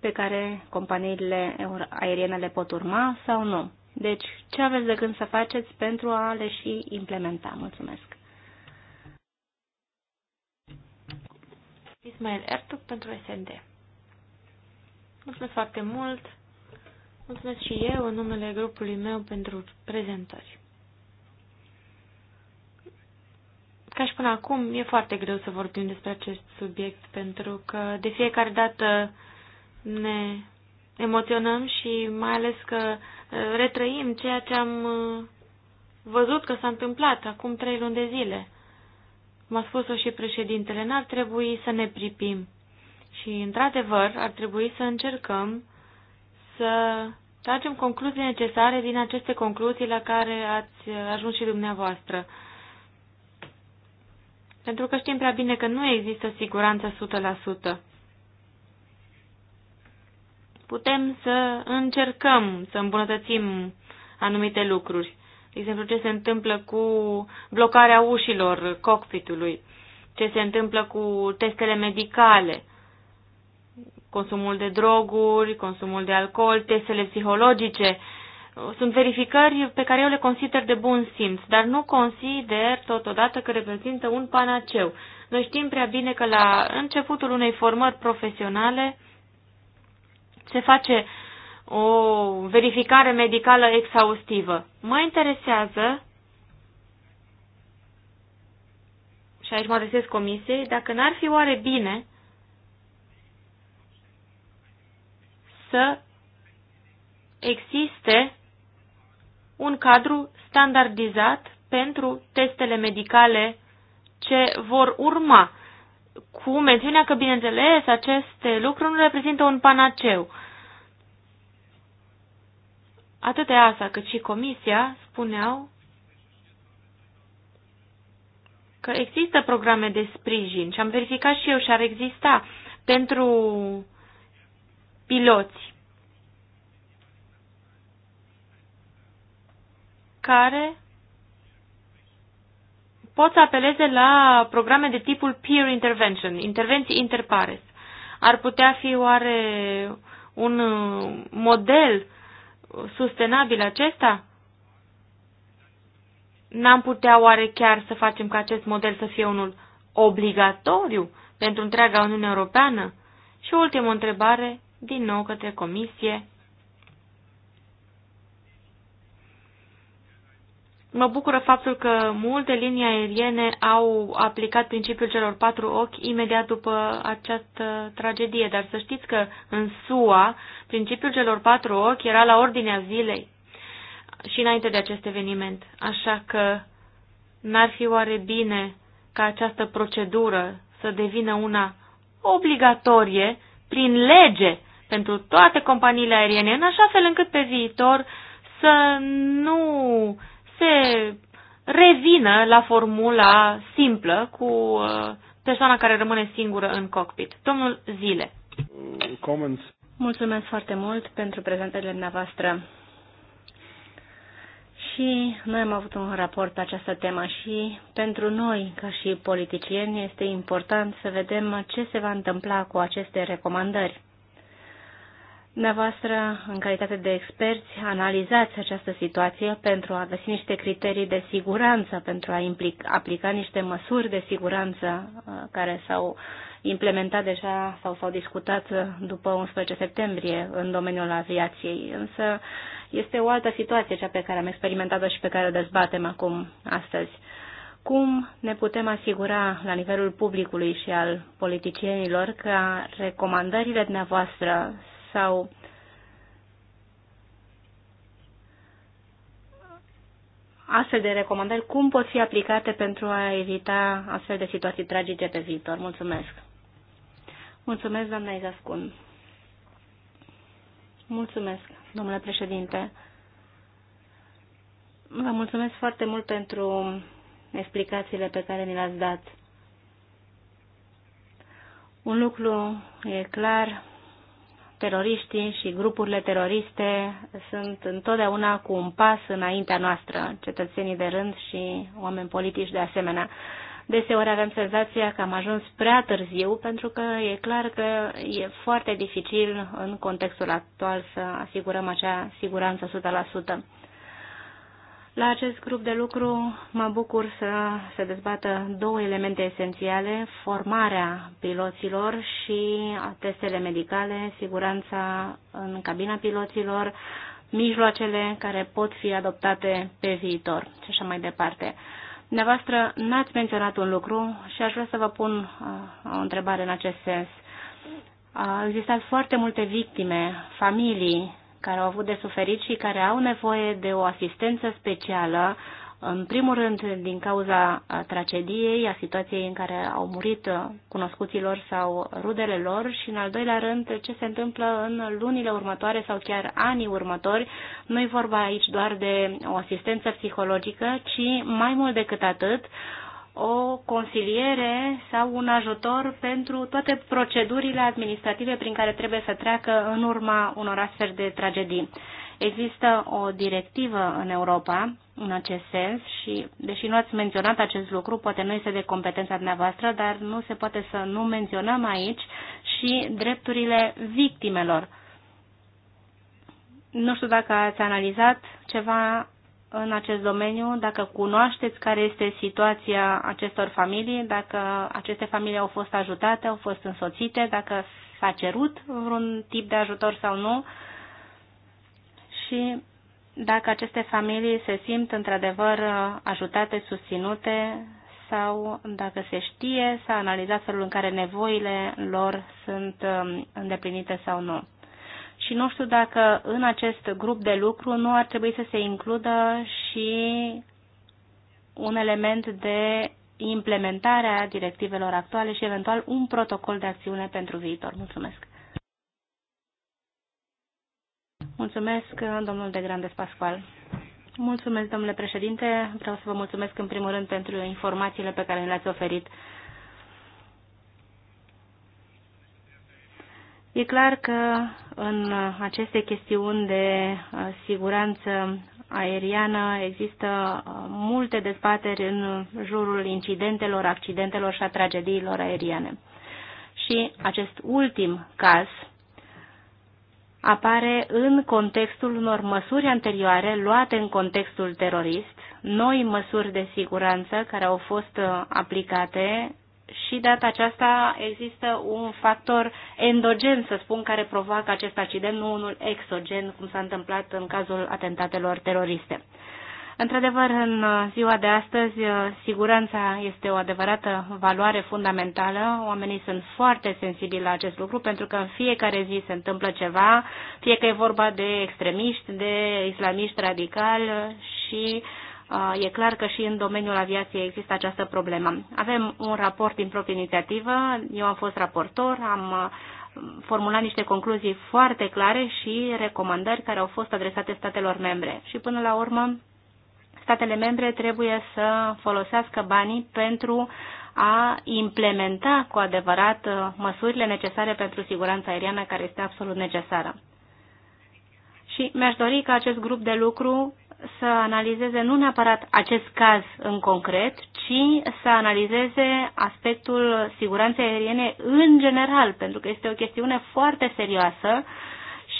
pe care companiile aeriene le pot urma sau nu. Deci, ce aveți de gând să faceți pentru a le și implementa? Mulțumesc! Ismail Ertug pentru SND. Mulțumesc foarte mult! Mulțumesc și eu în numele grupului meu pentru prezentări. Ca și până acum, e foarte greu să vorbim despre acest subiect pentru că de fiecare dată ne emoționăm și mai ales că retrăim ceea ce am uh, văzut că s-a întâmplat acum trei luni de zile. M-a spus-o și președintele, n-ar trebui să ne pripim. Și, într-adevăr, ar trebui să încercăm să tragem concluzii necesare din aceste concluzii la care ați uh, ajuns și dumneavoastră. Pentru că știm prea bine că nu există siguranță 100% putem să încercăm să îmbunătățim anumite lucruri. De exemplu, ce se întâmplă cu blocarea ușilor cockpitului, ce se întâmplă cu testele medicale, consumul de droguri, consumul de alcool, testele psihologice. Sunt verificări pe care eu le consider de bun simț, dar nu consider totodată că reprezintă un panaceu. Noi știm prea bine că la începutul unei formări profesionale, se face o verificare medicală exhaustivă. Mă interesează, și aici mă adresez comisiei, dacă n-ar fi oare bine să existe un cadru standardizat pentru testele medicale ce vor urma cu mențiunea că, bineînțeles, aceste lucruri nu reprezintă un panaceu. Atât EASA cât și Comisia spuneau că există programe de sprijin și am verificat și eu și ar exista pentru piloți care pot să apeleze la programe de tipul peer intervention, intervenții interpares. Ar putea fi oare un uh, model sustenabil acesta? N-am putea oare chiar să facem ca acest model să fie unul obligatoriu pentru întreaga Uniune Europeană? Și ultimă întrebare, din nou către Comisie. Mă bucură faptul că multe linii aeriene au aplicat principiul celor patru ochi imediat după această tragedie, dar să știți că în SUA principiul celor patru ochi era la ordinea zilei și înainte de acest eveniment. Așa că n-ar fi oare bine ca această procedură să devină una obligatorie prin lege pentru toate companiile aeriene, în așa fel încât pe viitor să nu se revină la formula simplă cu uh, persoana care rămâne singură în cockpit. Domnul Zile. Comments. Mulțumesc foarte mult pentru prezentările dumneavoastră. Și noi am avut un raport pe această temă și pentru noi, ca și politicieni, este important să vedem ce se va întâmpla cu aceste recomandări. Dumneavoastră, în calitate de experți, analizați această situație pentru a găsi niște criterii de siguranță, pentru a implica, aplica niște măsuri de siguranță uh, care s-au implementat deja sau s-au discutat uh, după 11 septembrie în domeniul aviației. Însă este o altă situație, cea pe care am experimentat-o și pe care o dezbatem acum astăzi. Cum ne putem asigura la nivelul publicului și al politicienilor că recomandările dumneavoastră sau astfel de recomandări, cum pot fi aplicate pentru a evita astfel de situații tragice pe viitor? Mulțumesc! Mulțumesc, doamna Izascun! Mulțumesc, domnule președinte! Vă mulțumesc foarte mult pentru explicațiile pe care mi le-ați dat. Un lucru e clar, teroriștii și grupurile teroriste sunt întotdeauna cu un pas înaintea noastră, cetățenii de rând și oameni politici de asemenea. Deseori avem senzația că am ajuns prea târziu, pentru că e clar că e foarte dificil în contextul actual să asigurăm acea siguranță 100%. La acest grup de lucru mă bucur să se dezbată două elemente esențiale, formarea piloților și testele medicale, siguranța în cabina piloților, mijloacele care pot fi adoptate pe viitor și așa mai departe. Dumneavoastră n-ați menționat un lucru și aș vrea să vă pun uh, o întrebare în acest sens. Au existat foarte multe victime, familii care au avut de suferit și care au nevoie de o asistență specială, în primul rând din cauza tragediei, a situației în care au murit cunoscuților sau rudele lor și în al doilea rând ce se întâmplă în lunile următoare sau chiar anii următori. Nu i vorba aici doar de o asistență psihologică, ci mai mult decât atât, o consiliere sau un ajutor pentru toate procedurile administrative prin care trebuie să treacă în urma unor astfel de tragedii. Există o directivă în Europa în acest sens și, deși nu ați menționat acest lucru, poate nu este de competența dumneavoastră, dar nu se poate să nu menționăm aici și drepturile victimelor. Nu știu dacă ați analizat ceva în acest domeniu, dacă cunoașteți care este situația acestor familii, dacă aceste familii au fost ajutate, au fost însoțite, dacă s-a cerut vreun tip de ajutor sau nu și dacă aceste familii se simt într-adevăr ajutate, susținute sau dacă se știe, s-a analizat felul în care nevoile lor sunt um, îndeplinite sau nu și nu știu dacă în acest grup de lucru nu ar trebui să se includă și un element de implementare a directivelor actuale și eventual un protocol de acțiune pentru viitor. Mulțumesc! Mulțumesc, domnul de Grandes Pascual. Mulțumesc, domnule președinte. Vreau să vă mulțumesc în primul rând pentru informațiile pe care le-ați oferit E clar că în aceste chestiuni de uh, siguranță aeriană există uh, multe dezbateri în jurul incidentelor, accidentelor și a tragediilor aeriene. Și acest ultim caz apare în contextul unor măsuri anterioare luate în contextul terorist, noi măsuri de siguranță care au fost uh, aplicate și data aceasta există un factor endogen, să spun, care provoacă acest accident, nu unul exogen, cum s-a întâmplat în cazul atentatelor teroriste. Într-adevăr, în ziua de astăzi, siguranța este o adevărată valoare fundamentală. Oamenii sunt foarte sensibili la acest lucru pentru că în fiecare zi se întâmplă ceva, fie că e vorba de extremiști, de islamiști radicali și uh, Ah, e clar că și în domeniul aviației există această problemă. Avem un raport din proprie inițiativă, eu am fost raportor, am ah, formulat niște concluzii foarte clare și recomandări care au fost adresate statelor membre. Și până la urmă, statele membre trebuie să folosească banii pentru a implementa cu adevărat ah, măsurile necesare pentru siguranța aeriană care este absolut necesară. Și mi-aș dori ca acest grup de lucru să analizeze nu neapărat acest caz în concret, ci să analizeze aspectul siguranței aeriene în general, pentru că este o chestiune foarte serioasă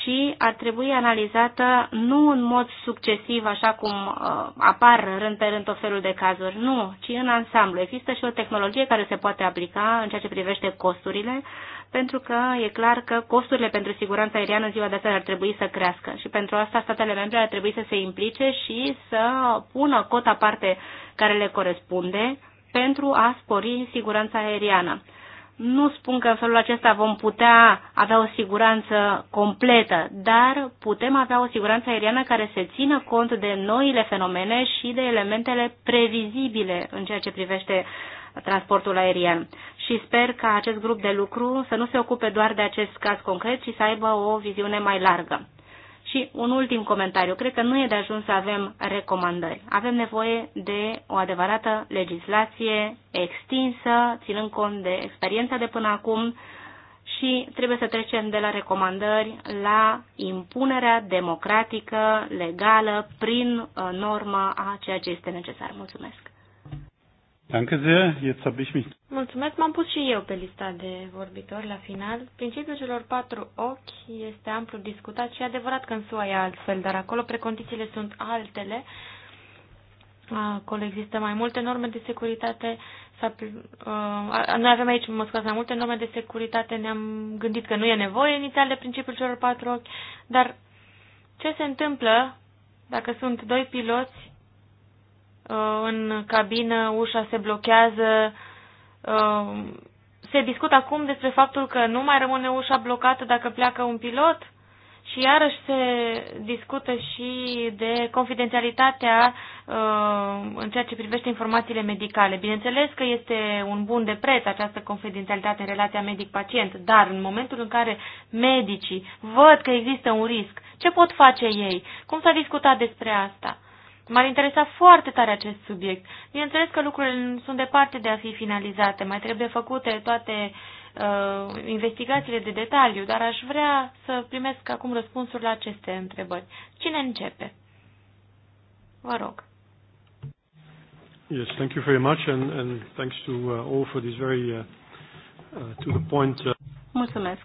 și ar trebui analizată nu în mod succesiv, așa cum uh, apar rând pe rând tot felul de cazuri, nu, ci în ansamblu. Există și o tehnologie care se poate aplica în ceea ce privește costurile pentru că e clar că costurile pentru siguranța aeriană ziua de astăzi ar trebui să crească și pentru asta statele membre ar trebui să se implice și să pună cota parte care le corespunde pentru a spori siguranța aeriană. Nu spun că în felul acesta vom putea avea o siguranță completă, dar putem avea o siguranță aeriană care se țină cont de noile fenomene și de elementele previzibile în ceea ce privește transportul aerian. Și sper că acest grup de lucru să nu se ocupe doar de acest caz concret, ci să aibă o viziune mai largă. Și un ultim comentariu. Cred că nu e de ajuns să avem recomandări. Avem nevoie de o adevărată legislație extinsă, ținând cont de experiența de până acum și trebuie să trecem de la recomandări la impunerea democratică, legală, prin uh, normă a ceea ce este necesar. Mulțumesc. Danke sehr, jetzt habe ich mich... Mulțumesc, m-am pus și eu pe lista de vorbitori la final. Principiul celor patru ochi este amplu discutat și e adevărat că în SUA e altfel, dar acolo precondițiile sunt altele. Acolo există mai multe norme de securitate. Noi avem aici, mă scuze, mai multe norme de securitate. Ne-am gândit că nu e nevoie inițial de principiul celor patru ochi, dar ce se întâmplă dacă sunt doi piloți Uh, în cabină, ușa se blochează. Uh, se discută acum despre faptul că nu mai rămâne ușa blocată dacă pleacă un pilot și iarăși se discută și de confidențialitatea uh, în ceea ce privește informațiile medicale. Bineînțeles că este un bun de preț această confidențialitate în relația medic-pacient, dar în momentul în care medicii văd că există un risc, ce pot face ei? Cum s-a discutat despre asta? M-ar interesa foarte tare acest subiect. Bineînțeles că lucrurile sunt departe de a fi finalizate, mai trebuie făcute toate uh, investigațiile de detaliu, dar aș vrea să primesc acum răspunsuri la aceste întrebări. Cine începe? Vă rog. Yes, thank you very much and, and thanks to uh, all for this very uh, uh, to the point. Uh... Mulțumesc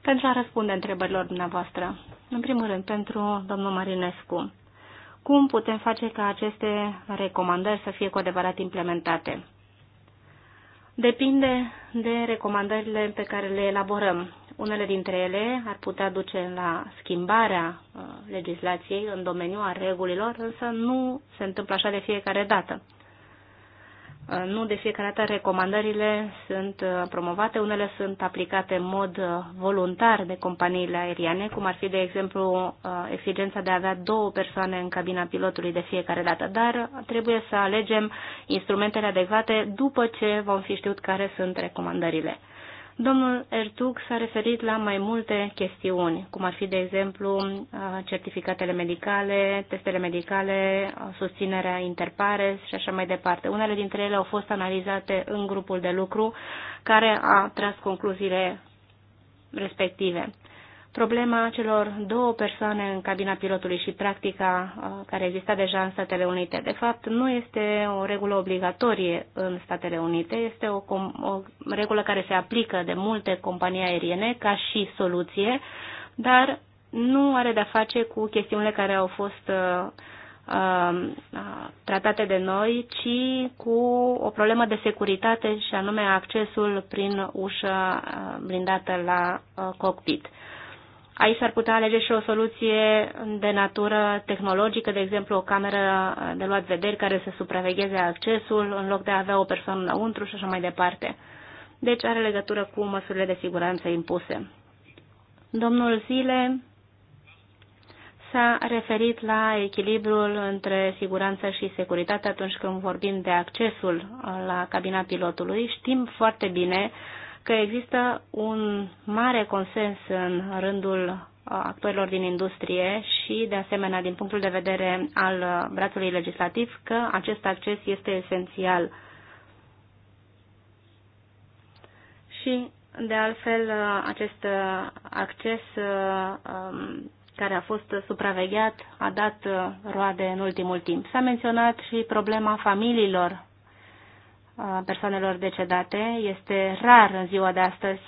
pentru a răspunde întrebărilor dumneavoastră. În primul rând, pentru domnul Marinescu cum putem face ca aceste recomandări să fie cu adevărat implementate. Depinde de recomandările pe care le elaborăm. Unele dintre ele ar putea duce la schimbarea uh, legislației în domeniul a regulilor, însă nu se întâmplă așa de fiecare dată. Uh, nu de fiecare dată recomandările sunt uh, promovate, unele sunt aplicate în mod uh, voluntar de companiile aeriene, cum ar fi, de exemplu, exigența de a avea două persoane în cabina pilotului de fiecare dată, dar trebuie să alegem instrumentele adecvate după ce vom fi știut care sunt recomandările. Domnul Ertug s-a referit la mai multe chestiuni, cum ar fi, de exemplu, uh, certificatele medicale, testele medicale, uh, susținerea interpares și așa mai departe. Unele dintre ele au fost analizate în grupul de lucru care a tras concluziile respective problema celor două persoane în cabina pilotului și practica uh, care exista deja în Statele Unite. De fapt, nu este o regulă obligatorie în Statele Unite, este o, o regulă care se aplică de multe companii aeriene ca și soluție, dar nu are de-a face cu chestiunile care au fost uh, uh tratate de noi, ci cu o problemă de securitate și anume accesul prin ușă uh, blindată la cockpit. Aici s-ar putea alege și o soluție de natură tehnologică, de exemplu o cameră de luat vederi care să supravegheze accesul în loc de a avea o persoană înăuntru și așa mai departe. Deci are legătură cu măsurile de siguranță impuse. Domnul Zile s-a referit la echilibrul între siguranță și securitate atunci când vorbim de accesul la cabina pilotului. Știm foarte bine uh, că există un mare consens în rândul uh, actorilor din industrie și, de asemenea, din punctul de vedere al uh, brațului legislativ, că acest acces este esențial. Și, de altfel, uh, acest acces um, care a fost supravegheat a dat roade în ultimul timp. S-a menționat și problema familiilor persoanelor decedate. Este rar în ziua de astăzi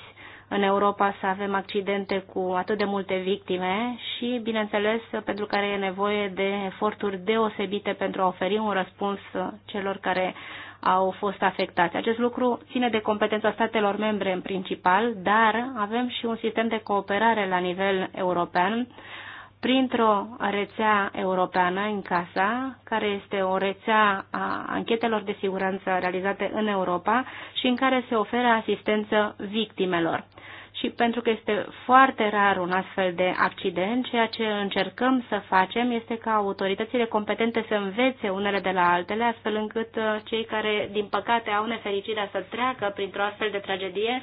în Europa să avem accidente cu atât de multe victime și, bineînțeles, pentru care e nevoie de eforturi deosebite pentru a oferi un răspuns celor care au fost afectați. Acest lucru ține de competența statelor membre în principal, dar avem și un sistem de cooperare la nivel european printr-o rețea europeană în casa, care este o rețea a anchetelor de siguranță realizate în Europa și în care se oferă asistență victimelor. Și pentru că este foarte rar un astfel de accident, ceea ce încercăm să facem este ca autoritățile competente să învețe unele de la altele, astfel încât uh, cei care, din păcate, au nefericirea să treacă printr-o astfel de tragedie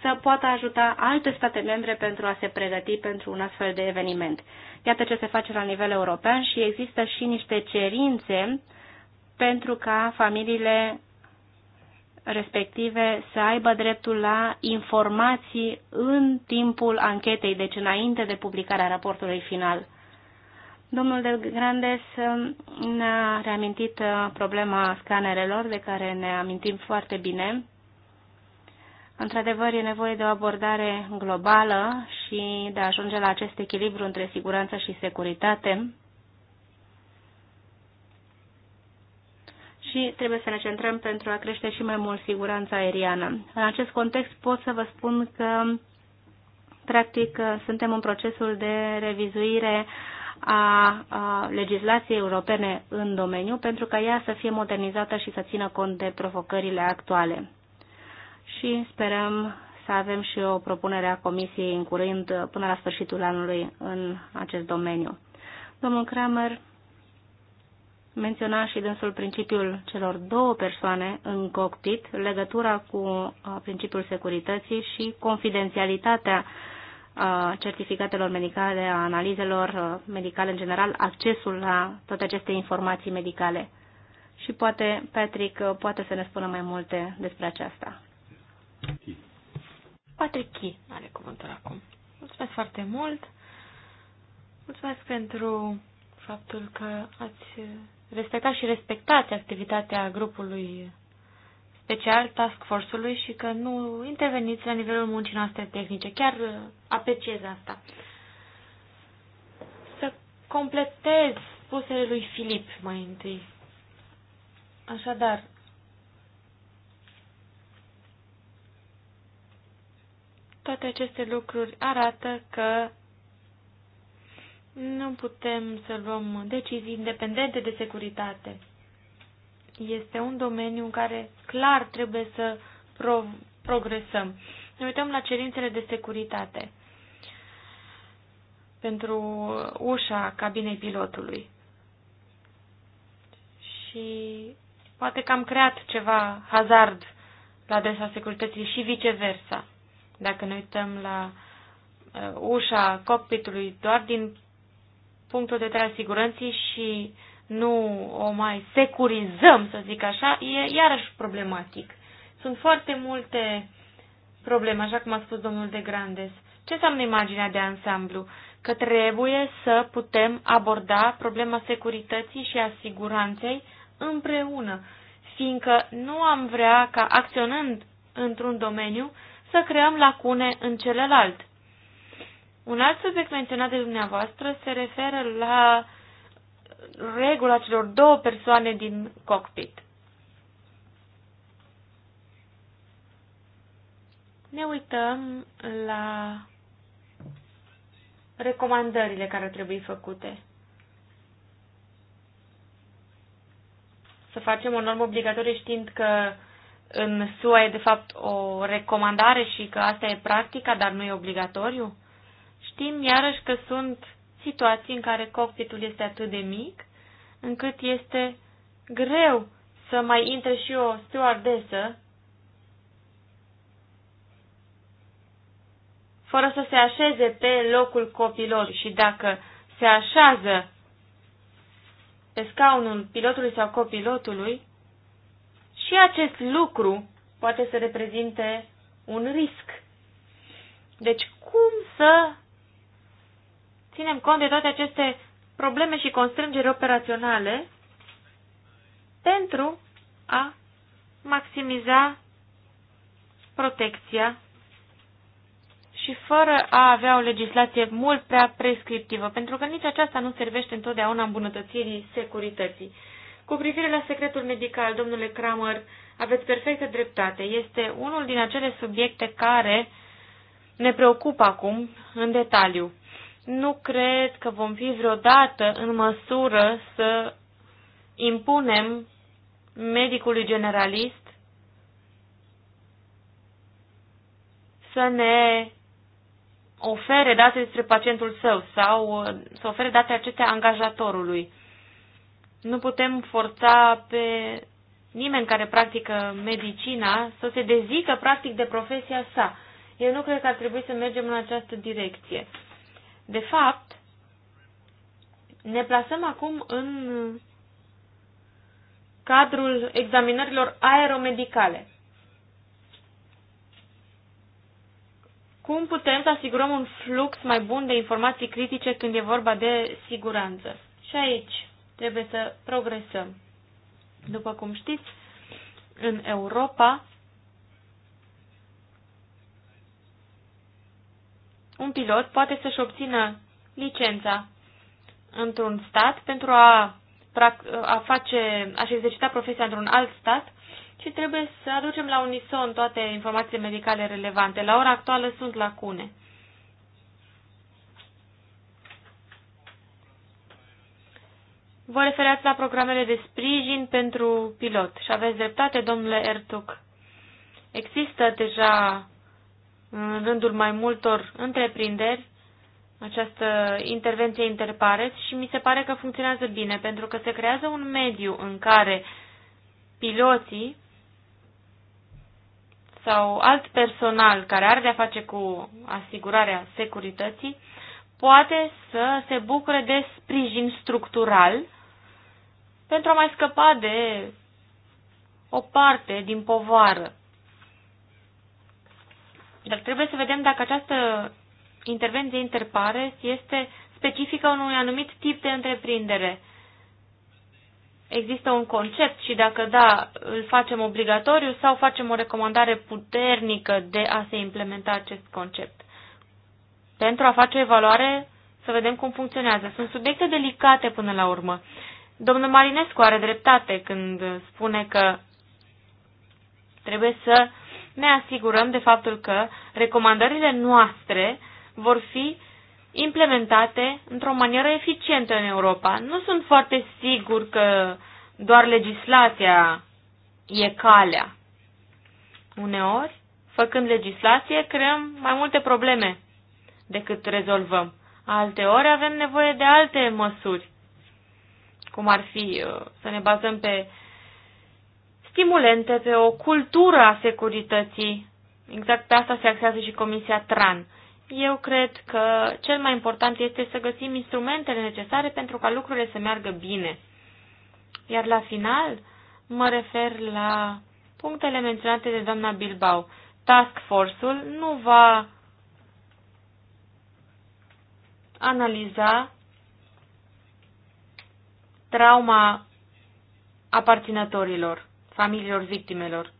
să poată ajuta alte state membre pentru a se pregăti pentru un astfel de eveniment. Iată ce se face la nivel european și există și niște cerințe pentru ca familiile respective să aibă dreptul la informații în timpul anchetei, deci înainte de publicarea raportului final. Domnul de Grandes um, ne-a reamintit uh, problema scanerelor, de care ne amintim foarte bine. Într-adevăr, e nevoie de o abordare globală și de a ajunge la acest echilibru între siguranță și securitate. Și trebuie să ne centrăm pentru a crește și mai mult siguranța aeriană. În acest context pot să vă spun că, practic, suntem în procesul de revizuire a legislației europene în domeniu pentru ca ea să fie modernizată și să țină cont de provocările actuale și sperăm să avem și o propunere a Comisiei în curând până la sfârșitul anului în acest domeniu. Domnul Kramer menționa și dânsul principiul celor două persoane în cockpit, legătura cu uh, principiul securității și confidențialitatea uh, certificatelor medicale, a analizelor uh, medicale în general, accesul la toate aceste informații medicale. Și poate Patrick poate să ne spună mai multe despre aceasta. Patrick Chi are cuvântul acum. Mulțumesc foarte mult. Mulțumesc pentru faptul că ați respectat și respectați activitatea grupului special Task Force-ului și că nu interveniți la nivelul muncii noastre tehnice. Chiar apreciez asta. Să completez spusele lui Filip mai întâi. Așadar, Toate aceste lucruri arată că nu putem să luăm decizii independente de securitate. Este un domeniu în care clar trebuie să pro progresăm. Ne uităm la cerințele de securitate pentru ușa cabinei pilotului. Și poate că am creat ceva hazard la adresa securității și viceversa. Dacă ne uităm la uh, ușa cockpitului doar din punctul de vedere al siguranței și nu o mai securizăm, să zic așa, e iarăși problematic. Sunt foarte multe probleme, așa cum a spus domnul de Grandes. Ce înseamnă imaginea de ansamblu? Că trebuie să putem aborda problema securității și a siguranței împreună, fiindcă nu am vrea ca acționând într-un domeniu să creăm lacune în celălalt. Un alt subiect menționat de dumneavoastră se referă la regula celor două persoane din cockpit. Ne uităm la recomandările care ar trebui făcute. Să facem o normă obligatorie știind că în SUA e de fapt o recomandare și că asta e practica, dar nu e obligatoriu? Știm iarăși că sunt situații în care cockpitul este atât de mic încât este greu să mai intre și o stewardesă fără să se așeze pe locul copilului și dacă se așează pe scaunul pilotului sau copilotului, și acest lucru poate să reprezinte un risc. Deci cum să ținem cont de toate aceste probleme și constrângeri operaționale pentru a maximiza protecția și fără a avea o legislație mult prea prescriptivă, pentru că nici aceasta nu servește întotdeauna îmbunătățirii securității. Cu privire la secretul medical, domnule Kramer, aveți perfectă dreptate. Este unul din acele subiecte care ne preocupă acum în detaliu. Nu cred că vom fi vreodată în măsură să impunem medicului generalist să ne ofere date despre pacientul său sau să ofere date acestea angajatorului. Nu putem forța pe nimeni care practică medicina să se dezică practic de profesia sa. Eu nu cred că ar trebui să mergem în această direcție. De fapt, ne plasăm acum în cadrul examinărilor aeromedicale. Cum putem să asigurăm un flux mai bun de informații critice când e vorba de siguranță? Și aici Trebuie să progresăm. După cum știți, în Europa, un pilot poate să-și obțină licența într-un stat pentru a, a face, a exercita profesia într-un alt stat și trebuie să aducem la unison toate informațiile medicale relevante. La ora actuală sunt lacune. Vă referați la programele de sprijin pentru pilot și aveți dreptate, domnule Ertuc. Există deja în rândul mai multor întreprinderi această intervenție interpares și mi se pare că funcționează bine, pentru că se creează un mediu în care piloții sau alt personal care are de-a face cu asigurarea securității poate să se bucure de sprijin structural pentru a mai scăpa de o parte din povară. Dar trebuie să vedem dacă această intervenție interpare este specifică unui anumit tip de întreprindere. Există un concept și dacă da, îl facem obligatoriu sau facem o recomandare puternică de a se implementa acest concept. Pentru a face o evaluare, să vedem cum funcționează. Sunt subiecte delicate până la urmă Domnul Marinescu are dreptate când spune că trebuie să ne asigurăm de faptul că recomandările noastre vor fi implementate într-o manieră eficientă în Europa. Nu sunt foarte sigur că doar legislația e calea. Uneori, făcând legislație, creăm mai multe probleme decât rezolvăm. Alteori avem nevoie de alte măsuri cum ar fi uh, să ne bazăm pe stimulente, pe o cultură a securității. Exact pe asta se axează și Comisia TRAN. Eu cred că cel mai important este să găsim instrumentele necesare pentru ca lucrurile să meargă bine. Iar la final mă refer la punctele menționate de doamna Bilbao. Task Force-ul nu va analiza trauma aparținătorilor, familiilor victimelor.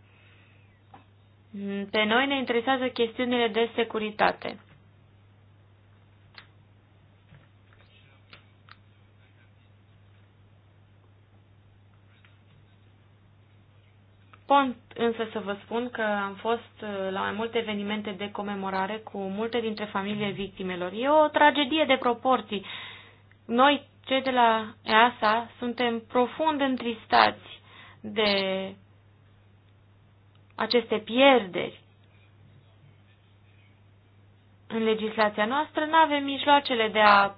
Pe noi ne interesează chestiunile de securitate. Pot însă să vă spun că am fost uh, la mai multe evenimente de comemorare cu multe dintre familiile victimelor. E o tragedie de proporții. Noi cei de la EASA suntem profund întristați de aceste pierderi. În legislația noastră nu avem mijloacele de a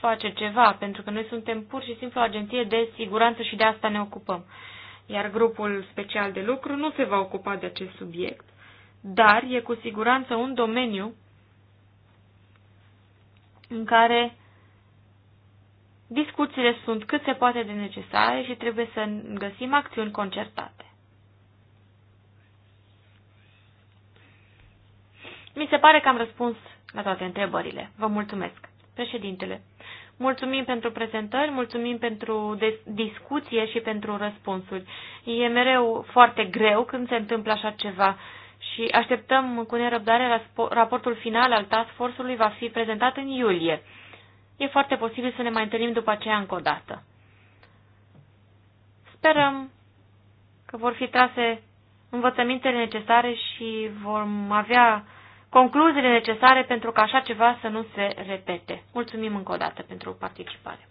face ceva, pentru că noi suntem pur și simplu o agenție de siguranță și de asta ne ocupăm. Iar grupul special de lucru nu se va ocupa de acest subiect, dar e cu siguranță un domeniu în care Discuțiile sunt cât se poate de necesare și trebuie să găsim acțiuni concertate. Mi se pare că am răspuns la toate întrebările. Vă mulțumesc. Președintele, mulțumim pentru prezentări, mulțumim pentru discuție și pentru răspunsuri. E mereu foarte greu când se întâmplă așa ceva și așteptăm cu nerăbdare raportul final al task force-ului va fi prezentat în iulie e foarte posibil să ne mai întâlnim după aceea încă o dată. Sperăm că vor fi trase învățămintele necesare și vom avea concluziile necesare pentru ca așa ceva să nu se repete. Mulțumim încă o dată pentru participare.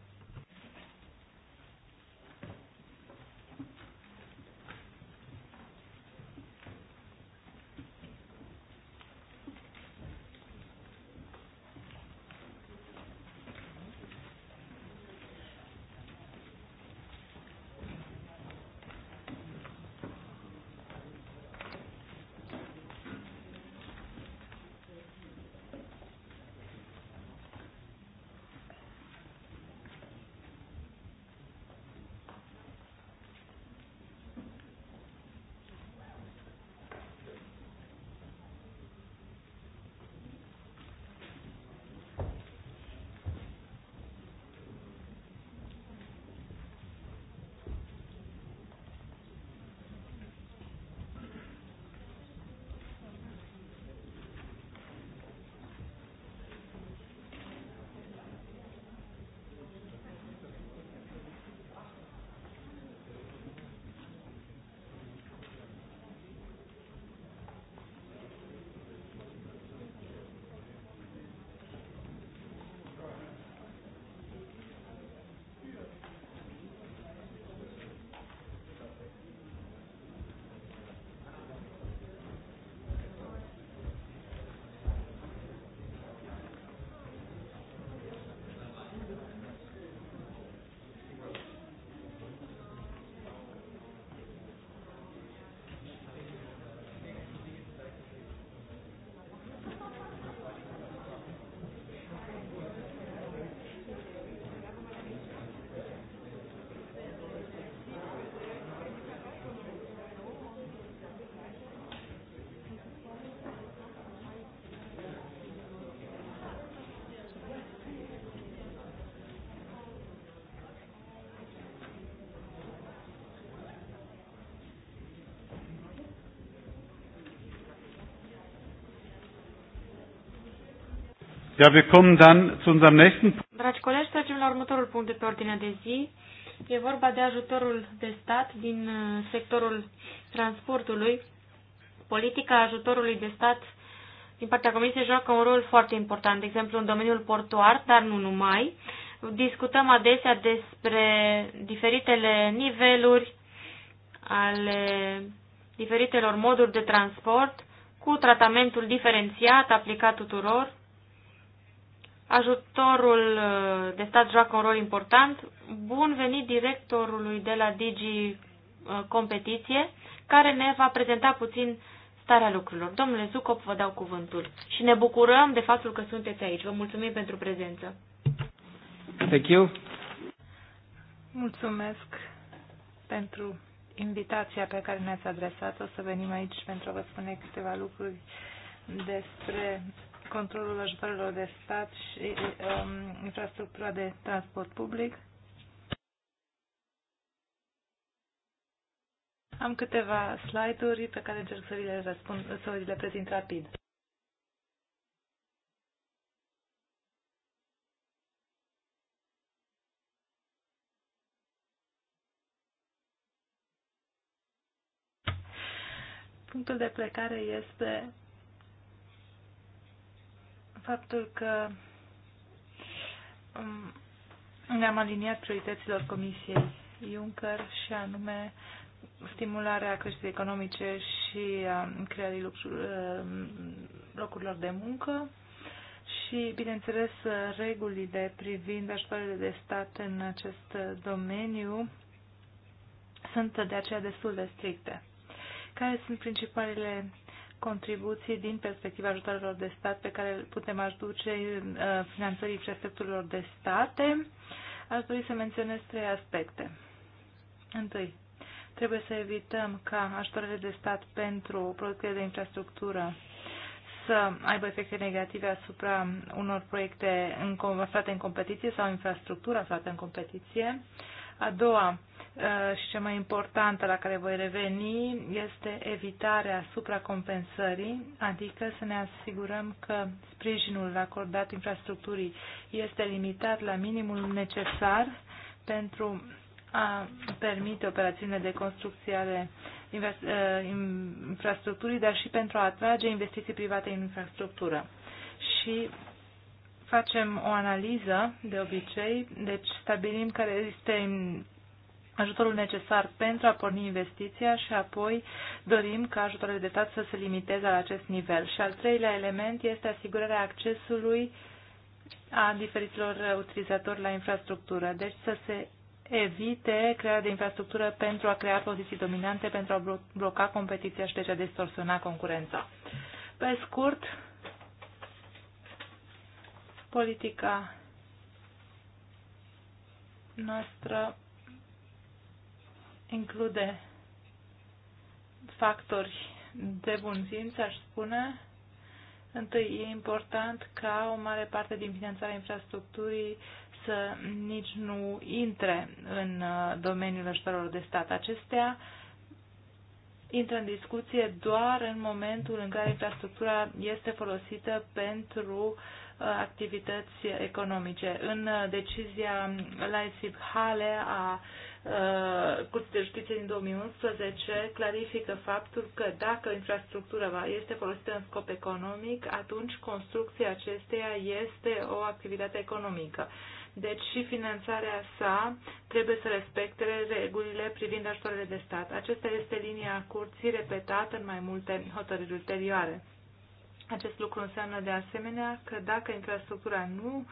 Ja, wir kommen dann zu unserem nächsten Punkt. Dragi colegi, trecem la următorul punct de pe ordinea de zi. E vorba de ajutorul de stat din uh, sectorul transportului. Politica ajutorului de stat din partea Comisiei joacă un rol foarte important, de exemplu în domeniul portuar, dar nu numai. Discutăm adesea despre diferitele niveluri ale diferitelor moduri de transport cu tratamentul diferențiat aplicat tuturor Ajutorul uh, de stat joacă un rol important. Bun venit directorului de la Digi uh, Competiție, care ne va prezenta puțin starea lucrurilor. Domnule Zucop, vă dau cuvântul și ne bucurăm de faptul că sunteți aici. Vă mulțumim pentru prezență. Thank you. Mulțumesc pentru invitația pe care ne-ați adresat-o să venim aici pentru a vă spune câteva lucruri despre controlul ajutorilor de stat și um, infrastructura de transport public. Am câteva slide-uri pe care încerc să vi le, răspund, să vi le prezint rapid. Punctul de plecare este faptul că um, ne-am aliniat priorităților Comisiei Juncker și anume stimularea creșterii economice și a creării um, locurilor de muncă și, bineînțeles, regulile privind ajutoarele de stat în acest domeniu sunt de aceea destul de stricte. Care sunt principalele contribuții din perspectiva ajutorilor de stat pe care le putem aduce uh, finanțării prefecturilor de state, aș dori să menționez trei aspecte. Întâi, trebuie să evităm ca ajutoarele de stat pentru proiecte de infrastructură să aibă efecte negative asupra unor proiecte aflate în competiție sau infrastructură aflată în competiție. A doua, Uh, și cea mai importantă la care voi reveni este evitarea supracompensării, adică să ne asigurăm că sprijinul acordat infrastructurii este limitat la minimul necesar pentru a permite operațiunile de construcție ale uh, infrastructurii, dar și pentru a atrage investiții private în infrastructură. Și facem o analiză de obicei, deci stabilim care este ajutorul necesar pentru a porni investiția și apoi dorim ca ajutorul de stat să se limiteze la acest nivel. Și al treilea element este asigurarea accesului a diferiților utilizatori la infrastructură, deci să se evite crearea de infrastructură pentru a crea poziții dominante, pentru a bloca competiția și deci a distorsiona concurența. Pe scurt, politica noastră include factori de bunzință, aș spune. Întâi, e important ca o mare parte din finanțarea infrastructurii să nici nu intre în uh, domeniul ajutorilor de stat. Acestea intră în discuție doar în momentul în care infrastructura este folosită pentru uh, activități economice. În uh, decizia Leipzig-Hale a Uh, curții de Justiție din 2011 clarifică faptul că dacă infrastructura este folosită în scop economic, atunci construcția acesteia este o activitate economică. Deci și finanțarea sa trebuie să respecte regulile privind ajutoarele de stat. Acesta este linia curții repetată în mai multe hotărâri ulterioare. Acest lucru înseamnă de asemenea că dacă infrastructura nu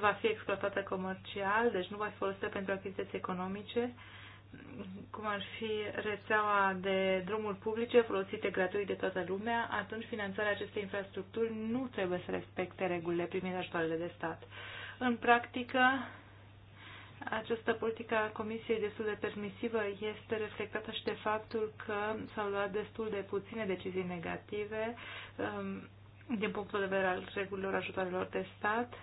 va fi exploatată comercial, deci nu va fi folosită pentru achiziții economice, cum ar fi rețeaua de drumuri publice folosite gratuit de toată lumea, atunci finanțarea acestei infrastructuri nu trebuie să respecte regulile privind ajutoarele de stat. În practică, această politică a Comisiei destul de permisivă este reflectată și de faptul că s-au luat destul de puține decizii negative um, din punctul de vedere al regulilor ajutoarelor de stat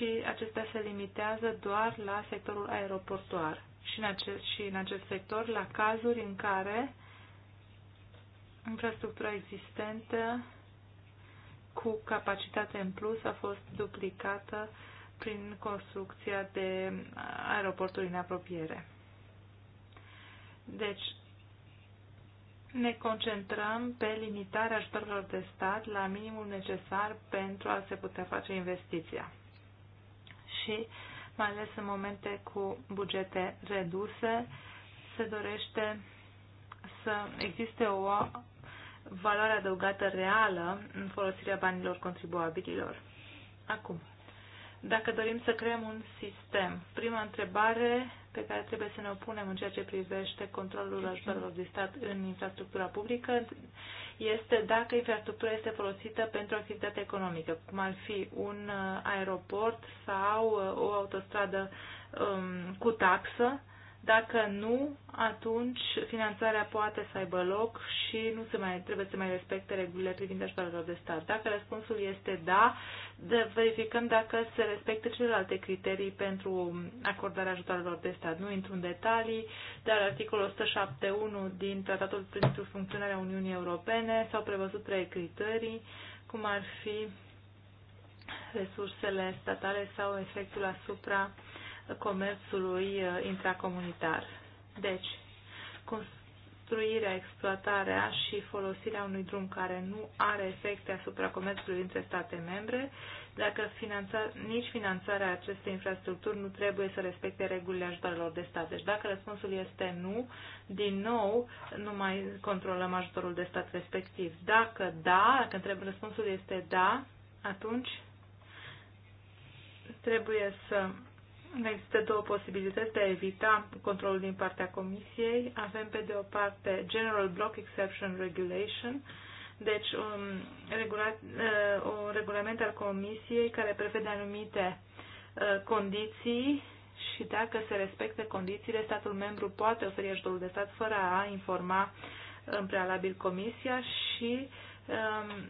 și acestea se limitează doar la sectorul aeroportuar și în acest, și în acest sector la cazuri în care infrastructura existentă cu capacitate în plus a fost duplicată prin construcția de aeroporturi în apropiere. Deci, ne concentrăm pe limitarea ajutorilor de stat la minimul necesar pentru a se putea face investiția și mai ales în momente cu bugete reduse, se dorește să existe o valoare adăugată reală în folosirea banilor contribuabililor. Acum, dacă dorim să creăm un sistem. Prima întrebare pe care trebuie să ne opunem în ceea ce privește controlul ajutorilor de stat în infrastructura publică este dacă infrastructura este folosită pentru activitate economică, cum ar fi un uh, aeroport sau uh, o autostradă um, cu taxă dacă nu, atunci finanțarea poate să aibă loc și nu se mai, trebuie să mai respecte regulile privind ajutorul de stat. Dacă răspunsul este da, de verificăm dacă se respectă celelalte criterii pentru acordarea ajutoarelor de stat. Nu intru în detalii, dar articolul 171 din Tratatul pentru funcționarea Uniunii Europene s-au prevăzut trei criterii, cum ar fi resursele statale sau efectul asupra comerțului uh, intracomunitar. Deci, construirea, exploatarea și folosirea unui drum care nu are efecte asupra comerțului între state membre, dacă finanța, nici finanțarea acestei infrastructuri nu trebuie să respecte regulile ajutorilor de stat. Deci dacă răspunsul este nu, din nou nu mai controlăm ajutorul de stat respectiv. Dacă da, dacă întreb, răspunsul este da, atunci trebuie să Există două posibilități de a evita controlul din partea Comisiei. Avem pe de o parte General Block Exception Regulation, deci un, regula, uh, un regulament al Comisiei care prevede anumite uh, condiții și dacă se respectă condițiile, statul membru poate oferi ajutorul de stat fără a informa în prealabil Comisia și um,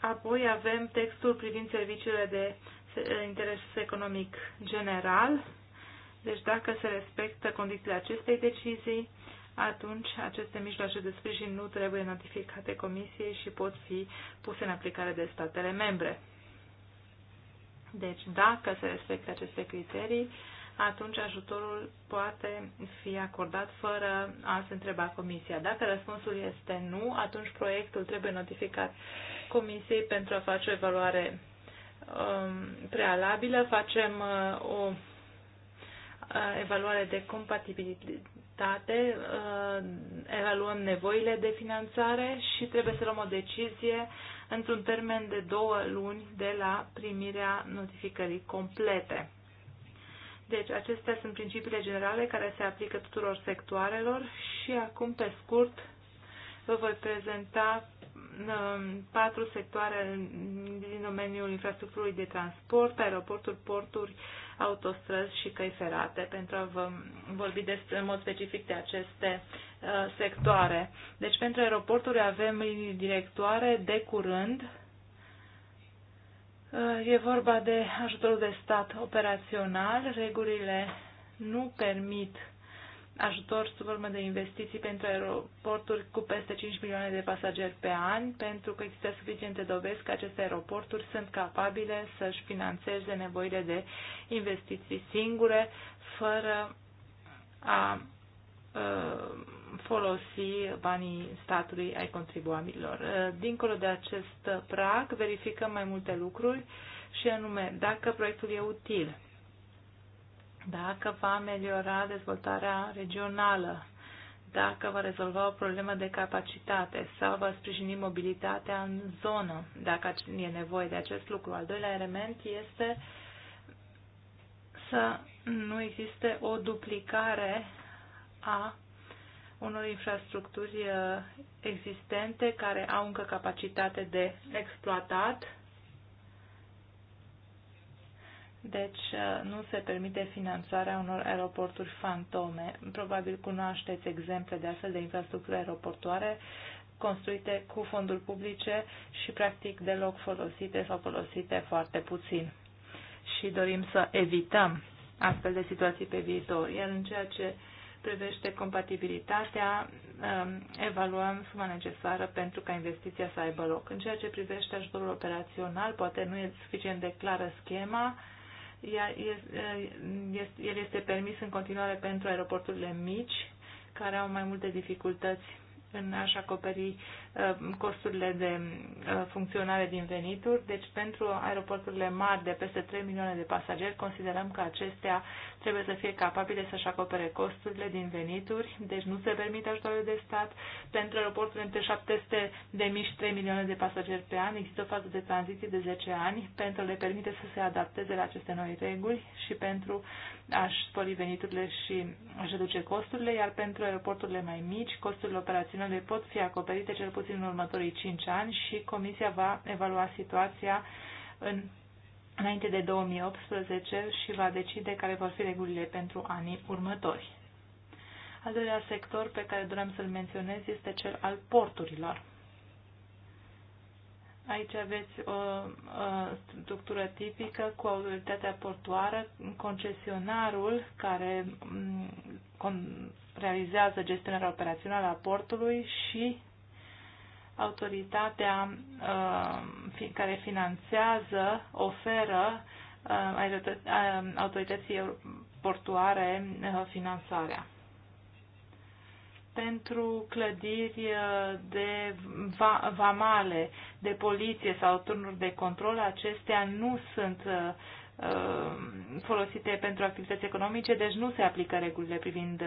apoi avem textul privind serviciile de uh, interes economic general. Deci dacă se respectă condițiile acestei decizii, atunci aceste mijloace de sprijin nu trebuie notificate Comisiei și pot fi puse în aplicare de statele membre. Deci, dacă se respectă aceste criterii, atunci ajutorul poate fi acordat fără a se întreba Comisia. Dacă răspunsul este nu, atunci proiectul trebuie notificat Comisiei pentru a face o evaluare Um, prealabilă, facem uh, o uh, evaluare de compatibilitate, uh, evaluăm nevoile de finanțare și trebuie să luăm o decizie într-un termen de două luni de la primirea notificării complete. Deci, acestea sunt principiile generale care se aplică tuturor sectoarelor și acum, pe scurt, vă voi prezenta Um, patru sectoare din domeniul infrastructurii de transport, aeroporturi, porturi, autostrăzi și căi ferate, pentru a vă vorbi despre, în mod specific de aceste uh, sectoare. Deci pentru aeroporturi avem linii directoare de curând. Uh, e vorba de ajutorul de stat operațional. Regulile nu permit uh, ajutor sub formă de investiții pentru aeroporturi cu peste 5 milioane de pasageri pe an, pentru că există suficiente dovezi că aceste aeroporturi sunt capabile să-și financeze nevoile de investiții singure, fără a ă, folosi banii statului ai contribuabililor. Ă, dincolo de acest prag, verificăm mai multe lucruri și anume dacă proiectul e util, dacă va ameliora dezvoltarea regională, dacă va rezolva o problemă de capacitate sau va sprijini mobilitatea în zonă, dacă e nevoie de acest lucru. Al doilea element este să nu existe o duplicare a unor infrastructuri uh, existente care au încă capacitate de exploatat deci uh, nu se permite finanțarea unor aeroporturi fantome. Probabil cunoașteți exemple de astfel de infrastructuri aeroportoare construite cu fonduri publice și practic deloc folosite sau folosite foarte puțin. Și dorim să evităm astfel de situații pe viitor. Iar în ceea ce privește compatibilitatea, um, evaluăm suma necesară pentru ca investiția să aibă loc. În ceea ce privește ajutorul operațional, poate nu e suficient de clară schema, el este permis în continuare pentru aeroporturile mici, care au mai multe dificultăți în a acoperi uh, costurile de uh, funcționare din venituri. Deci pentru aeroporturile mari de peste 3 milioane de pasageri considerăm că acestea trebuie să fie capabile să-și acopere costurile din venituri, deci nu se permite ajutorul de stat. Pentru aeroporturile între 700 de mii și 3 milioane de pasageri pe an există o fază de tranziție de 10 ani pentru a le permite să se adapteze la aceste noi reguli și pentru aș spori veniturile și aș reduce costurile, iar pentru aeroporturile mai mici, costurile operaționale pot fi acoperite cel puțin în următorii 5 ani și Comisia va evalua situația în, înainte de 2018 și va decide care vor fi regulile pentru anii următori. Al doilea sector pe care doream să-l menționez este cel al porturilor. Aici aveți o, o structură tipică cu autoritatea portoară, concesionarul care mm, realizează gestionarea operațională a portului și autoritatea uh, care finanțează, oferă uh, autorității portoare uh, finanțarea pentru clădiri uh, de vamale, de poliție sau turnuri de control, acestea nu sunt uh, uh, folosite pentru activități economice, deci nu se aplică regulile privind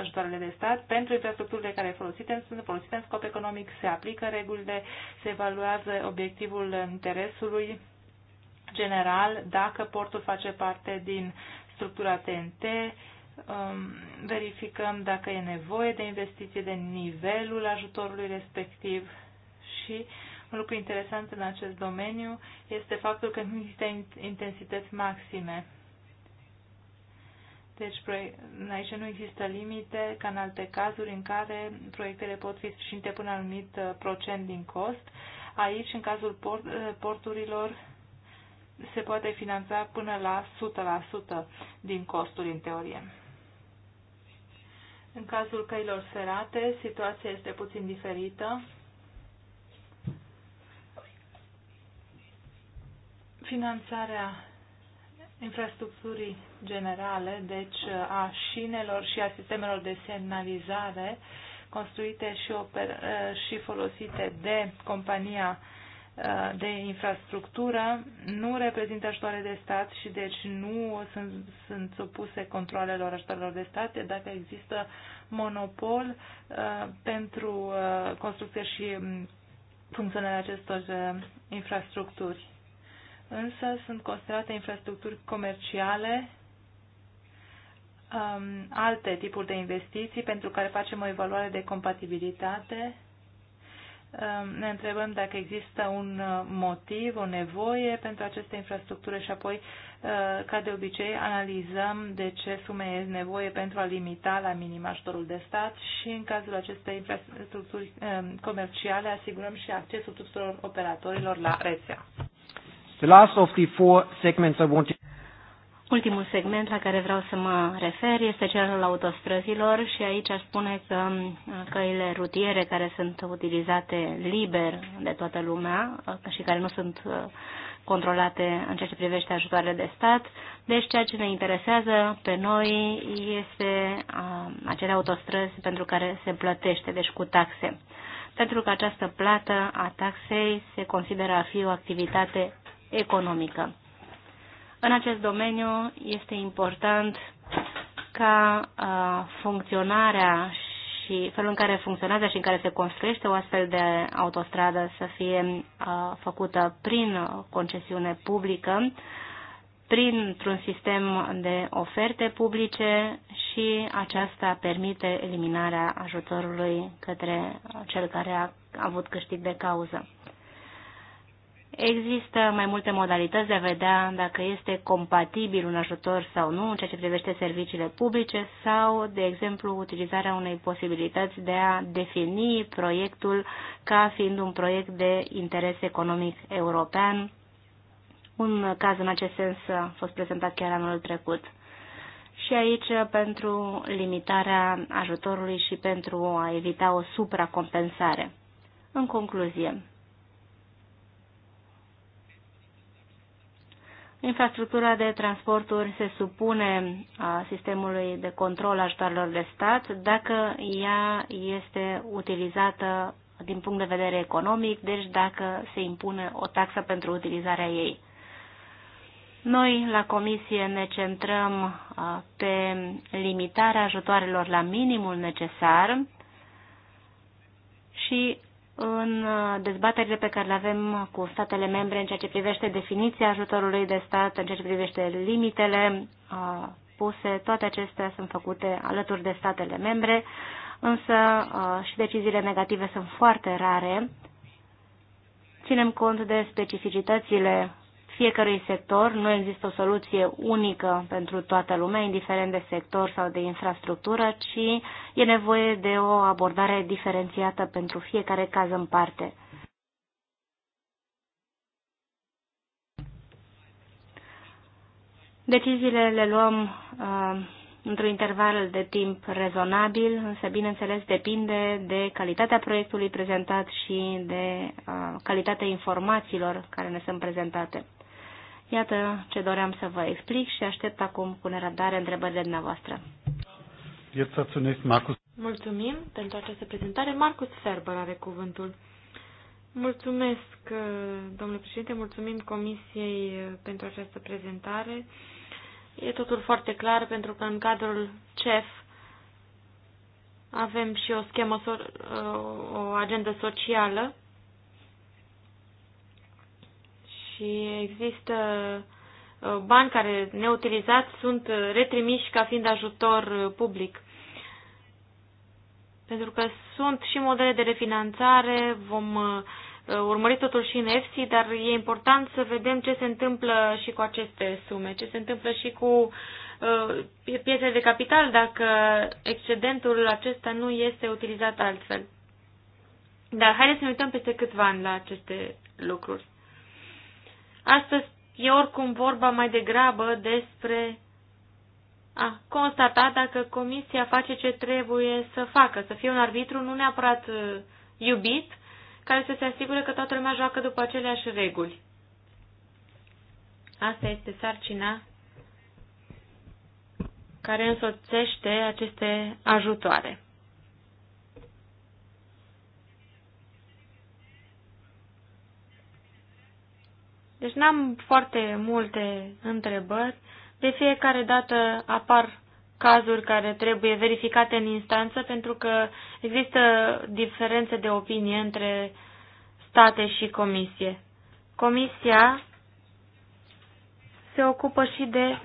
ajutoarele de stat. Pentru infrastructurile care folosite, sunt folosite în scop economic, se aplică regulile, se evaluează obiectivul interesului general, dacă portul face parte din structura TNT, Um, verificăm dacă e nevoie de investiție, de nivelul ajutorului respectiv și un lucru interesant în acest domeniu este faptul că nu există intensități maxime. Deci aici nu există limite ca în alte cazuri în care proiectele pot fi sprijinite până anumit uh, procent din cost. Aici, în cazul uh, porturilor, se poate finanța până la 100% din costuri în teorie. În cazul căilor ferate, situația este puțin diferită. Finanțarea infrastructurii generale, deci a șinelor și a sistemelor de semnalizare construite și, oper- și folosite de compania de infrastructură nu reprezintă ajutoare de stat și deci nu sunt, sunt supuse controlelor ajutorilor de stat dacă există monopol uh, pentru uh, construcția și um, funcționarea acestor uh, infrastructuri. Însă sunt considerate infrastructuri comerciale um, alte tipuri de investiții pentru care facem o evaluare de compatibilitate Ehm, ne întrebăm dacă există un uh, motiv, o nevoie pentru aceste infrastructuri și apoi, uh, ca de obicei, analizăm de ce sume e nevoie pentru a limita la minim ajutorul de stat și, în cazul acestei infrastructuri ehm, comerciale, asigurăm și accesul tuturor operatorilor la rețea. The last of the four segments I want to... Ultimul segment la care vreau să mă refer este cel al autostrăzilor și aici aș spune că căile rutiere care sunt utilizate liber de toată lumea și care nu sunt controlate în ceea ce privește ajutoarele de stat. Deci ceea ce ne interesează pe noi este acele autostrăzi pentru care se plătește, deci cu taxe. Pentru că această plată a taxei se consideră a fi o activitate economică. În acest domeniu este important ca uh, funcționarea și felul în care funcționează și în care se construiește o astfel de autostradă să fie uh, făcută prin concesiune publică, printr-un sistem de oferte publice și aceasta permite eliminarea ajutorului către cel care a avut câștig de cauză. Există mai multe modalități de a vedea dacă este compatibil un ajutor sau nu în ceea ce privește serviciile publice sau, de exemplu, utilizarea unei posibilități de a defini proiectul ca fiind un proiect de interes economic european. Un caz în acest sens a fost prezentat chiar anul trecut. Și aici pentru limitarea ajutorului și pentru a evita o supracompensare. În concluzie, Infrastructura de transporturi se supune a sistemului de control ajutoarelor de stat dacă ea este utilizată din punct de vedere economic, deci dacă se impune o taxă pentru utilizarea ei. Noi, la Comisie, ne centrăm pe limitarea ajutoarelor la minimul necesar și în uh, dezbaterile pe care le avem cu statele membre în ceea ce privește definiția ajutorului de stat, în ceea ce privește limitele uh, puse, toate acestea sunt făcute alături de statele membre, însă uh, și deciziile negative sunt foarte rare. Ținem cont de specificitățile fiecărui sector, nu există o soluție unică pentru toată lumea, indiferent de sector sau de infrastructură, ci e nevoie de o abordare diferențiată pentru fiecare caz în parte. Deciziile le luăm uh, într-un interval de timp rezonabil, însă, bineînțeles, depinde de calitatea proiectului prezentat și de uh, calitatea informațiilor care ne sunt prezentate. Iată ce doream să vă explic și aștept acum cu nerăbdare întrebările dumneavoastră. Mulțumim pentru această prezentare. Marcus Ferber are cuvântul. Mulțumesc, uh, domnule președinte, mulțumim Comisiei uh, pentru această prezentare. E totul foarte clar pentru că în cadrul CEF avem și o schemă, uh, o agendă socială și există uh, bani care neutilizați sunt uh, retrimiși ca fiind ajutor uh, public. Pentru că sunt și modele de refinanțare, vom urmări totul și în EFSI, dar e important să vedem ce se întâmplă și cu aceste sume, ce se întâmplă și cu piesele de capital dacă excedentul acesta nu este utilizat altfel. Dar haideți să ne uităm peste câțiva ani la aceste lucruri. Astăzi e oricum vorba mai degrabă despre a constata dacă comisia face ce trebuie să facă, să fie un arbitru nu neapărat uh, iubit, care să se asigure că toată lumea joacă după aceleași reguli. Asta este sarcina care însoțește aceste ajutoare. Deci n-am foarte multe întrebări. De fiecare dată apar cazuri care trebuie verificate în instanță pentru că există diferențe de opinie între state și comisie. Comisia se ocupă și de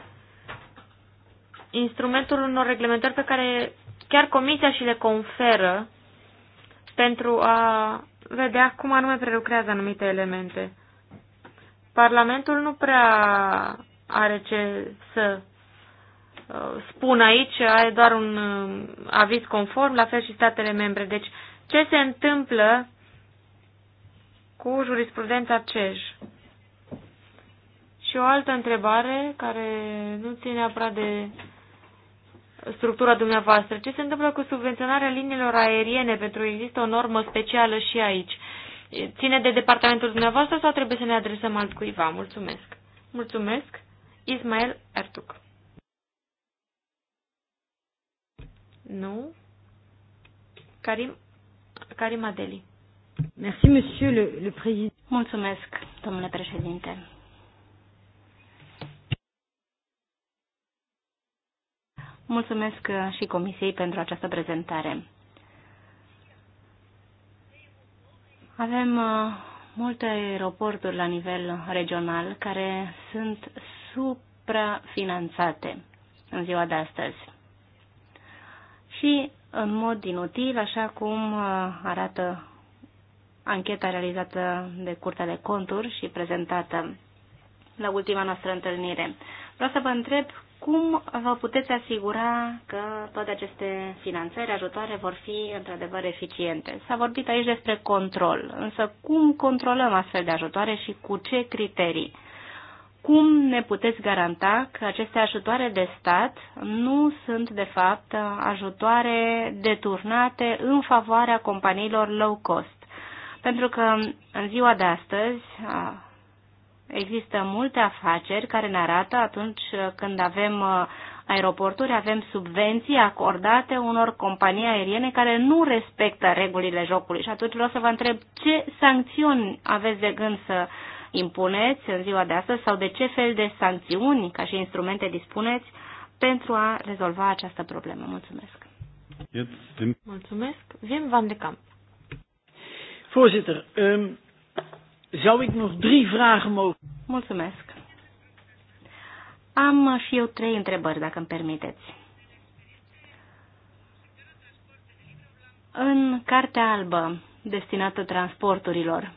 instrumentul unor reglementări pe care chiar comisia și le conferă pentru a vedea cum anume prelucrează anumite elemente. Parlamentul nu prea are ce să uh, spun aici, are doar un uh, aviz conform, la fel și statele membre. Deci, ce se întâmplă cu jurisprudența CEJ? Și o altă întrebare care nu ține neapărat de structura dumneavoastră. Ce se întâmplă cu subvenționarea liniilor aeriene pentru că există o normă specială și aici? Ține de departamentul dumneavoastră sau trebuie să ne adresăm altcuiva? Mulțumesc. Mulțumesc. Ismail Ertuc. Nu. Karim, Karim Adeli. Merci, monsieur le, le président. Mulțumesc, domnule președinte. Mulțumesc și Comisiei pentru această prezentare. Avem uh, multe aeroporturi la nivel regional care sunt suprafinanțate în ziua de astăzi. Și în mod inutil, așa cum uh, arată ancheta realizată de Curtea de Conturi și prezentată la ultima noastră întâlnire. Vreau să vă întreb cum vă puteți asigura că toate aceste finanțări, ajutoare vor fi într-adevăr eficiente? S-a vorbit aici despre control, însă cum controlăm astfel de ajutoare și cu ce criterii? Cum ne puteți garanta că aceste ajutoare de stat nu sunt, de fapt, ajutoare deturnate în favoarea companiilor low cost? Pentru că în ziua de astăzi, Există multe afaceri care ne arată atunci când avem uh, aeroporturi, avem subvenții acordate unor companii aeriene care nu respectă regulile jocului. Și atunci vreau să vă întreb ce sancțiuni aveți de gând să impuneți în ziua de astăzi sau de ce fel de sancțiuni ca și instrumente dispuneți pentru a rezolva această problemă. Mulțumesc! Mulțumesc! Vim Van de Camp. Voorzitter, ehm, Zou ik nog drie vragen mogen... Mulțumesc. Am și eu trei întrebări, dacă îmi permiteți. În Cartea Albă, destinată transporturilor,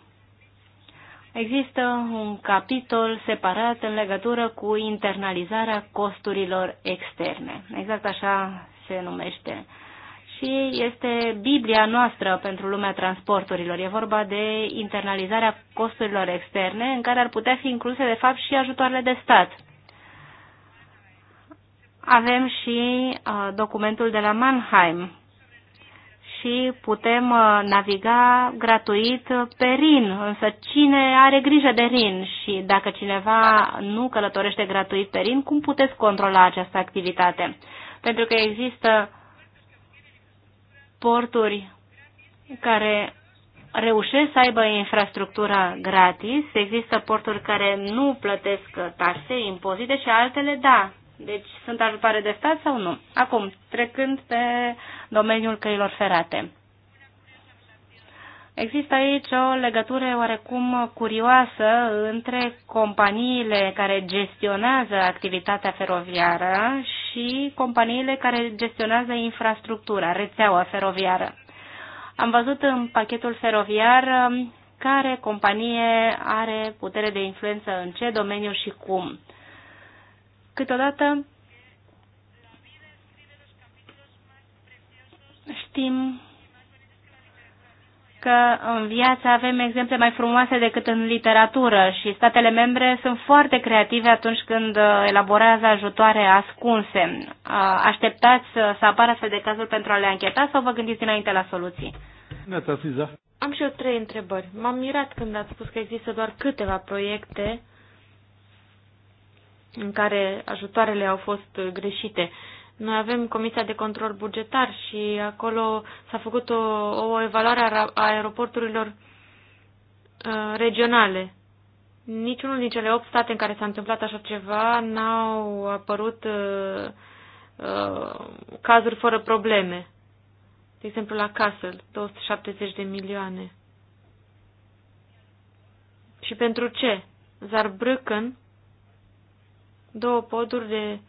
există un capitol separat în legătură cu internalizarea costurilor externe. Exact așa se numește și este Biblia noastră pentru lumea transporturilor. E vorba de internalizarea costurilor externe în care ar putea fi incluse de fapt și ajutoarele de stat. Avem și uh, documentul de la Mannheim și putem uh, naviga gratuit pe Rin, însă cine are grijă de Rin și dacă cineva nu călătorește gratuit pe Rin, cum puteți controla această activitate? Pentru că există porturi care reușesc să aibă infrastructura gratis, există porturi care nu plătesc taxe, impozite și altele da. Deci sunt ajutoare de stat sau nu? Acum, trecând pe domeniul căilor ferate. Există aici o legătură oarecum curioasă între companiile care gestionează activitatea feroviară și companiile care gestionează infrastructura, rețeaua feroviară. Am văzut în pachetul feroviar um, care companie are putere de influență în ce domeniu și cum. Câteodată știm că în viață avem exemple mai frumoase decât în literatură și statele membre sunt foarte creative atunci când uh, elaborează ajutoare ascunse. Uh, așteptați uh, să apară astfel de cazuri pentru a le ancheta sau vă gândiți dinainte la soluții? Am și eu trei întrebări. M-am mirat când ați spus că există doar câteva proiecte în care ajutoarele au fost greșite. Noi avem Comisia de Control Bugetar și acolo s-a făcut o, o evaluare a aeroporturilor uh, regionale. Niciunul din cele 8 state în care s-a întâmplat așa ceva n-au apărut uh, uh, cazuri fără probleme. De exemplu, la Castle, 270 de milioane. Și pentru ce? Zarbrücken, două poduri de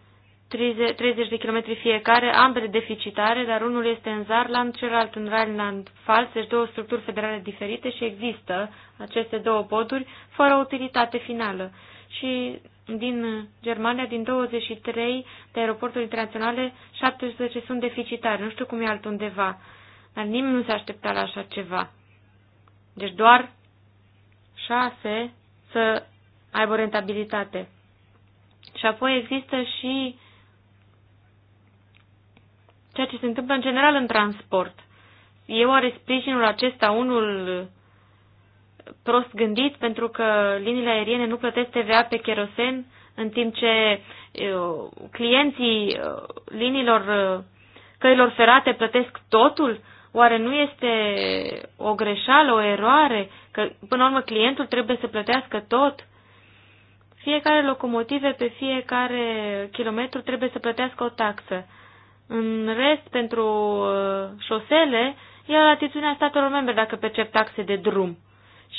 30, 30 de kilometri fiecare, ambele deficitare, dar unul este în Zarland, celălalt în Rheinland Pfalz, deci două structuri federale diferite și există aceste două poduri fără utilitate finală. Și din Germania, din 23 de aeroporturi internaționale, 17 sunt deficitare. Nu știu cum e altundeva. Dar nimeni nu se aștepta la așa ceva. Deci doar 6 să aibă rentabilitate. Și apoi există și ceea ce se întâmplă în general în transport. E oare sprijinul acesta unul prost gândit pentru că liniile aeriene nu plătesc TVA pe cherosen, în timp ce eu, clienții liniilor căilor ferate plătesc totul? Oare nu este o greșeală, o eroare, că până la urmă clientul trebuie să plătească tot? Fiecare locomotive pe fiecare kilometru trebuie să plătească o taxă. În rest, pentru uh, șosele, era la atitudinea statelor membre dacă percep taxe de drum.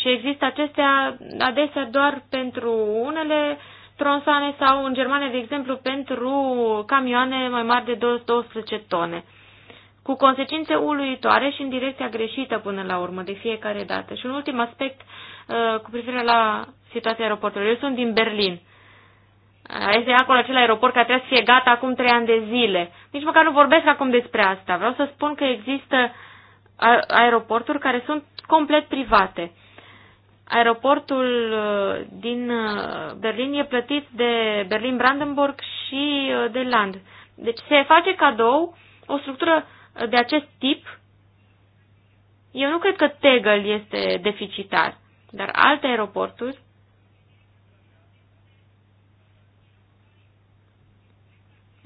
Și există acestea adesea doar pentru unele tronsoane sau, în Germania, de exemplu, pentru camioane mai mari de 12 tone cu consecințe uluitoare și în direcția greșită până la urmă, de fiecare dată. Și un ultim aspect uh, cu privire la situația aeroportului, Eu sunt din Berlin este acolo acel aeroport care trebuie să fie gata acum trei ani de zile. Nici măcar nu vorbesc acum despre asta. Vreau să spun că există aeroporturi care sunt complet private. Aeroportul uh, din uh, Berlin e plătit de Berlin-Brandenburg și uh, de Land. Deci se face cadou o structură de acest tip. Eu nu cred că Tegel este deficitar, dar alte aeroporturi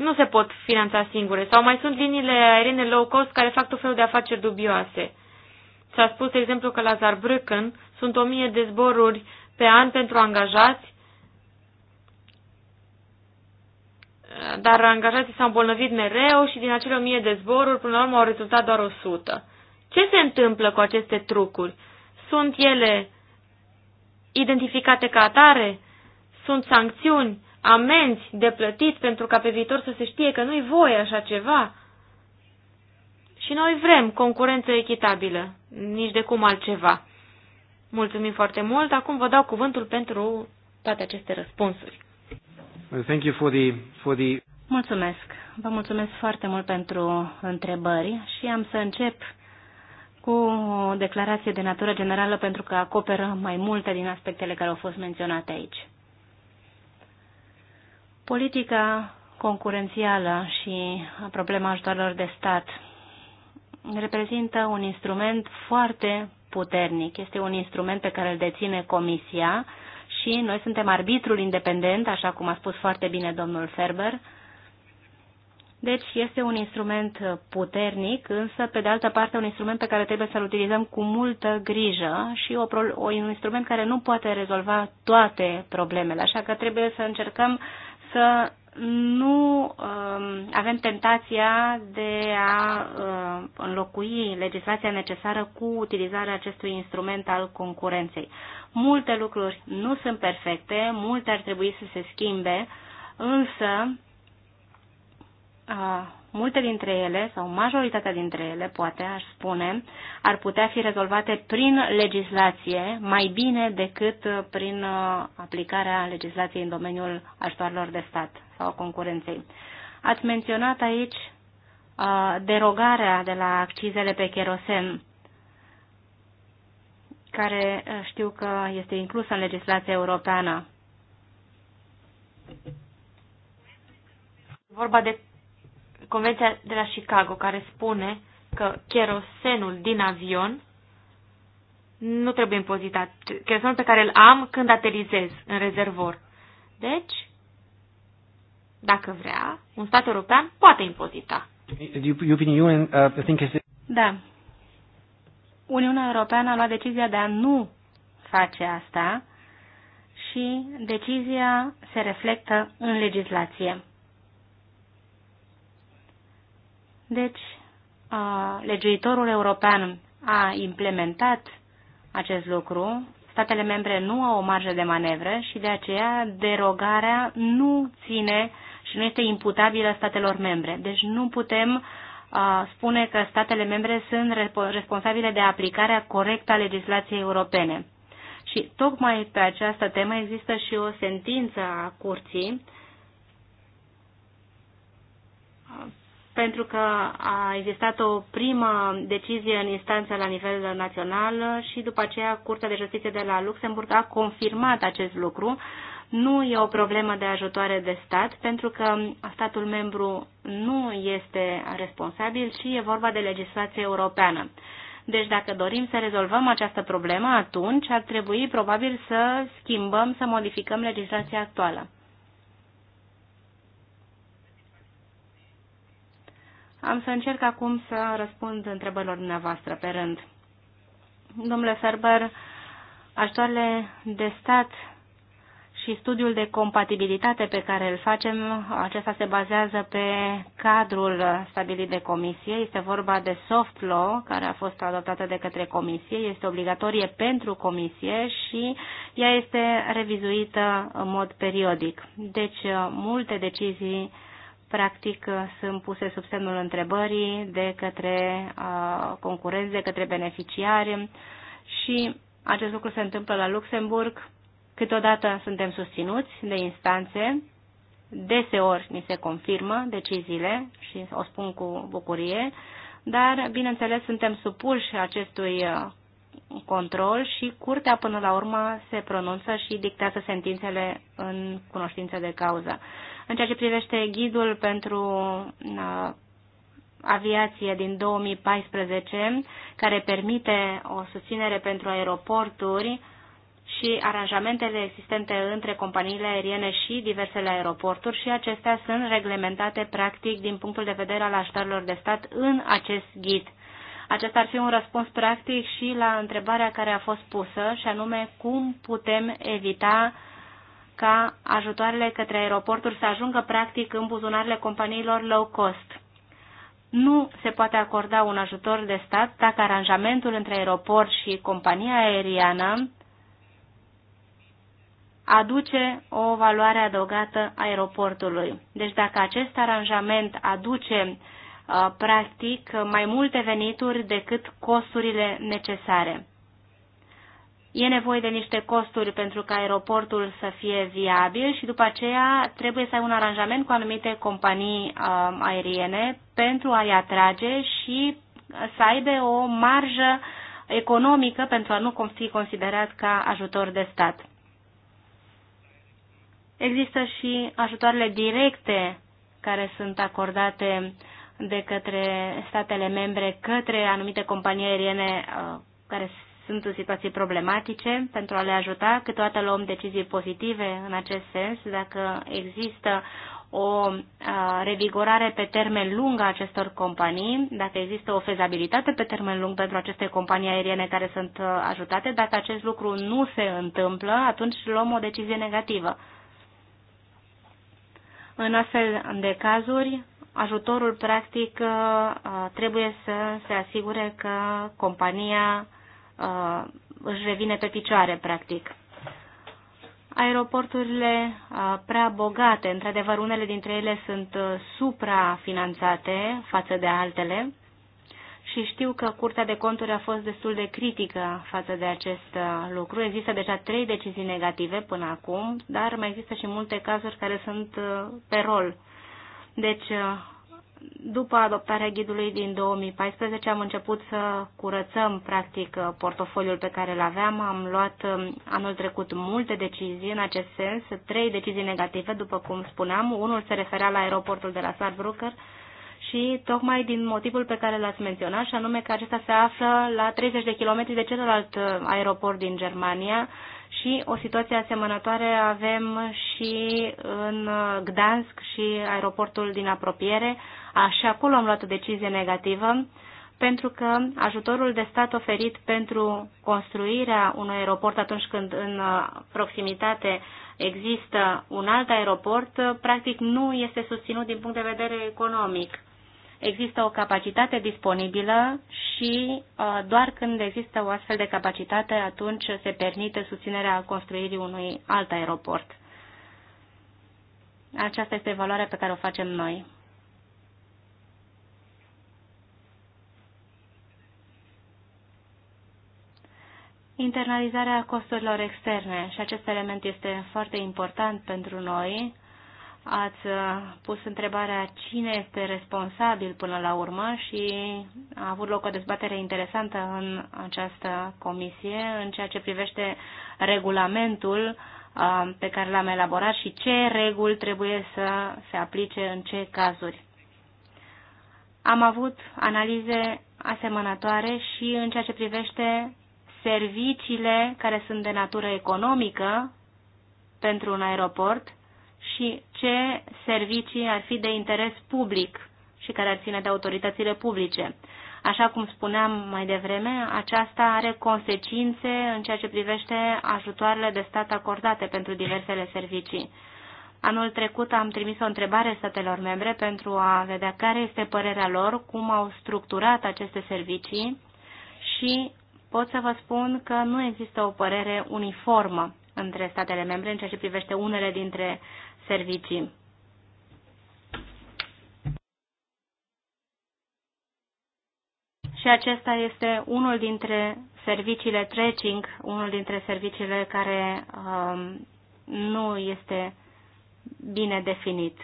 nu se pot finanța singure. Sau mai sunt liniile aeriene low cost care fac tot felul de afaceri dubioase. S-a spus, de exemplu, că la Zarbrücken sunt o mie de zboruri pe an pentru angajați, dar angajații s-au îmbolnăvit mereu și din acele o mie de zboruri, până la urmă, au rezultat doar 100. Ce se întâmplă cu aceste trucuri? Sunt ele identificate ca atare? Sunt sancțiuni? amenzi de plătit pentru ca pe viitor să se știe că nu-i voie așa ceva. Și noi vrem concurență echitabilă, nici de cum altceva. Mulțumim foarte mult. Acum vă dau cuvântul pentru toate aceste răspunsuri. Thank you for the, for the... Mulțumesc. Vă mulțumesc foarte mult pentru întrebări și am să încep cu o declarație de natură generală pentru că acoperă mai multe din aspectele care au fost menționate aici. Politica concurențială și problema ajutorilor de stat reprezintă un instrument foarte puternic. Este un instrument pe care îl deține Comisia și noi suntem arbitrul independent, așa cum a spus foarte bine domnul Ferber. Deci este un instrument puternic, însă pe de altă parte un instrument pe care trebuie să-l utilizăm cu multă grijă și o, o, un instrument care nu poate rezolva toate problemele, așa că trebuie să încercăm să nu uh, avem tentația de a uh, înlocui legislația necesară cu utilizarea acestui instrument al concurenței. Multe lucruri nu sunt perfecte, multe ar trebui să se schimbe, însă uh, Multe dintre ele, sau majoritatea dintre ele, poate, aș spune, ar putea fi rezolvate prin legislație mai bine decât prin uh, aplicarea legislației în domeniul ajutoarelor de stat sau a concurenței. Ați menționat aici uh, derogarea de la accizele pe cherosen, care uh, știu că este inclusă în legislația europeană. Vorba de Convenția de la Chicago, care spune că cherosenul din avion nu trebuie impozitat. Cherosenul pe care îl am când aterizez în rezervor. Deci, dacă vrea, un stat european poate impozita. Uh, da. Uniunea Europeană a luat decizia de a nu face asta și decizia se reflectă în legislație. Deci, legiuitorul european a implementat acest lucru, statele membre nu au o marjă de manevră și de aceea derogarea nu ține și nu este imputabilă statelor membre. Deci nu putem spune că statele membre sunt responsabile de aplicarea corectă a legislației europene. Și tocmai pe această temă există și o sentință a curții pentru că a existat o primă decizie în instanță la nivel național și după aceea Curtea de Justiție de la Luxemburg a confirmat acest lucru. Nu e o problemă de ajutoare de stat, pentru că statul membru nu este responsabil, ci e vorba de legislație europeană. Deci dacă dorim să rezolvăm această problemă, atunci ar trebui probabil să schimbăm, să modificăm legislația actuală. Am să încerc acum să răspund întrebărilor dumneavoastră pe rând. Domnule Ferber, ajutoarele de stat și studiul de compatibilitate pe care îl facem, acesta se bazează pe cadrul stabilit de comisie. Este vorba de soft law care a fost adoptată de către comisie, este obligatorie pentru comisie și ea este revizuită în mod periodic. Deci multe decizii practic uh, sunt puse sub semnul întrebării de către uh, concurenți, de către beneficiari și acest lucru se întâmplă la Luxemburg. Câteodată suntem susținuți de instanțe, deseori ni se confirmă deciziile și o spun cu bucurie, dar bineînțeles suntem supuși acestui uh, control și curtea până la urmă se pronunță și dictează sentințele în cunoștință de cauză. În ceea ce privește ghidul pentru uh, aviație din 2014, care permite o susținere pentru aeroporturi și aranjamentele existente între companiile aeriene și diversele aeroporturi și acestea sunt reglementate practic din punctul de vedere al ajutorilor de stat în acest ghid. Acesta ar fi un răspuns practic și la întrebarea care a fost pusă, și anume cum putem evita ca ajutoarele către aeroporturi să ajungă practic în buzunarele companiilor low cost. Nu se poate acorda un ajutor de stat dacă aranjamentul între aeroport și compania aeriană aduce o valoare adăugată aeroportului. Deci dacă acest aranjament aduce uh, practic mai multe venituri decât costurile necesare. E nevoie de niște costuri pentru ca aeroportul să fie viabil și după aceea trebuie să ai un aranjament cu anumite companii um, aeriene pentru a-i atrage și să aibă o marjă economică pentru a nu fi considerat ca ajutor de stat. Există și ajutoarele directe care sunt acordate de către statele membre către anumite companii aeriene uh, care sunt în situații problematice pentru a le ajuta. Câteodată luăm decizii pozitive în acest sens, dacă există o revigorare pe termen lung a acestor companii, dacă există o fezabilitate pe termen lung pentru aceste companii aeriene care sunt ajutate, dacă acest lucru nu se întâmplă, atunci luăm o decizie negativă. În astfel de cazuri, ajutorul practic trebuie să se asigure că compania uh, își revine pe picioare, practic. Aeroporturile uh, prea bogate, într-adevăr, unele dintre ele sunt uh, suprafinanțate față de altele și știu că Curtea de Conturi a fost destul de critică față de acest uh, lucru. Există deja trei decizii negative până acum, dar mai există și multe cazuri care sunt uh, pe rol. Deci, uh, după adoptarea ghidului din 2014 am început să curățăm practic portofoliul pe care îl aveam. Am luat um, anul trecut multe decizii în acest sens, trei decizii negative, după cum spuneam. Unul se referea la aeroportul de la Saarbrücker și tocmai din motivul pe care l-ați menționat, și anume că acesta se află la 30 de kilometri de celălalt uh, aeroport din Germania și o situație asemănătoare avem și în Gdansk și aeroportul din apropiere. Așa acolo am luat o decizie negativă pentru că ajutorul de stat oferit pentru construirea unui aeroport atunci când în proximitate există un alt aeroport, practic nu este susținut din punct de vedere economic există o capacitate disponibilă și uh, doar când există o astfel de capacitate, atunci se permite susținerea construirii unui alt aeroport. Aceasta este valoarea pe care o facem noi. Internalizarea costurilor externe și acest element este foarte important pentru noi Ați uh, pus întrebarea cine este responsabil până la urmă și a avut loc o dezbatere interesantă în această comisie în ceea ce privește regulamentul uh, pe care l-am elaborat și ce reguli trebuie să se aplice în ce cazuri. Am avut analize asemănătoare și în ceea ce privește serviciile care sunt de natură economică pentru un aeroport, și ce servicii ar fi de interes public și care ar ține de autoritățile publice. Așa cum spuneam mai devreme, aceasta are consecințe în ceea ce privește ajutoarele de stat acordate pentru diversele servicii. Anul trecut am trimis o întrebare statelor membre pentru a vedea care este părerea lor, cum au structurat aceste servicii și pot să vă spun că nu există o părere uniformă între statele membre în ceea ce privește unele dintre servicii. Și acesta este unul dintre serviciile tracing, unul dintre serviciile care um, nu este bine definit.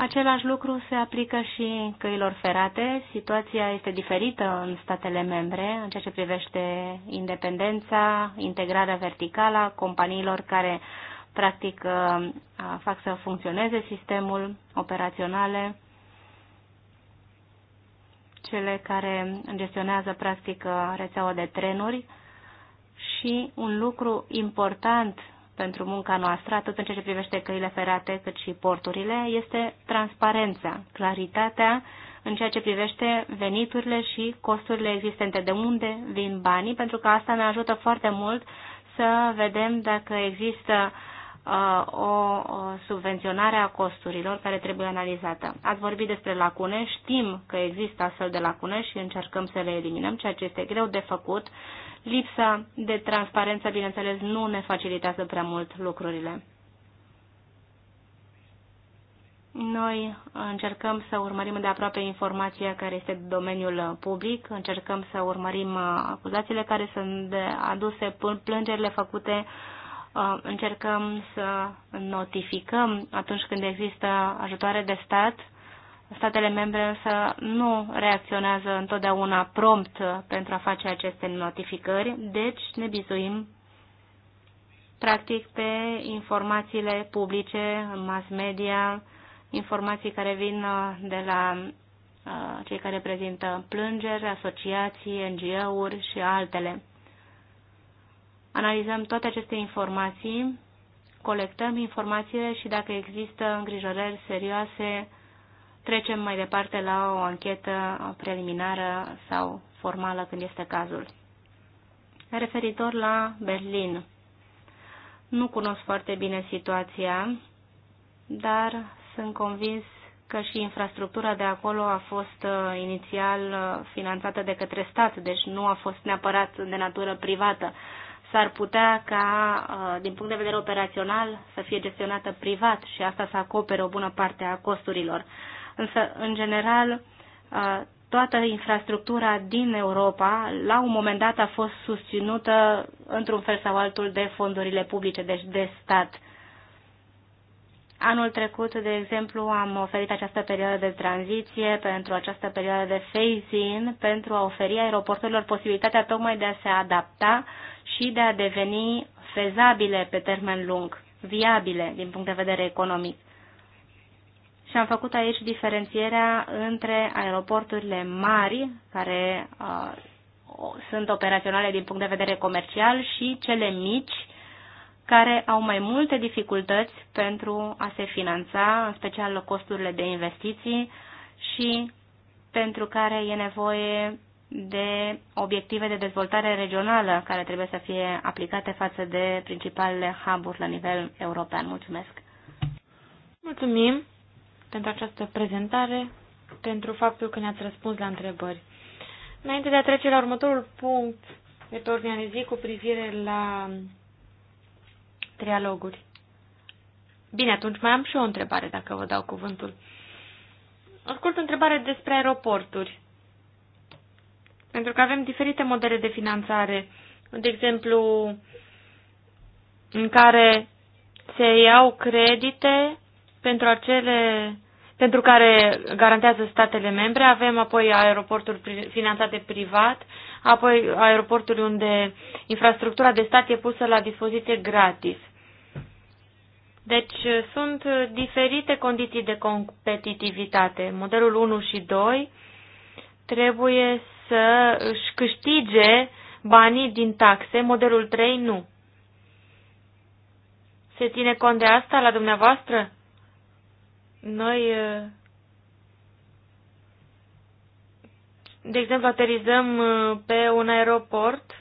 Același lucru se aplică și căilor ferate. Situația este diferită în statele membre în ceea ce privește independența, integrarea verticală a companiilor care practic ă, fac să funcționeze sistemul operaționale, cele care gestionează practic ă, rețeaua de trenuri și un lucru important pentru munca noastră, atât în ceea ce privește căile ferate, cât și porturile, este transparența, claritatea în ceea ce privește veniturile și costurile existente, de unde vin banii, pentru că asta ne ajută foarte mult să vedem dacă există uh, o subvenționare a costurilor care trebuie analizată. Ați vorbit despre lacune, știm că există astfel de lacune și încercăm să le eliminăm, ceea ce este greu de făcut, uh, Lipsa de transparență, bineînțeles, nu ne facilitează prea mult lucrurile. Noi încercăm să urmărim de aproape informația care este de domeniul public, încercăm să urmărim acuzațiile care sunt aduse, plângerile făcute, uh, încercăm să notificăm atunci când există ajutoare de stat statele membre însă nu reacționează întotdeauna prompt pentru a face aceste notificări, deci ne bizuim practic pe informațiile publice, mass media, informații care vin uh, de la uh, cei care prezintă plângeri, asociații, NGO-uri și altele. Analizăm toate aceste informații, colectăm informațiile și dacă există îngrijorări serioase, trecem mai departe la o anchetă preliminară sau formală când este cazul. Referitor la Berlin, nu cunosc foarte bine situația, dar sunt convins că și infrastructura de acolo a fost uh, inițial uh, finanțată de către stat, deci nu a fost neapărat de natură privată. S-ar putea ca, uh, din punct de vedere operațional, să fie gestionată privat și asta să acopere o bună parte a costurilor. Însă, în general, toată infrastructura din Europa, la un moment dat, a fost susținută într-un fel sau altul de fondurile publice, deci de stat. Anul trecut, de exemplu, am oferit această perioadă de tranziție pentru această perioadă de phase-in pentru a oferi aeroporturilor posibilitatea tocmai de a se adapta și de a deveni fezabile pe termen lung, viabile din punct de vedere economic și am făcut aici diferențierea între aeroporturile mari, care uh, sunt operaționale din punct de vedere comercial, și cele mici, care au mai multe dificultăți pentru a se finanța, în special costurile de investiții și pentru care e nevoie de obiective de dezvoltare regională care trebuie să fie aplicate față de principalele hub-uri la nivel european. Mulțumesc! Mulțumim! pentru această prezentare, pentru faptul că ne-ați răspuns la întrebări. Înainte de a trece la următorul punct de pe ordinea de zi cu privire la trialoguri. Bine, atunci mai am și o întrebare, dacă vă dau cuvântul. Ascult o întrebare despre aeroporturi. Pentru că avem diferite modele de finanțare. De exemplu, în care se iau credite pentru acele pentru care garantează statele membre. Avem apoi aeroporturi finanțate privat, apoi aeroporturi unde infrastructura de stat e pusă la dispoziție gratis. Deci uh, sunt diferite condiții de competitivitate. Modelul 1 și 2 trebuie să își câștige banii din taxe, modelul 3 nu. Se ține cont de asta la dumneavoastră? Noi, de exemplu, aterizăm pe un aeroport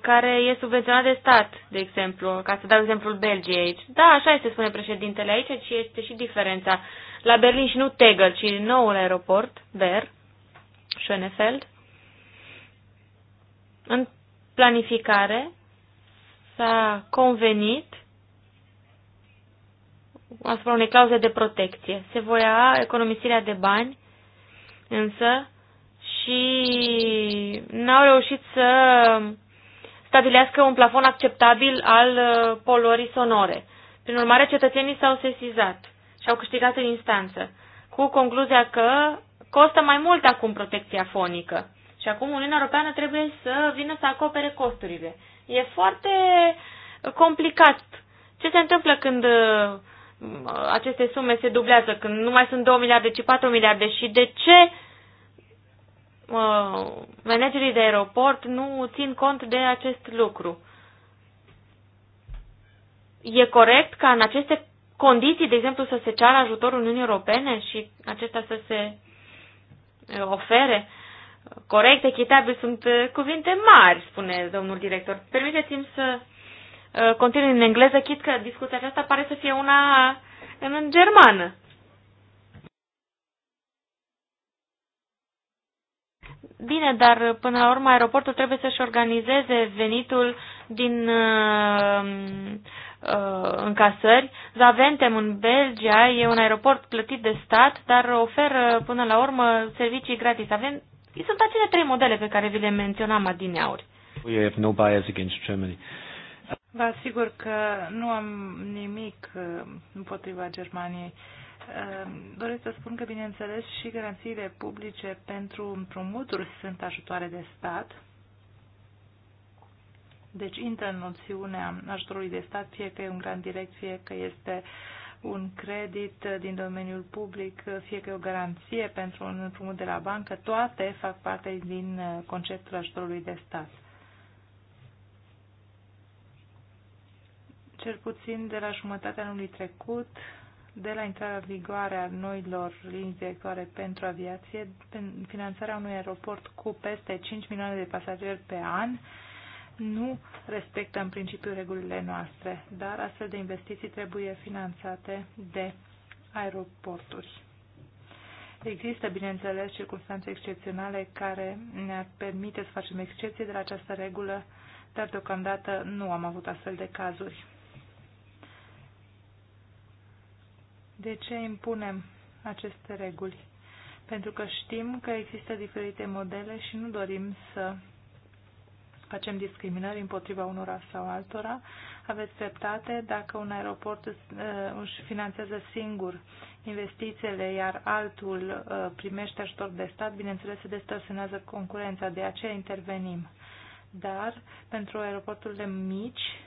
care e subvenționat de stat, de exemplu, ca să dau exemplul Belgiei aici. Da, așa este, spune președintele aici, ci este și diferența. La Berlin și nu Tegel, ci noul aeroport, Ber, Schönefeld, în planificare s-a convenit asupra unei clauze de protecție. Se voia economisirea de bani, însă, și n-au reușit să stabilească un plafon acceptabil al uh, poluării sonore. Prin urmare, cetățenii s-au sesizat și au câștigat în instanță, cu concluzia că costă mai mult acum protecția fonică. Și acum Uniunea Europeană trebuie să vină să acopere costurile. E foarte complicat. Ce se întâmplă când uh, aceste sume se dublează, când nu mai sunt 2 miliarde, ci 4 miliarde și de ce managerii de aeroport nu țin cont de acest lucru. E corect ca în aceste condiții, de exemplu, să se ceară ajutorul Uniunii Europene și acesta să se ofere? Corect, echitabil sunt cuvinte mari, spune domnul director. Permiteți-mi să Uh, continui în engleză, chit că discuția aceasta pare să fie una în germană. Bine, dar până la urmă aeroportul trebuie să-și organizeze venitul din uh, uh, încasări. Zaventem în Belgia e un aeroport plătit de stat, dar oferă până la urmă servicii gratis. Avem, sunt acele trei modele pe care vi le menționam adineauri. We have no bias against Germany. Uh, Vă asigur că nu am nimic uh, împotriva Germaniei. Uh, doresc să spun că, bineînțeles, și garanțiile publice pentru împrumuturi sunt ajutoare de stat. Deci intră în noțiunea ajutorului de stat, fie că e un grant direct, fie că este un credit din domeniul public, fie că e o garanție pentru un împrumut de la bancă, toate fac parte din uh, conceptul ajutorului de stat. cel puțin de la jumătatea anului trecut, de la intrarea în vigoare a noilor linii directoare pentru aviație, finanțarea unui aeroport cu peste 5 milioane de pasageri pe an, nu respectă în principiu regulile noastre, dar astfel de investiții trebuie finanțate de aeroporturi. Există, bineînțeles, circunstanțe excepționale care ne permite să facem excepție de la această regulă, dar deocamdată nu am avut astfel de cazuri. De ce impunem aceste reguli? Pentru că știm că există diferite modele și nu dorim să facem discriminări împotriva unora sau altora. Aveți dreptate, dacă un aeroport uh, își finanțează singur investițiile, iar altul uh, primește ajutor de stat, bineînțeles se destorsionează concurența, de aceea intervenim. Dar pentru aeroporturile mici,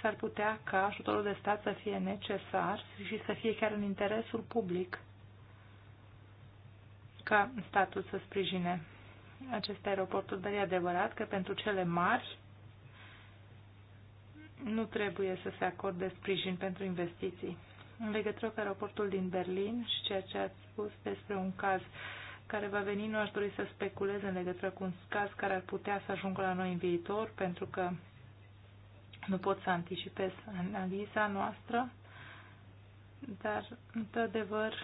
s-ar putea ca ajutorul de stat să fie necesar și să fie chiar în interesul public ca statul să sprijine acest aeroport, dar e adevărat că pentru cele mari nu trebuie să se acorde sprijin pentru investiții. În legătură cu aeroportul din Berlin și ceea ce ați spus despre un caz care va veni, nu aș dori să speculez în legătură cu un caz care ar putea să ajungă la noi în viitor, pentru că nu pot să anticipez analiza noastră, dar, într-adevăr,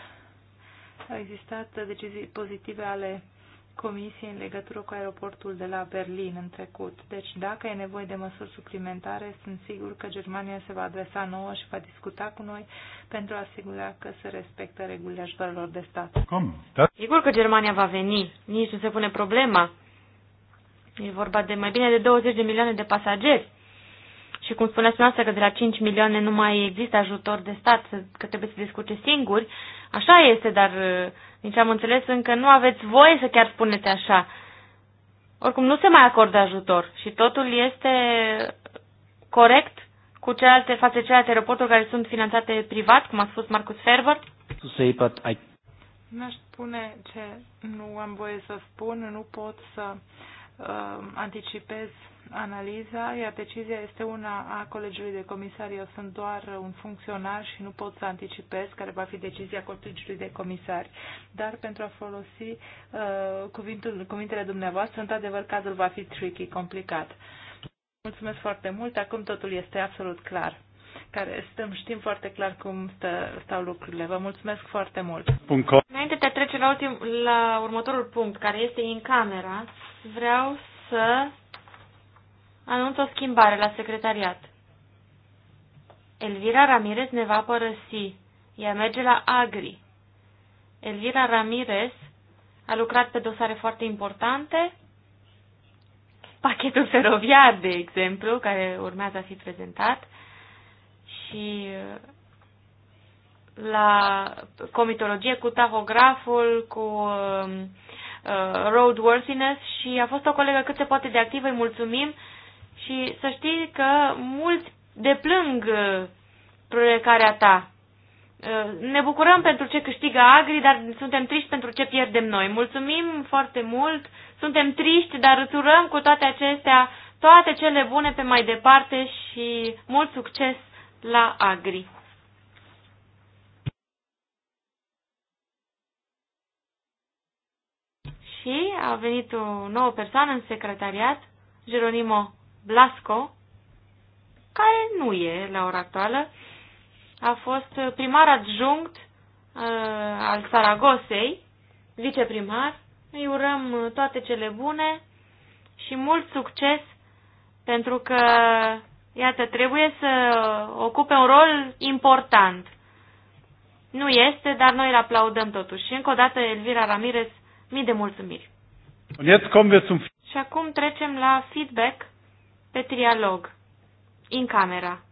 au existat decizii pozitive ale Comisiei în legătură cu aeroportul de la Berlin în trecut. Deci, dacă e nevoie de măsuri suplimentare, sunt sigur că Germania se va adresa nouă și va discuta cu noi pentru a asigura că se respectă regulile ajutorilor de stat. Cum? Da? Sigur că Germania va veni. Nici nu se pune problema. E vorba de mai bine de 20 de milioane de pasageri și cum spuneați noastră că de la 5 milioane nu mai există ajutor de stat, că trebuie să discute singuri, așa este, dar din uh, ce am înțeles încă nu aveți voie să chiar spuneți așa. Oricum nu se mai acordă ajutor și totul este corect cu celelalte, față celelalte aeroporturi care sunt finanțate privat, cum a spus Marcus Ferber? Nu aș spune ce nu am voie să spun, nu pot să uh, uh, anticipez analiza, iar decizia este una a colegiului de comisari. Eu sunt doar un funcționar și nu pot să anticipez care va fi decizia colegiului de comisari. Dar pentru a folosi uh, cuvintul, cuvintele dumneavoastră, într-adevăr, cazul va fi tricky, complicat. Mulțumesc foarte mult. Acum totul este absolut clar. Care stăm, știm foarte clar cum stă, stau lucrurile. Vă mulțumesc foarte mult. Înainte de a trece la, ultim, la următorul punct, care este în camera, vreau să anunț o schimbare la secretariat. Elvira Ramirez ne va părăsi. Ea merge la Agri. Elvira Ramirez a lucrat pe dosare foarte importante, pachetul feroviar, de exemplu, care urmează a fi prezentat, și uh, la comitologie cu tahograful, cu um, uh, roadworthiness și a fost o colegă cât se poate de activă, îi mulțumim și să știi că mulți deplâng uh, prorecarea ta. Uh, ne bucurăm pentru ce câștigă Agri, dar suntem triști pentru ce pierdem noi. Mulțumim foarte mult, suntem triști, dar îți urăm cu toate acestea toate cele bune pe mai departe și mult succes la Agri. și a venit o nouă persoană în secretariat, Geronimo Blasco, care nu e la ora actuală, a fost primar adjunct uh, al Saragosei, viceprimar. Îi urăm toate cele bune și mult succes pentru că, iată, trebuie să ocupe un rol important. Nu este, dar noi îl aplaudăm totuși. Și încă o dată, Elvira Ramirez, Mii de mulțumiri! Și acum trecem la feedback pe trialog, în camera.